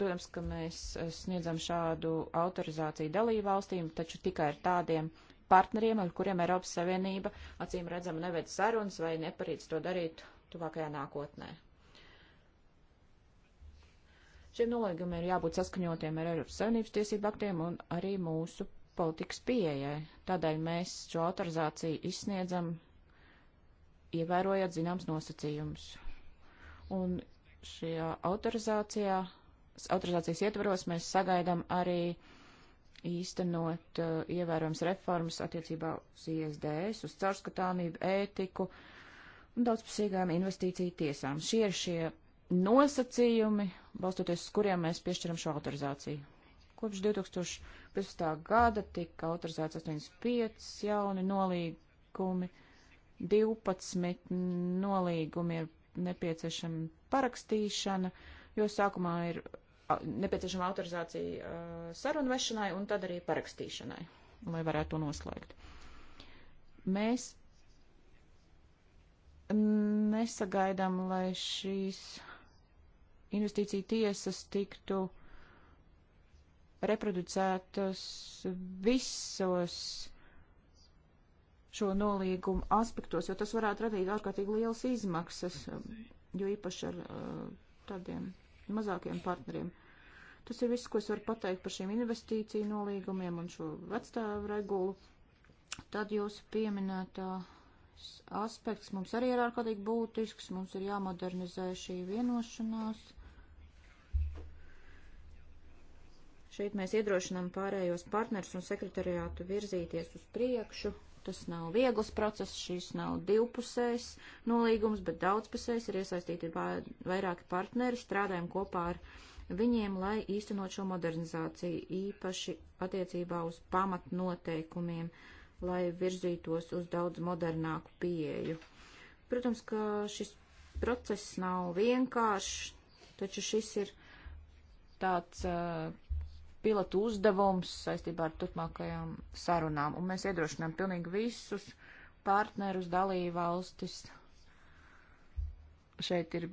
Protams, ka mēs eh, sniedzam šādu autorizāciju dalībvalstīm, taču tikai ar tādiem partneriem, ar kuriem Eiropas Savienība acīm redzam neved sarunas vai neparīdz to darīt tuvākajā nākotnē. Šiem nolīgumiem ir jābūt saskaņotiem ar Eiropas Savienības tiesību aktiem un arī mūsu politikas pieejai. Tādēļ mēs šo autorizāciju izsniedzam, ievērojot zināms nosacījumus. Un šajā autorizācijā autorizācijas ietvaros mēs sagaidām arī īstenot uh, ievērojams reformas attiecībā uz ISDS, uz caurskatāmību, ētiku un daudzpusīgām investīciju tiesām. Šie ir šie nosacījumi, balstoties uz kuriem mēs piešķiram šo autorizāciju. Kopš 2015. gada tika autorizēts 85 jauni nolīgumi, 12 nolīgumi ir nepieciešama parakstīšana, jo sākumā ir nepieciešama autorizācija sarunu vešanai un tad arī parakstīšanai, lai varētu to noslēgt. Mēs nesagaidām, lai šīs investīcija tiesas tiktu reproducētas visos šo nolīgumu aspektos, jo tas varētu radīt ārkārtīgi lielas izmaksas, jo īpaši ar tādiem mazākiem partneriem. Tas ir viss, ko es varu pateikt par šīm investīciju nolīgumiem un šo vecstāvu regulu. Tad jūsu pieminētā aspekts mums arī ir ārkārtīgi būtisks, mums ir jāmodernizē šī vienošanās. Šeit mēs iedrošinām pārējos partners un sekretariātu virzīties uz priekšu, Tas nav viegls process, šis nav divpusējs nolīgums, bet daudzpusējs ir iesaistīti vairāki partneri, strādājam kopā ar viņiem, lai īstenot šo modernizāciju, īpaši attiecībā uz pamatnoteikumiem, lai virzītos uz daudz modernāku pieeju. Protams, ka šis process nav vienkāršs, taču šis ir tāds uh, pilotu uzdevums saistībā ar turpmākajām sarunām. Un mēs iedrošinām pilnīgi visus partnerus, dalībvalstis. Šeit ir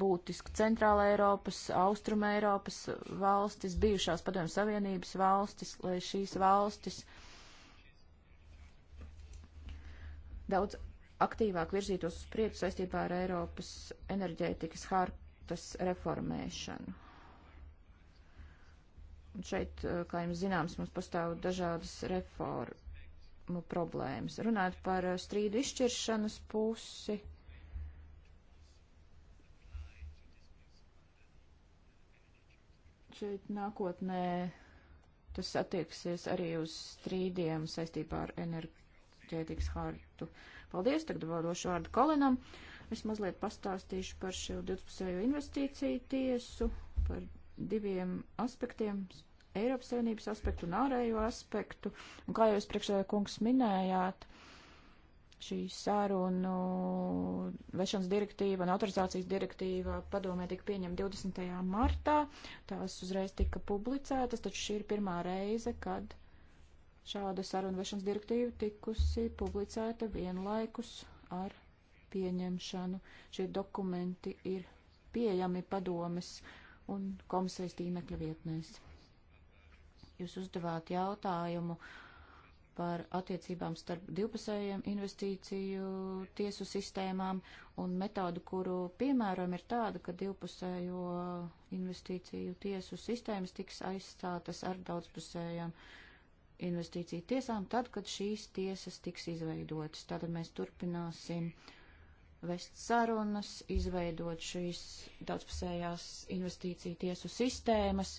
būtiski Centrāla Eiropas, Austruma Eiropas valstis, bijušās Padomju Savienības valstis, lai šīs valstis daudz aktīvāk virzītos uz priekšu saistībā ar Eiropas enerģētikas hartas reformēšanu. Un šeit, eh, kā jums zināms, mums pastāv dažādas reformu problēmas. Runāt par eh, strīdu izšķiršanas pusi. Šeit nākotnē tas attieksies arī uz strīdiem saistībā ar enerģētikas hartu. Paldies, tagad došu vārdu Kolinam. Es mazliet pastāstīšu par šo 12. investīciju tiesu, par diviem aspektiem Eiropas Savienības aspektu un ārējo aspektu. Un kā jūs priekšējā kungs minējāt, šī sārunu vešanas direktīva un autorizācijas direktīva padomē tika pieņemta 20. martā. Tās uzreiz tika publicētas, taču šī ir pirmā reize, kad šāda sarunu vešanas direktīva tikusi publicēta vienlaikus ar pieņemšanu. Šie dokumenti ir pieejami padomes un komisijas tīmekļa vietnēs. Jūs uzdevāt jautājumu par attiecībām starp divpusējiem investīciju tiesu sistēmām, un metodu, kuru piemēram ir tāda, ka divpusējo investīciju tiesu sistēmas tiks aizstātas ar daudzpusējām investīciju tiesām, tad, kad šīs tiesas tiks izveidotas. Tātad mēs turpināsim vest sarunas, izveidot šīs daudzpusējās investīciju tiesu sistēmas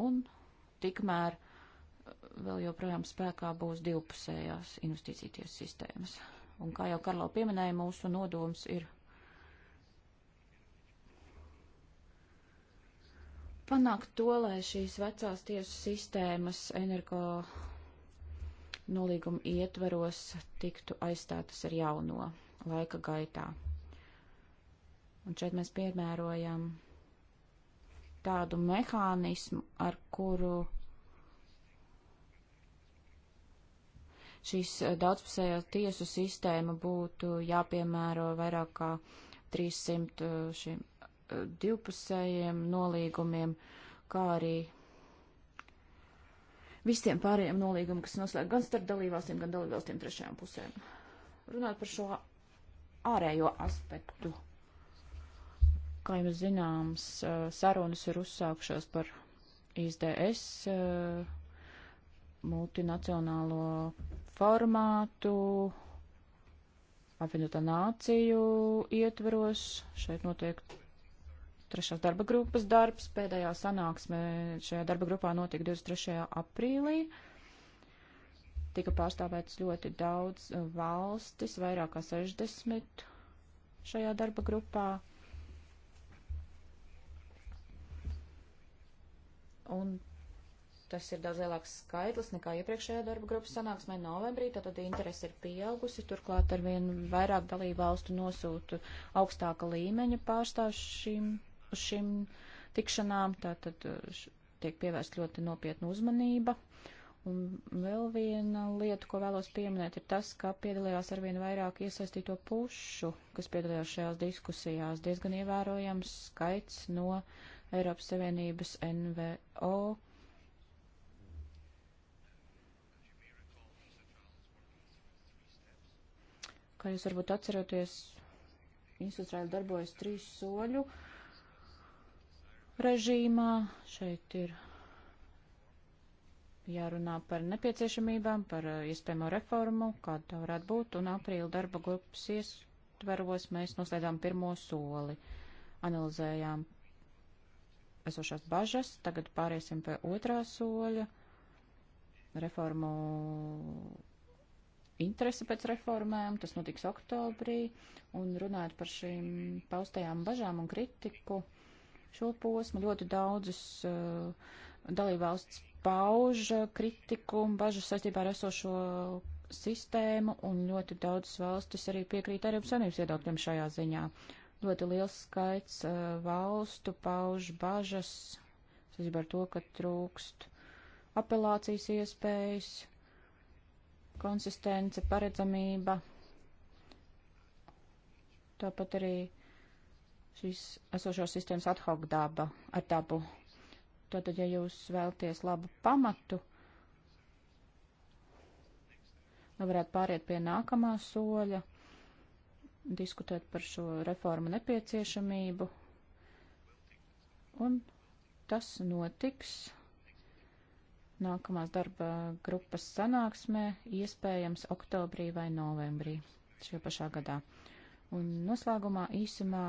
un tikmēr uh, vēl joprojām spēkā būs divpusējās investīcijas sistēmas. Un kā jau Karlo pieminēja, mūsu nodoms ir panākt to, lai šīs vecās tiesu sistēmas energo nolīguma ietvaros tiktu aizstātas ar jauno laika gaitā. Un šeit mēs piemērojam tādu mehānismu, ar kuru šīs eh, daudzpusējā tiesu sistēma būtu jāpiemēro vairāk kā 300 eh, šiem eh, divpusējiem nolīgumiem, kā arī visiem pārējiem nolīgumiem, kas noslēg gan starp dalībvalstīm, gan dalībvalstīm trešajām pusēm. Runāt par šo ārējo aspektu. Kā jums zināms, sarunas ir uzsākšās par ISDS multinacionālo formātu, apvienotā nāciju ietveros. Šeit notiek trešās darba grupas darbs. Pēdējā sanāksme šajā darba grupā notika 23. aprīlī. Tika pārstāvēts ļoti daudz valstis, vairāk kā 60 šajā darba grupā. Un tas ir daudz lielāks skaitlis nekā iepriekšējā darba grupas sanāksmē novembrī, tātad interese ir pieaugusi, turklāt ar vien vairāk dalību valstu nosūtu augstāka līmeņa pārstāvs šīm, šīm tikšanām, tātad tiek pievērst ļoti nopietna uzmanība. Un vēl viena lieta, ko vēlos pieminēt, ir tas, ka piedalījās arvien vairāk iesaistīto pušu, kas piedalījās šajās diskusijās. Diezgan ievērojams skaits no uh, Eiropas Savienības NVO. Kā jūs varbūt atceroties, Izraēla darbojas trīs soļu režīmā. Šeit ir jārunā par nepieciešamībām, par uh, iespējamo reformu, kāda tā varētu būt, un aprīļa darba grupas iestveros mēs noslēdām pirmo soli. Analizējām esošās bažas. Tagad pāriesim pie otrā soļa - reformu interesi pēc reformēm. Tas notiks oktobrī. Un runājot par šīm paustajām bažām un kritiku šo posmu, ļoti daudzas uh, dalībvalsts pauž uh, kritiku un bažas saistībā ar esošo sistēmu, un ļoti daudzas valstis arī piekrīt Eiropas Savienības iedokļiem šajā ziņā. Uh, Ļoti liels skaits uh, valstu pauž bažas saistībā ar to, ka trūkst apelācijas iespējas, konsistence, paredzamība. Tāpat arī šīs esošās sistēmas athok daba, etapu. Tātad, ja jūs vēlties labu pamatu, lai nu, varētu pāriet pie nākamā soļa, diskutēt par šo reformu nepieciešamību, un tas notiks nākamās darba grupas sanāksmē, iespējams, oktobrī vai novembrī šajā pašā gadā. Un noslēgumā īsumā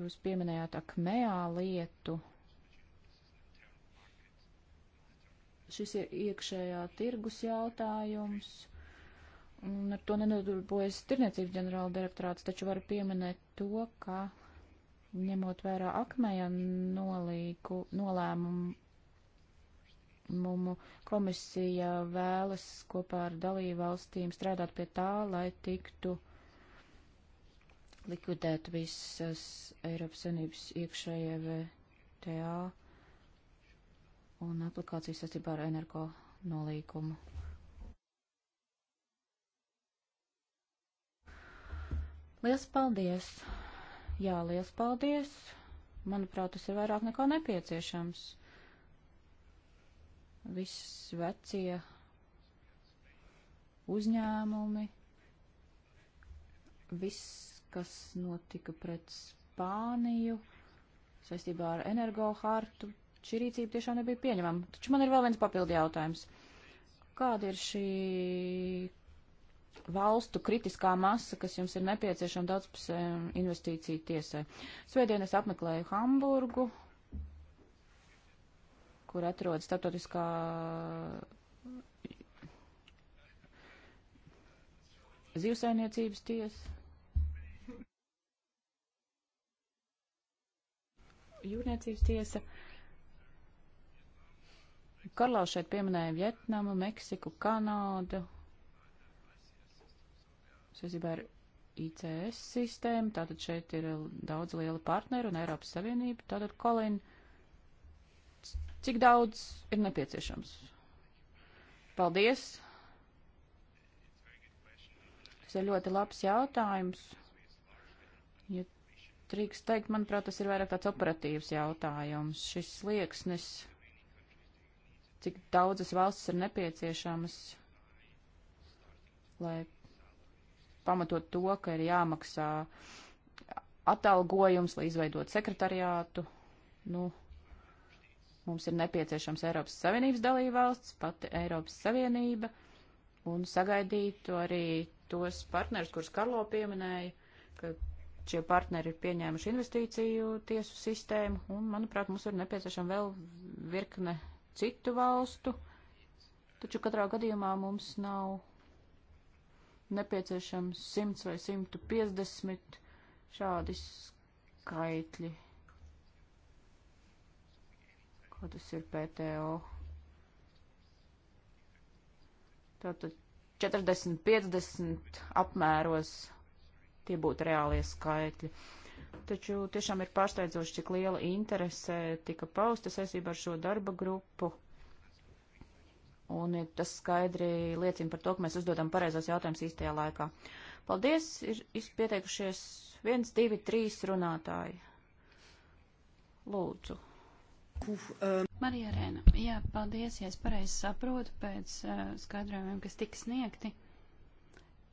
jūs pieminējāt akmējā lietu. Šis ir iekšējā tirgus jautājums. Un ar to nenodarbojas tirniecības ģenerāla direktorāts, taču varu pieminēt to, ka ņemot vērā akmēja nolīku, nolēmumu, komisija vēlas kopā ar dalību valstīm strādāt pie tā, lai tiktu likvidēt visas Eiropas Savienības iekšējie VTA un aplikācijas saistībā ar energo nolīkumu. Liels paldies! Jā, liels paldies! Manuprāt, tas ir vairāk nekā nepieciešams. Viss vecie uzņēmumi, viss, kas notika pret Spāniju, saistībā ar energohārtu, šī rīcība tiešām nebija pieņemama. Taču man ir vēl viens papildi jautājums. Kāda ir šī valstu kritiskā masa, kas jums ir nepieciešama daudzpusē eh, investīciju tiesai. Svētdien es apmeklēju Hamburgu, kur atrodas starptautiskā zivsainiecības tiesa. Jūrniecības tiesa. Karlā šeit pieminēja Vietnamu, Meksiku, Kanādu, saistībā ar ICS sistēmu. Tātad šeit ir daudz liela partneru un Eiropas Savienība. Tātad, Kolin, cik daudz ir nepieciešams? Paldies! Tas ir ļoti labs jautājums. Ja drīkst teikt, manuprāt, tas ir vairāk tāds operatīvs jautājums. Šis slieksnis, cik daudzas valstis ir nepieciešamas, lai pamatot to, ka ir jāmaksā atalgojums, lai izveidot sekretariātu. Nu, mums ir nepieciešams Eiropas Savienības dalībvalsts, pati Eiropas Savienība, un sagaidītu arī tos partnerus, kurus Karlo pieminēja, ka šie partneri ir pieņēmuši investīciju tiesu sistēmu, un, manuprāt, mums ir nepieciešama vēl virkne citu valstu, taču katrā gadījumā mums nav nepieciešams 100 vai 150 šādi skaitļi. Ko tas ir PTO? Tātad 40, 50 apmēros tie būtu reālie skaitļi. Taču tiešām ir pārsteidzoši, cik liela interese tika pausta saistībā ar šo darba grupu. Un tas skaidri liecina par to, ka mēs uzdodam pareizos jautājumus īstajā laikā. Paldies, ir pieteikušies viens, divi, trīs runātāji. Lūdzu. Marija Rēna, jā, paldies, ja es pareizi saprotu pēc uh, skaidrojumiem, kas tika sniegti.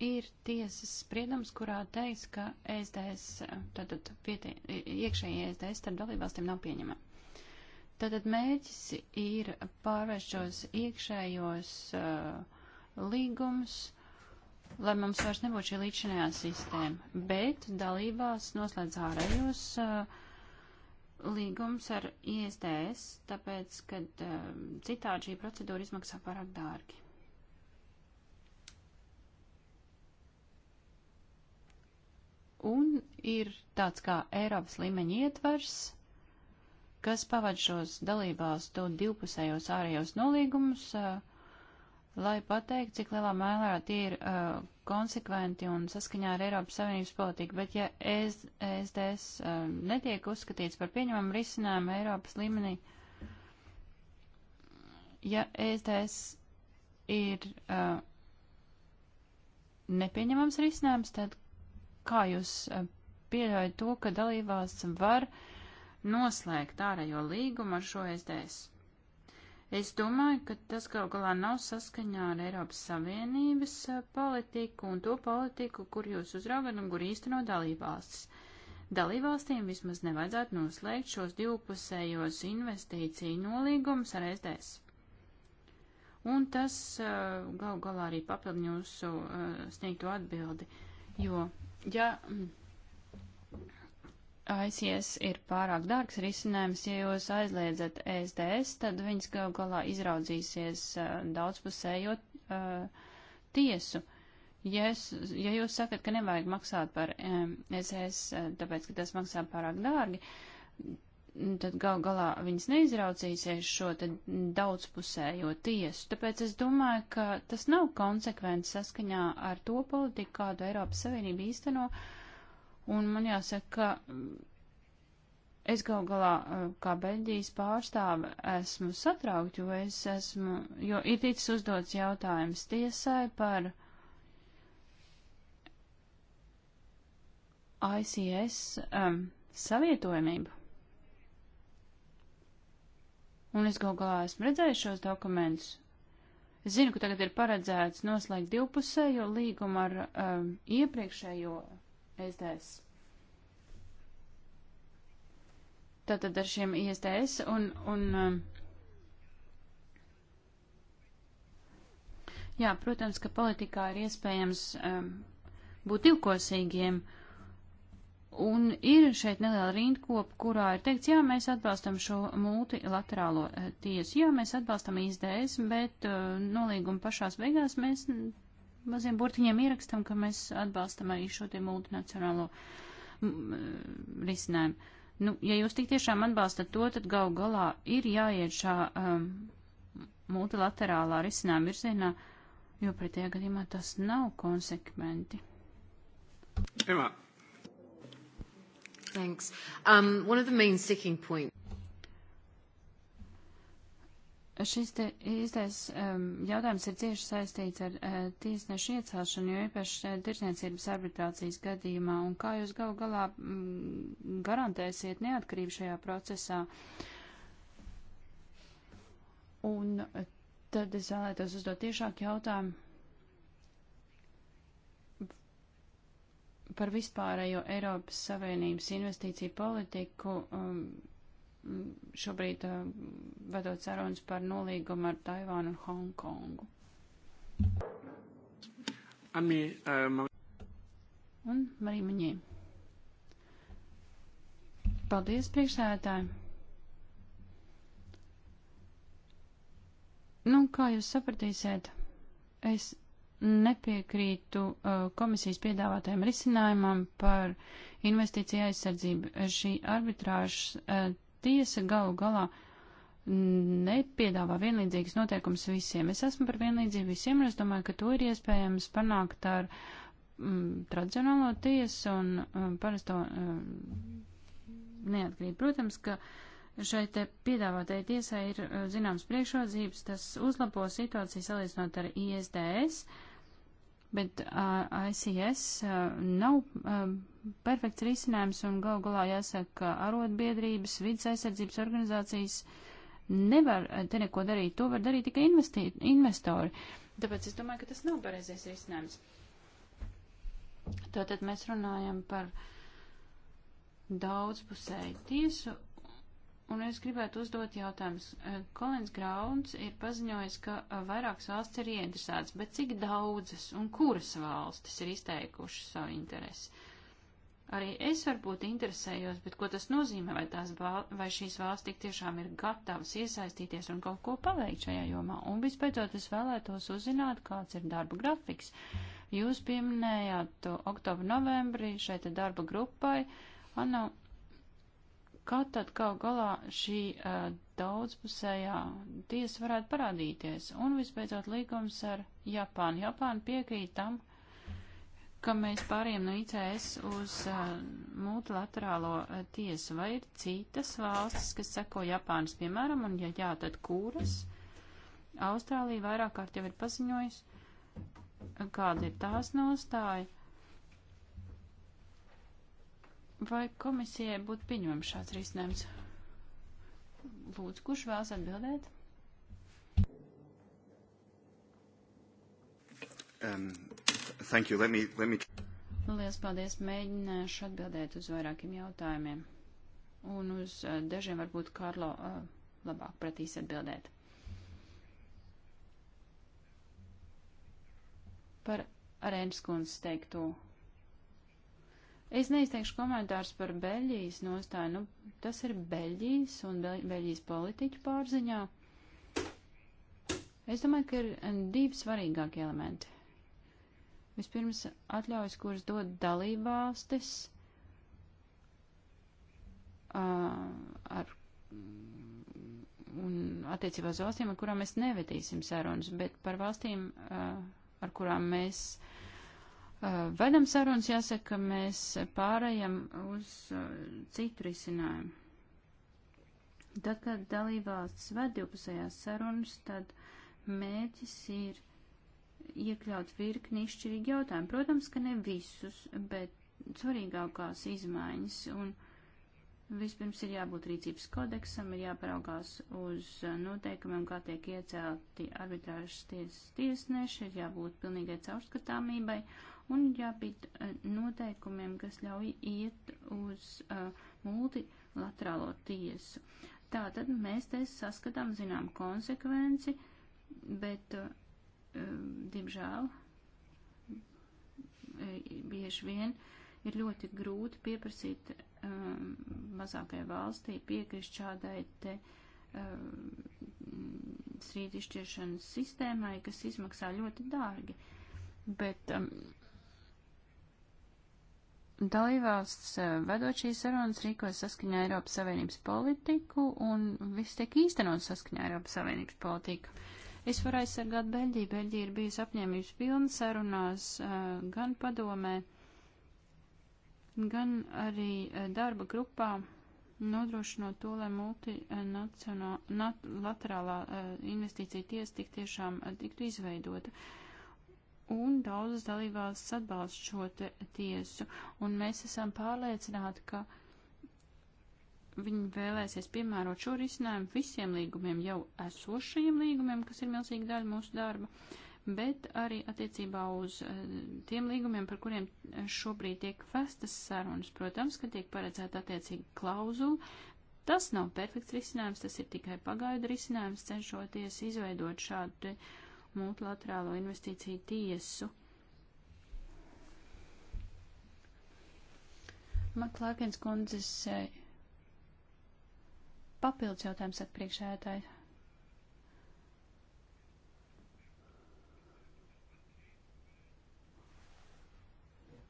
Ir tiesas spriedums, kurā teiks, ka SDS, tātad iekšējie SDS starp dalībvalstīm nav pieņemami. Tātad mērķis ir pārvērst šos iekšējos uh, līgumus, lai mums vairs nebūtu šī līdzinājā sistēma, bet dalībās noslēdz ārējos uh, līgums ar ISDS, tāpēc, ka uh, um, citādi šī procedūra izmaksā pārāk dārgi. Un ir tāds kā Eiropas līmeņa ietvers, kas pavad šos dalībvalstu divpusējos ārējos nolīgumus, lai pateikt, cik lielā mērā tie ir konsekventi un saskaņā ar Eiropas Savienības politiku. Bet ja ESDS netiek uzskatīts par pieņemamu risinājumu Eiropas līmenī, ja ESDS ir nepieņemams risinājums, tad kā jūs pieļaujat to, ka dalībvalsts var uh, noslēgt ārējo līgumu ar šo SDS. Es domāju, ka tas gal galā nav saskaņā ar Eiropas Savienības politiku un to politiku, kur jūs uzraugat un kur īsteno dalībvalstis. Dalībvalstīm vismaz nevajadzētu noslēgt šos divpusējos investīciju nolīgumus ar SDS. Un tas gal galā arī papildina jūsu sniegto atbildi, jo, ja. Mm, ICS ir pārāk dārgs risinājums, ja jūs aizliedzat SDS, tad viņas gal galā izraudzīsies uh, daudzpusējot uh, tiesu. Ja, es, ja jūs sakat, ka nevajag maksāt par um, SS, tāpēc, ka tas maksā pārāk dārgi, tad gal galā viņas neizraucīsies šo te daudzpusējo tiesu. Tāpēc es domāju, ka tas nav konsekvents saskaņā ar to politiku, kādu Eiropas Savienība īsteno. Uh, Un man jāsaka, ka mm, es gal galā, eh, kā Beļģijas pārstāve, esmu satraukta, jo es esmu, jo ir ticis uzdots jautājums tiesai par ICS um, ehm, savietojamību. Un es gal galā esmu redzējis šos dokumentus. Es zinu, ka tagad ir paredzēts noslēgt divpusējo līgumu ar um, iepriekšējo ISDS. E Tātad ar šiem ISDS e un, un um, jā, protams, ka politikā ir iespējams um, būt ilkosīgiem. Un ir šeit neliela rindkopa, kurā ir teikts, jā, mēs atbalstam šo multilaterālo uh, tiesu, jā, mēs atbalstam izdējas, e bet uh, nolīguma pašās beigās mēs maziem burtiņiem ierakstam, ka mēs atbalstam arī šo te multinacionālo risinājumu. Nu, ja jūs tik tiešām atbalstat to, tad gal galā ir jāiet šā um, multilaterālā risinājuma virzienā, jo pretējā gadījumā tas nav konsekventi. Emma. Thanks. Um, one of the main sticking points. Šis te īstais um, jautājums ir cieši saistīts ar uh, tiesnešu iecelšanu, jo īpaši uh, tirsniecības arbitrācijas gadījumā, un kā jūs gal galā mm, garantēsiet neatkarību šajā procesā. Un uh, tad es vēlētos uzdot tiešāku jautājumu par vispārējo Eiropas Savienības investīciju politiku. Um, šobrīd eh, vedot sarunas par nolīgumu ar Taivānu un Hongkongu. Eh, un Marī Maņī. Paldies, priekšsēdētāji. Nu, kā jūs sapratīsiet, es nepiekrītu uh, komisijas piedāvātajam risinājumam par investīciju aizsardzību. Šī arbitrāžas uh, tiesa galu galā nepiedāvā vienlīdzīgas noteikumus visiem. Es esmu par vienlīdzību visiem, un es domāju, ka to ir iespējams panākt ar mm, tradicionālo tiesu un mm, parasto mm, neatkarību. Protams, ka šai te piedāvātajai tiesai ir mm, zināms priekšrocības, tas uzlabo situāciju salīdzinot ar ISDS. Uh, Bet uh, ICS uh, nav uh, perfekts risinājums un gal galā jāsaka, ka arotbiedrības, vidas aizsardzības organizācijas nevar te neko darīt. To var darīt tikai investi investori. Tāpēc es domāju, ka tas nav pareizais risinājums. Tātad mēs runājam par daudzpusēju tiesu Un es gribētu uzdot jautājumus. Eh, Kolins Grauns ir paziņojis, ka eh, vairākas valsts ir ieinteresētas, bet cik daudzas un kuras valstis ir izteikušas savu interesi? Arī es varbūt interesējos, bet ko tas nozīmē, vai, tās, vai šīs valsts tik tiešām ir gatavas iesaistīties un kaut ko paveikt šajā jomā? Un vispētot es vēlētos uzzināt, kāds ir darba grafiks. Jūs pieminējāt oktobru, novembri šeit darba grupai. Ano, kā tad kaut galā šī uh, daudzpusējā tiesa varētu parādīties. Un visbeidzot līgums ar Japānu. Japāna piekrīt tam, ka mēs pāriem no ICS uz uh, multilaterālo uh, tiesu. Vai ir citas valstis, kas seko Japānas, piemēram, un ja jā, tad kuras? Austrālija vairāk kārt jau ir paziņojusi, kāda ir tās nostāja. Vai komisijai būtu pieņemams šāds risinājums? Lūdzu, kurš vēlas atbildēt? Um, thank you. Let me, let me... Lielas paldies. Mēģināšu atbildēt uz vairākiem jautājumiem. Un uz uh, dažiem varbūt Karlo uh, labāk pratīs atbildēt. Par Arēnas kundzes teikto Es neizteikšu komentārus par Beļģijas nostāju. Nu, tas ir Beļģijas un Beļģijas politiķu pārziņā. Es domāju, ka ir divi svarīgākie elementi. Vispirms atļaujas, kuras dod dalībvalstis uh, ar, un attiecībā uz valstīm, ar kurām mēs nevedīsim sarunas, bet par valstīm, uh, ar kurām mēs uh, vedam sarunas, jāsaka, ka mēs pārējam uz citu risinājumu. Tad, kad dalībvalsts ved divpusējās sarunas, tad mērķis ir iekļaut virkni izšķirīgi jautājumi. Protams, ka ne visus, bet svarīgākās izmaiņas. Un vispirms ir jābūt rīcības kodeksam, ir jāparaugās uz noteikumiem, kā tiek iecelti arbitrāžas tiesas tiesneši, ir jābūt pilnīgai caurskatāmībai un jābūt eh, noteikumiem, kas ļauj iet uz uh, multilaterālo tiesu. Tātad mēs te saskatām, zinām, konsekvenci, bet, uh, diemžēl, bieži vien ir ļoti grūti pieprasīt um, mazākai valstī piekrist šādai te um, strīdišķiešanas sistēmai, kas izmaksā ļoti dārgi. Bet um, Dalībvalsts eh, vedot šīs sarunas rīkojas saskaņā Eiropas Savienības politiku un viss tiek īstenot saskaņā Eiropas Savienības politiku. Es varu aizsargāt Beļģiju. Beļģija ir bijusi apņēmības pilna sarunās eh, gan padomē, gan arī eh, darba grupā, nodrošinot to, lai multilaterālā investīcija tiesa tik tiešām tiktu izveidota. Uh, un daudzas dalībvalstis atbalsta šo tiesu, un mēs esam pārliecināti, ka viņi vēlēsies piemērot šo risinājumu visiem līgumiem, jau esošajiem līgumiem, kas ir milzīga daļa mūsu darba, bet arī attiecībā uz eh, tiem līgumiem, par kuriem šobrīd tiek vestas sarunas. Protams, ka tiek paredzēta attiecīga klauzula. Tas nav perfekts risinājums, tas ir tikai pagaidu risinājums, cenšoties izveidot šādu multilaterālo investīciju tiesu. Maklākens kundzes eh, papildus jautājums ar priekšētāju.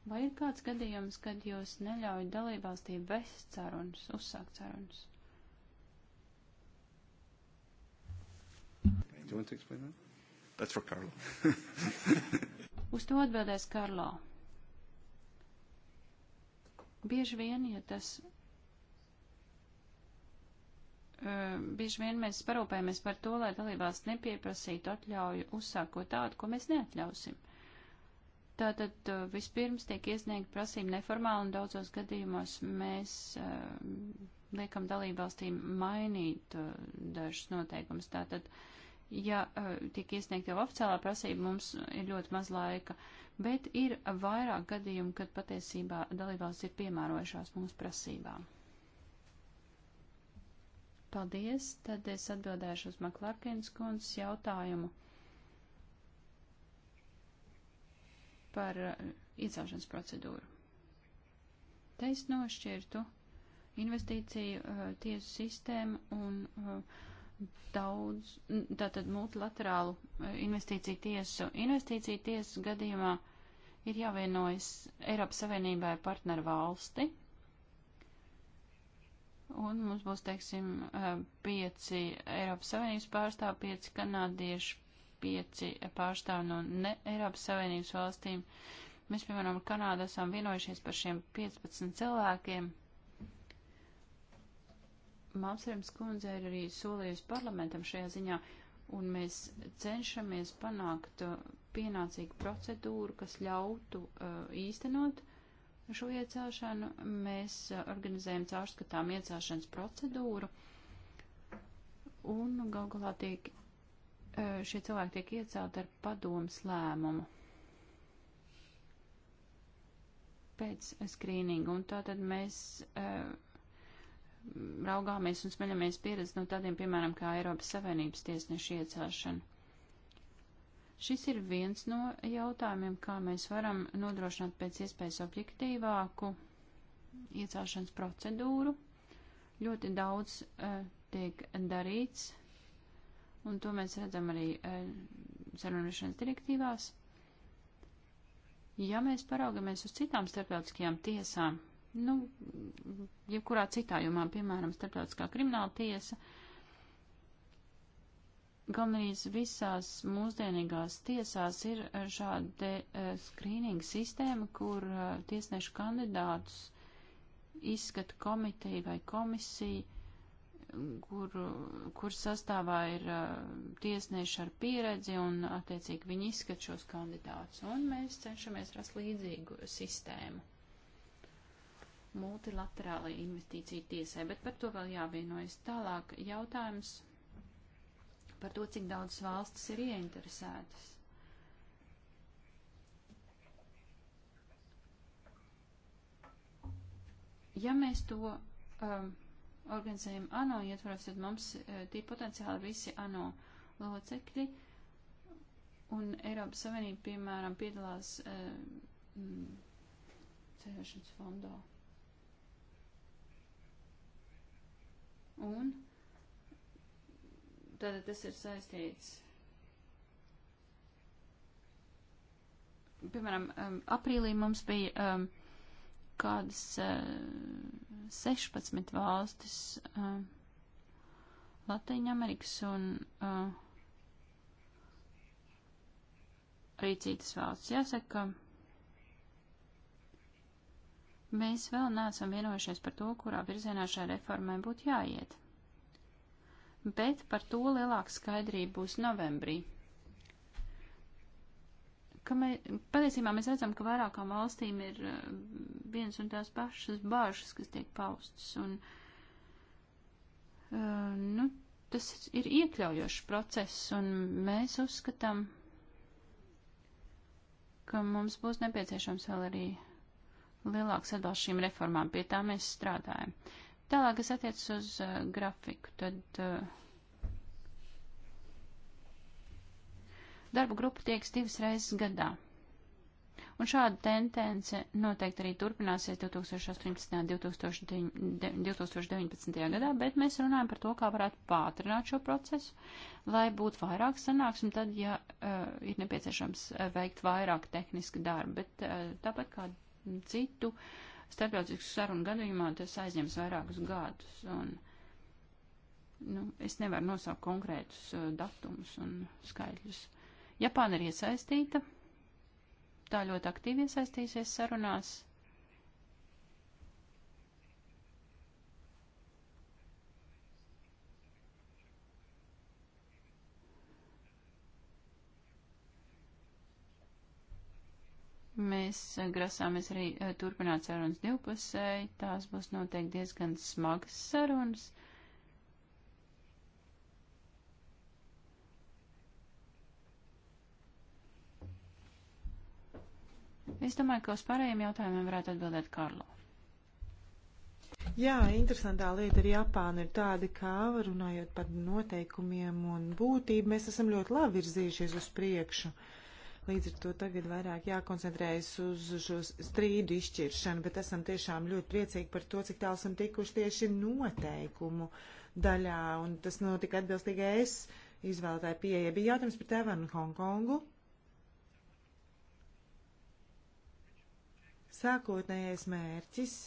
Vai ir kāds gadījums, kad jūs neļaujat dalībvalstī vest sarunas, uzsākt sarunas? Do you want to explain that? That's for Carlo. Uz to atbildēs Karlo. Bieži vien, ja tas. Uh, bieži vien mēs parūpējamies par to, lai dalībās nepieprasītu atļauju uzsākot tādu, ko mēs neatļausim. Tātad uh, vispirms tiek iesniegta prasība neformāli un daudzos gadījumos mēs uh, liekam dalībvalstīm mainīt dažus noteikumus. Tātad uh, ja e, tiek iesniegta jau oficiālā prasība, mums ir ļoti maz laika, bet ir vairāk gadījumu, kad patiesībā dalībvalsts ir piemērojušās mūsu prasībām. Paldies, tad es atbildēšu uz Maklārkins kundzes jautājumu par e, izcelšanas procedūru. Te es nošķirtu investīciju uh, tiesu sistēmu un uh, daudz, tātad multilaterālu e, investīciju tiesu. Investīciju tiesas gadījumā ir jāvienojas Eiropas Savienībā ar partneru valsti. Un mums būs, teiksim, e, pieci Eiropas Savienības pārstāvi, pieci kanādieši, pieci pārstāvi no ne Eiropas Savienības valstīm. Mēs, piemēram, Kanādā esam vienojušies par šiem 15 cilvēkiem, Malmstrēms kundze ir arī solījusi parlamentam šajā ziņā, un mēs cenšamies panākt uh, pienācīgu procedūru, kas ļautu uh, īstenot šo iecāšanu. Mēs uh, organizējam caurskatām iecāšanas procedūru, un gal galā tiek, uh, šie cilvēki tiek iecelt ar padomas lēmumu. pēc skrīninga, un tātad mēs uh, raugāmies un smeļamies pieredzi no tādiem, piemēram, kā Eiropas Savienības tiesnešu iecelšana. Šis ir viens no jautājumiem, kā mēs varam nodrošināt pēc iespējas objektīvāku iecelšanas procedūru. Ļoti daudz uh, tiek darīts, un to mēs redzam arī uh, sarunvešanas direktīvās. Ja mēs paraugamies uz citām starptautiskajām tiesām, nu, jebkurā citā jomā, piemēram, starptautiskā krimināla tiesa, galvenais visās mūsdienīgās tiesās ir šāda uh, skrīninga sistēma, kur uh, tiesnešu kandidātus izskata komiteja vai komisija, kur, kur sastāvā ir uh, tiesneši ar pieredzi un, attiecīgi, viņi izskata šos kandidātus. Un mēs cenšamies rast līdzīgu sistēmu multilaterālajai investīciju tiesai, bet par to vēl jāvienojas. Tālāk jautājums par to, cik daudzas valstis ir ieinteresētas. Ja mēs to um, organizējam ANO ietvaros, tad mums uh, tie potenciāli visi ANO locekļi un Eiropas Savienība, piemēram, piedalās uh, mm, ceļošanas fondā. Un tad tas ir saistīts. Piemēram, um, aprīlī mums bija um, kādas uh, 16 valstis uh, um, Latvijas-Amerikas un uh, arī citas valsts. Jāsaka, ka Mēs vēl neesam vienojušies par to, kurā virzienā šai reformai būtu jāiet. Bet par to lielāka skaidrība būs novembrī. Mē, patiesībā mēs redzam, ka vairākām valstīm ir eh, viens un tās pašas bāžas, kas tiek paustas. Un, eh, nu, tas ir iekļaujošs process, un mēs uzskatām, ka mums būs nepieciešams vēl arī lielāks atbalsts šīm reformām. Pie tā mēs strādājam. Tālāk, kas attiecas uz uh, grafiku, tad. Uh, Darba grupa tieks divas reizes gadā. Un šāda tendence noteikti arī turpināsies 2018. un 2019. gadā, bet mēs runājam par to, kā varētu pātrināt šo procesu, lai būtu vairāk sanāksmi, tad, ja uh, ir nepieciešams uh, veikt vairāk tehniska darba, bet uh, tāpat kā citu starptautisku sarunu gadījumā tas aizņems vairākus gadus. Un, nu, es nevaru nosaukt konkrētus uh, datumus un skaidrus. Japāna ir iesaistīta, tā ļoti aktīvi iesaistīsies sarunās. Mēs eh, grasāmies arī eh, turpināt sarunas divpusēji. Tās būs noteikti diezgan smagas sarunas. Es domāju, ka uz pārējiem jautājumiem varētu atbildēt Karlo. Jā, interesantā lieta ar Japānu ir tāda, ka, runājot par noteikumiem un būtību, mēs esam ļoti labi virzījušies uz priekšu. Uh, Līdz ar to tagad vairāk jākoncentrējas uz šo strīdu izšķiršanu, bet esam tiešām ļoti priecīgi par to, cik tālu esam tikuši tieši noteikumu daļā, un tas notika atbilstīgi es izvēlētāju pieeja. Bija jautājums par Tevanu Hongkongu. Sākotnējais mērķis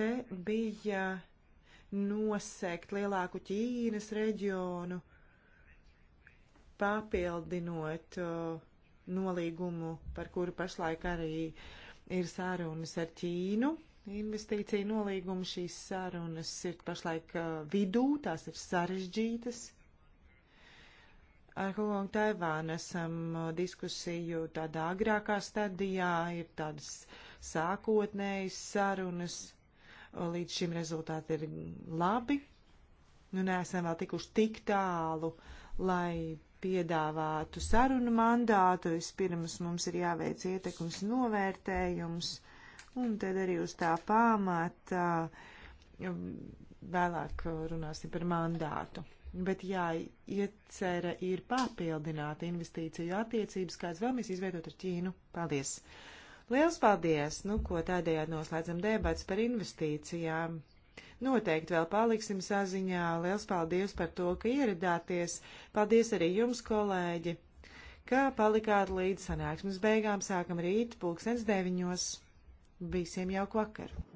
te bija nosekt lielāku Ķīnas reģionu, papildinot uh, nolīgumu, par kuru pašlaik arī ir sārunas ar Ķīnu. Investīcija nolīguma šīs sārunas ir pašlaik uh, vidū, tās ir sarežģītas. Ar Hongkongu Taivānu esam uh, diskusiju tādā agrākā stadijā, ir tādas sākotnējas sarunas. Līdz šim rezultāti ir labi, nu neesam vēl tikuši tik tālu, lai piedāvātu sarunu mandātu. Vispirms mums ir jāveic ietekmes novērtējums, un tad arī uz tā pamata um, vēlāk runāsim par mandātu. Bet jā, iecera ir papildināt investīciju attiecības, kāds vēlamies izveidot ar Ķīnu. Paldies! Liels paldies! Nu, ko tādējādi noslēdzam debats par investīcijām. Noteikti vēl paliksim saziņā. Liels paldies par to, ka ieradāties. Paldies arī jums, kolēģi, ka palikāt līdz sanāksmes beigām. Sākam rīt, pulkstens deviņos. Visiem jauku vakaru!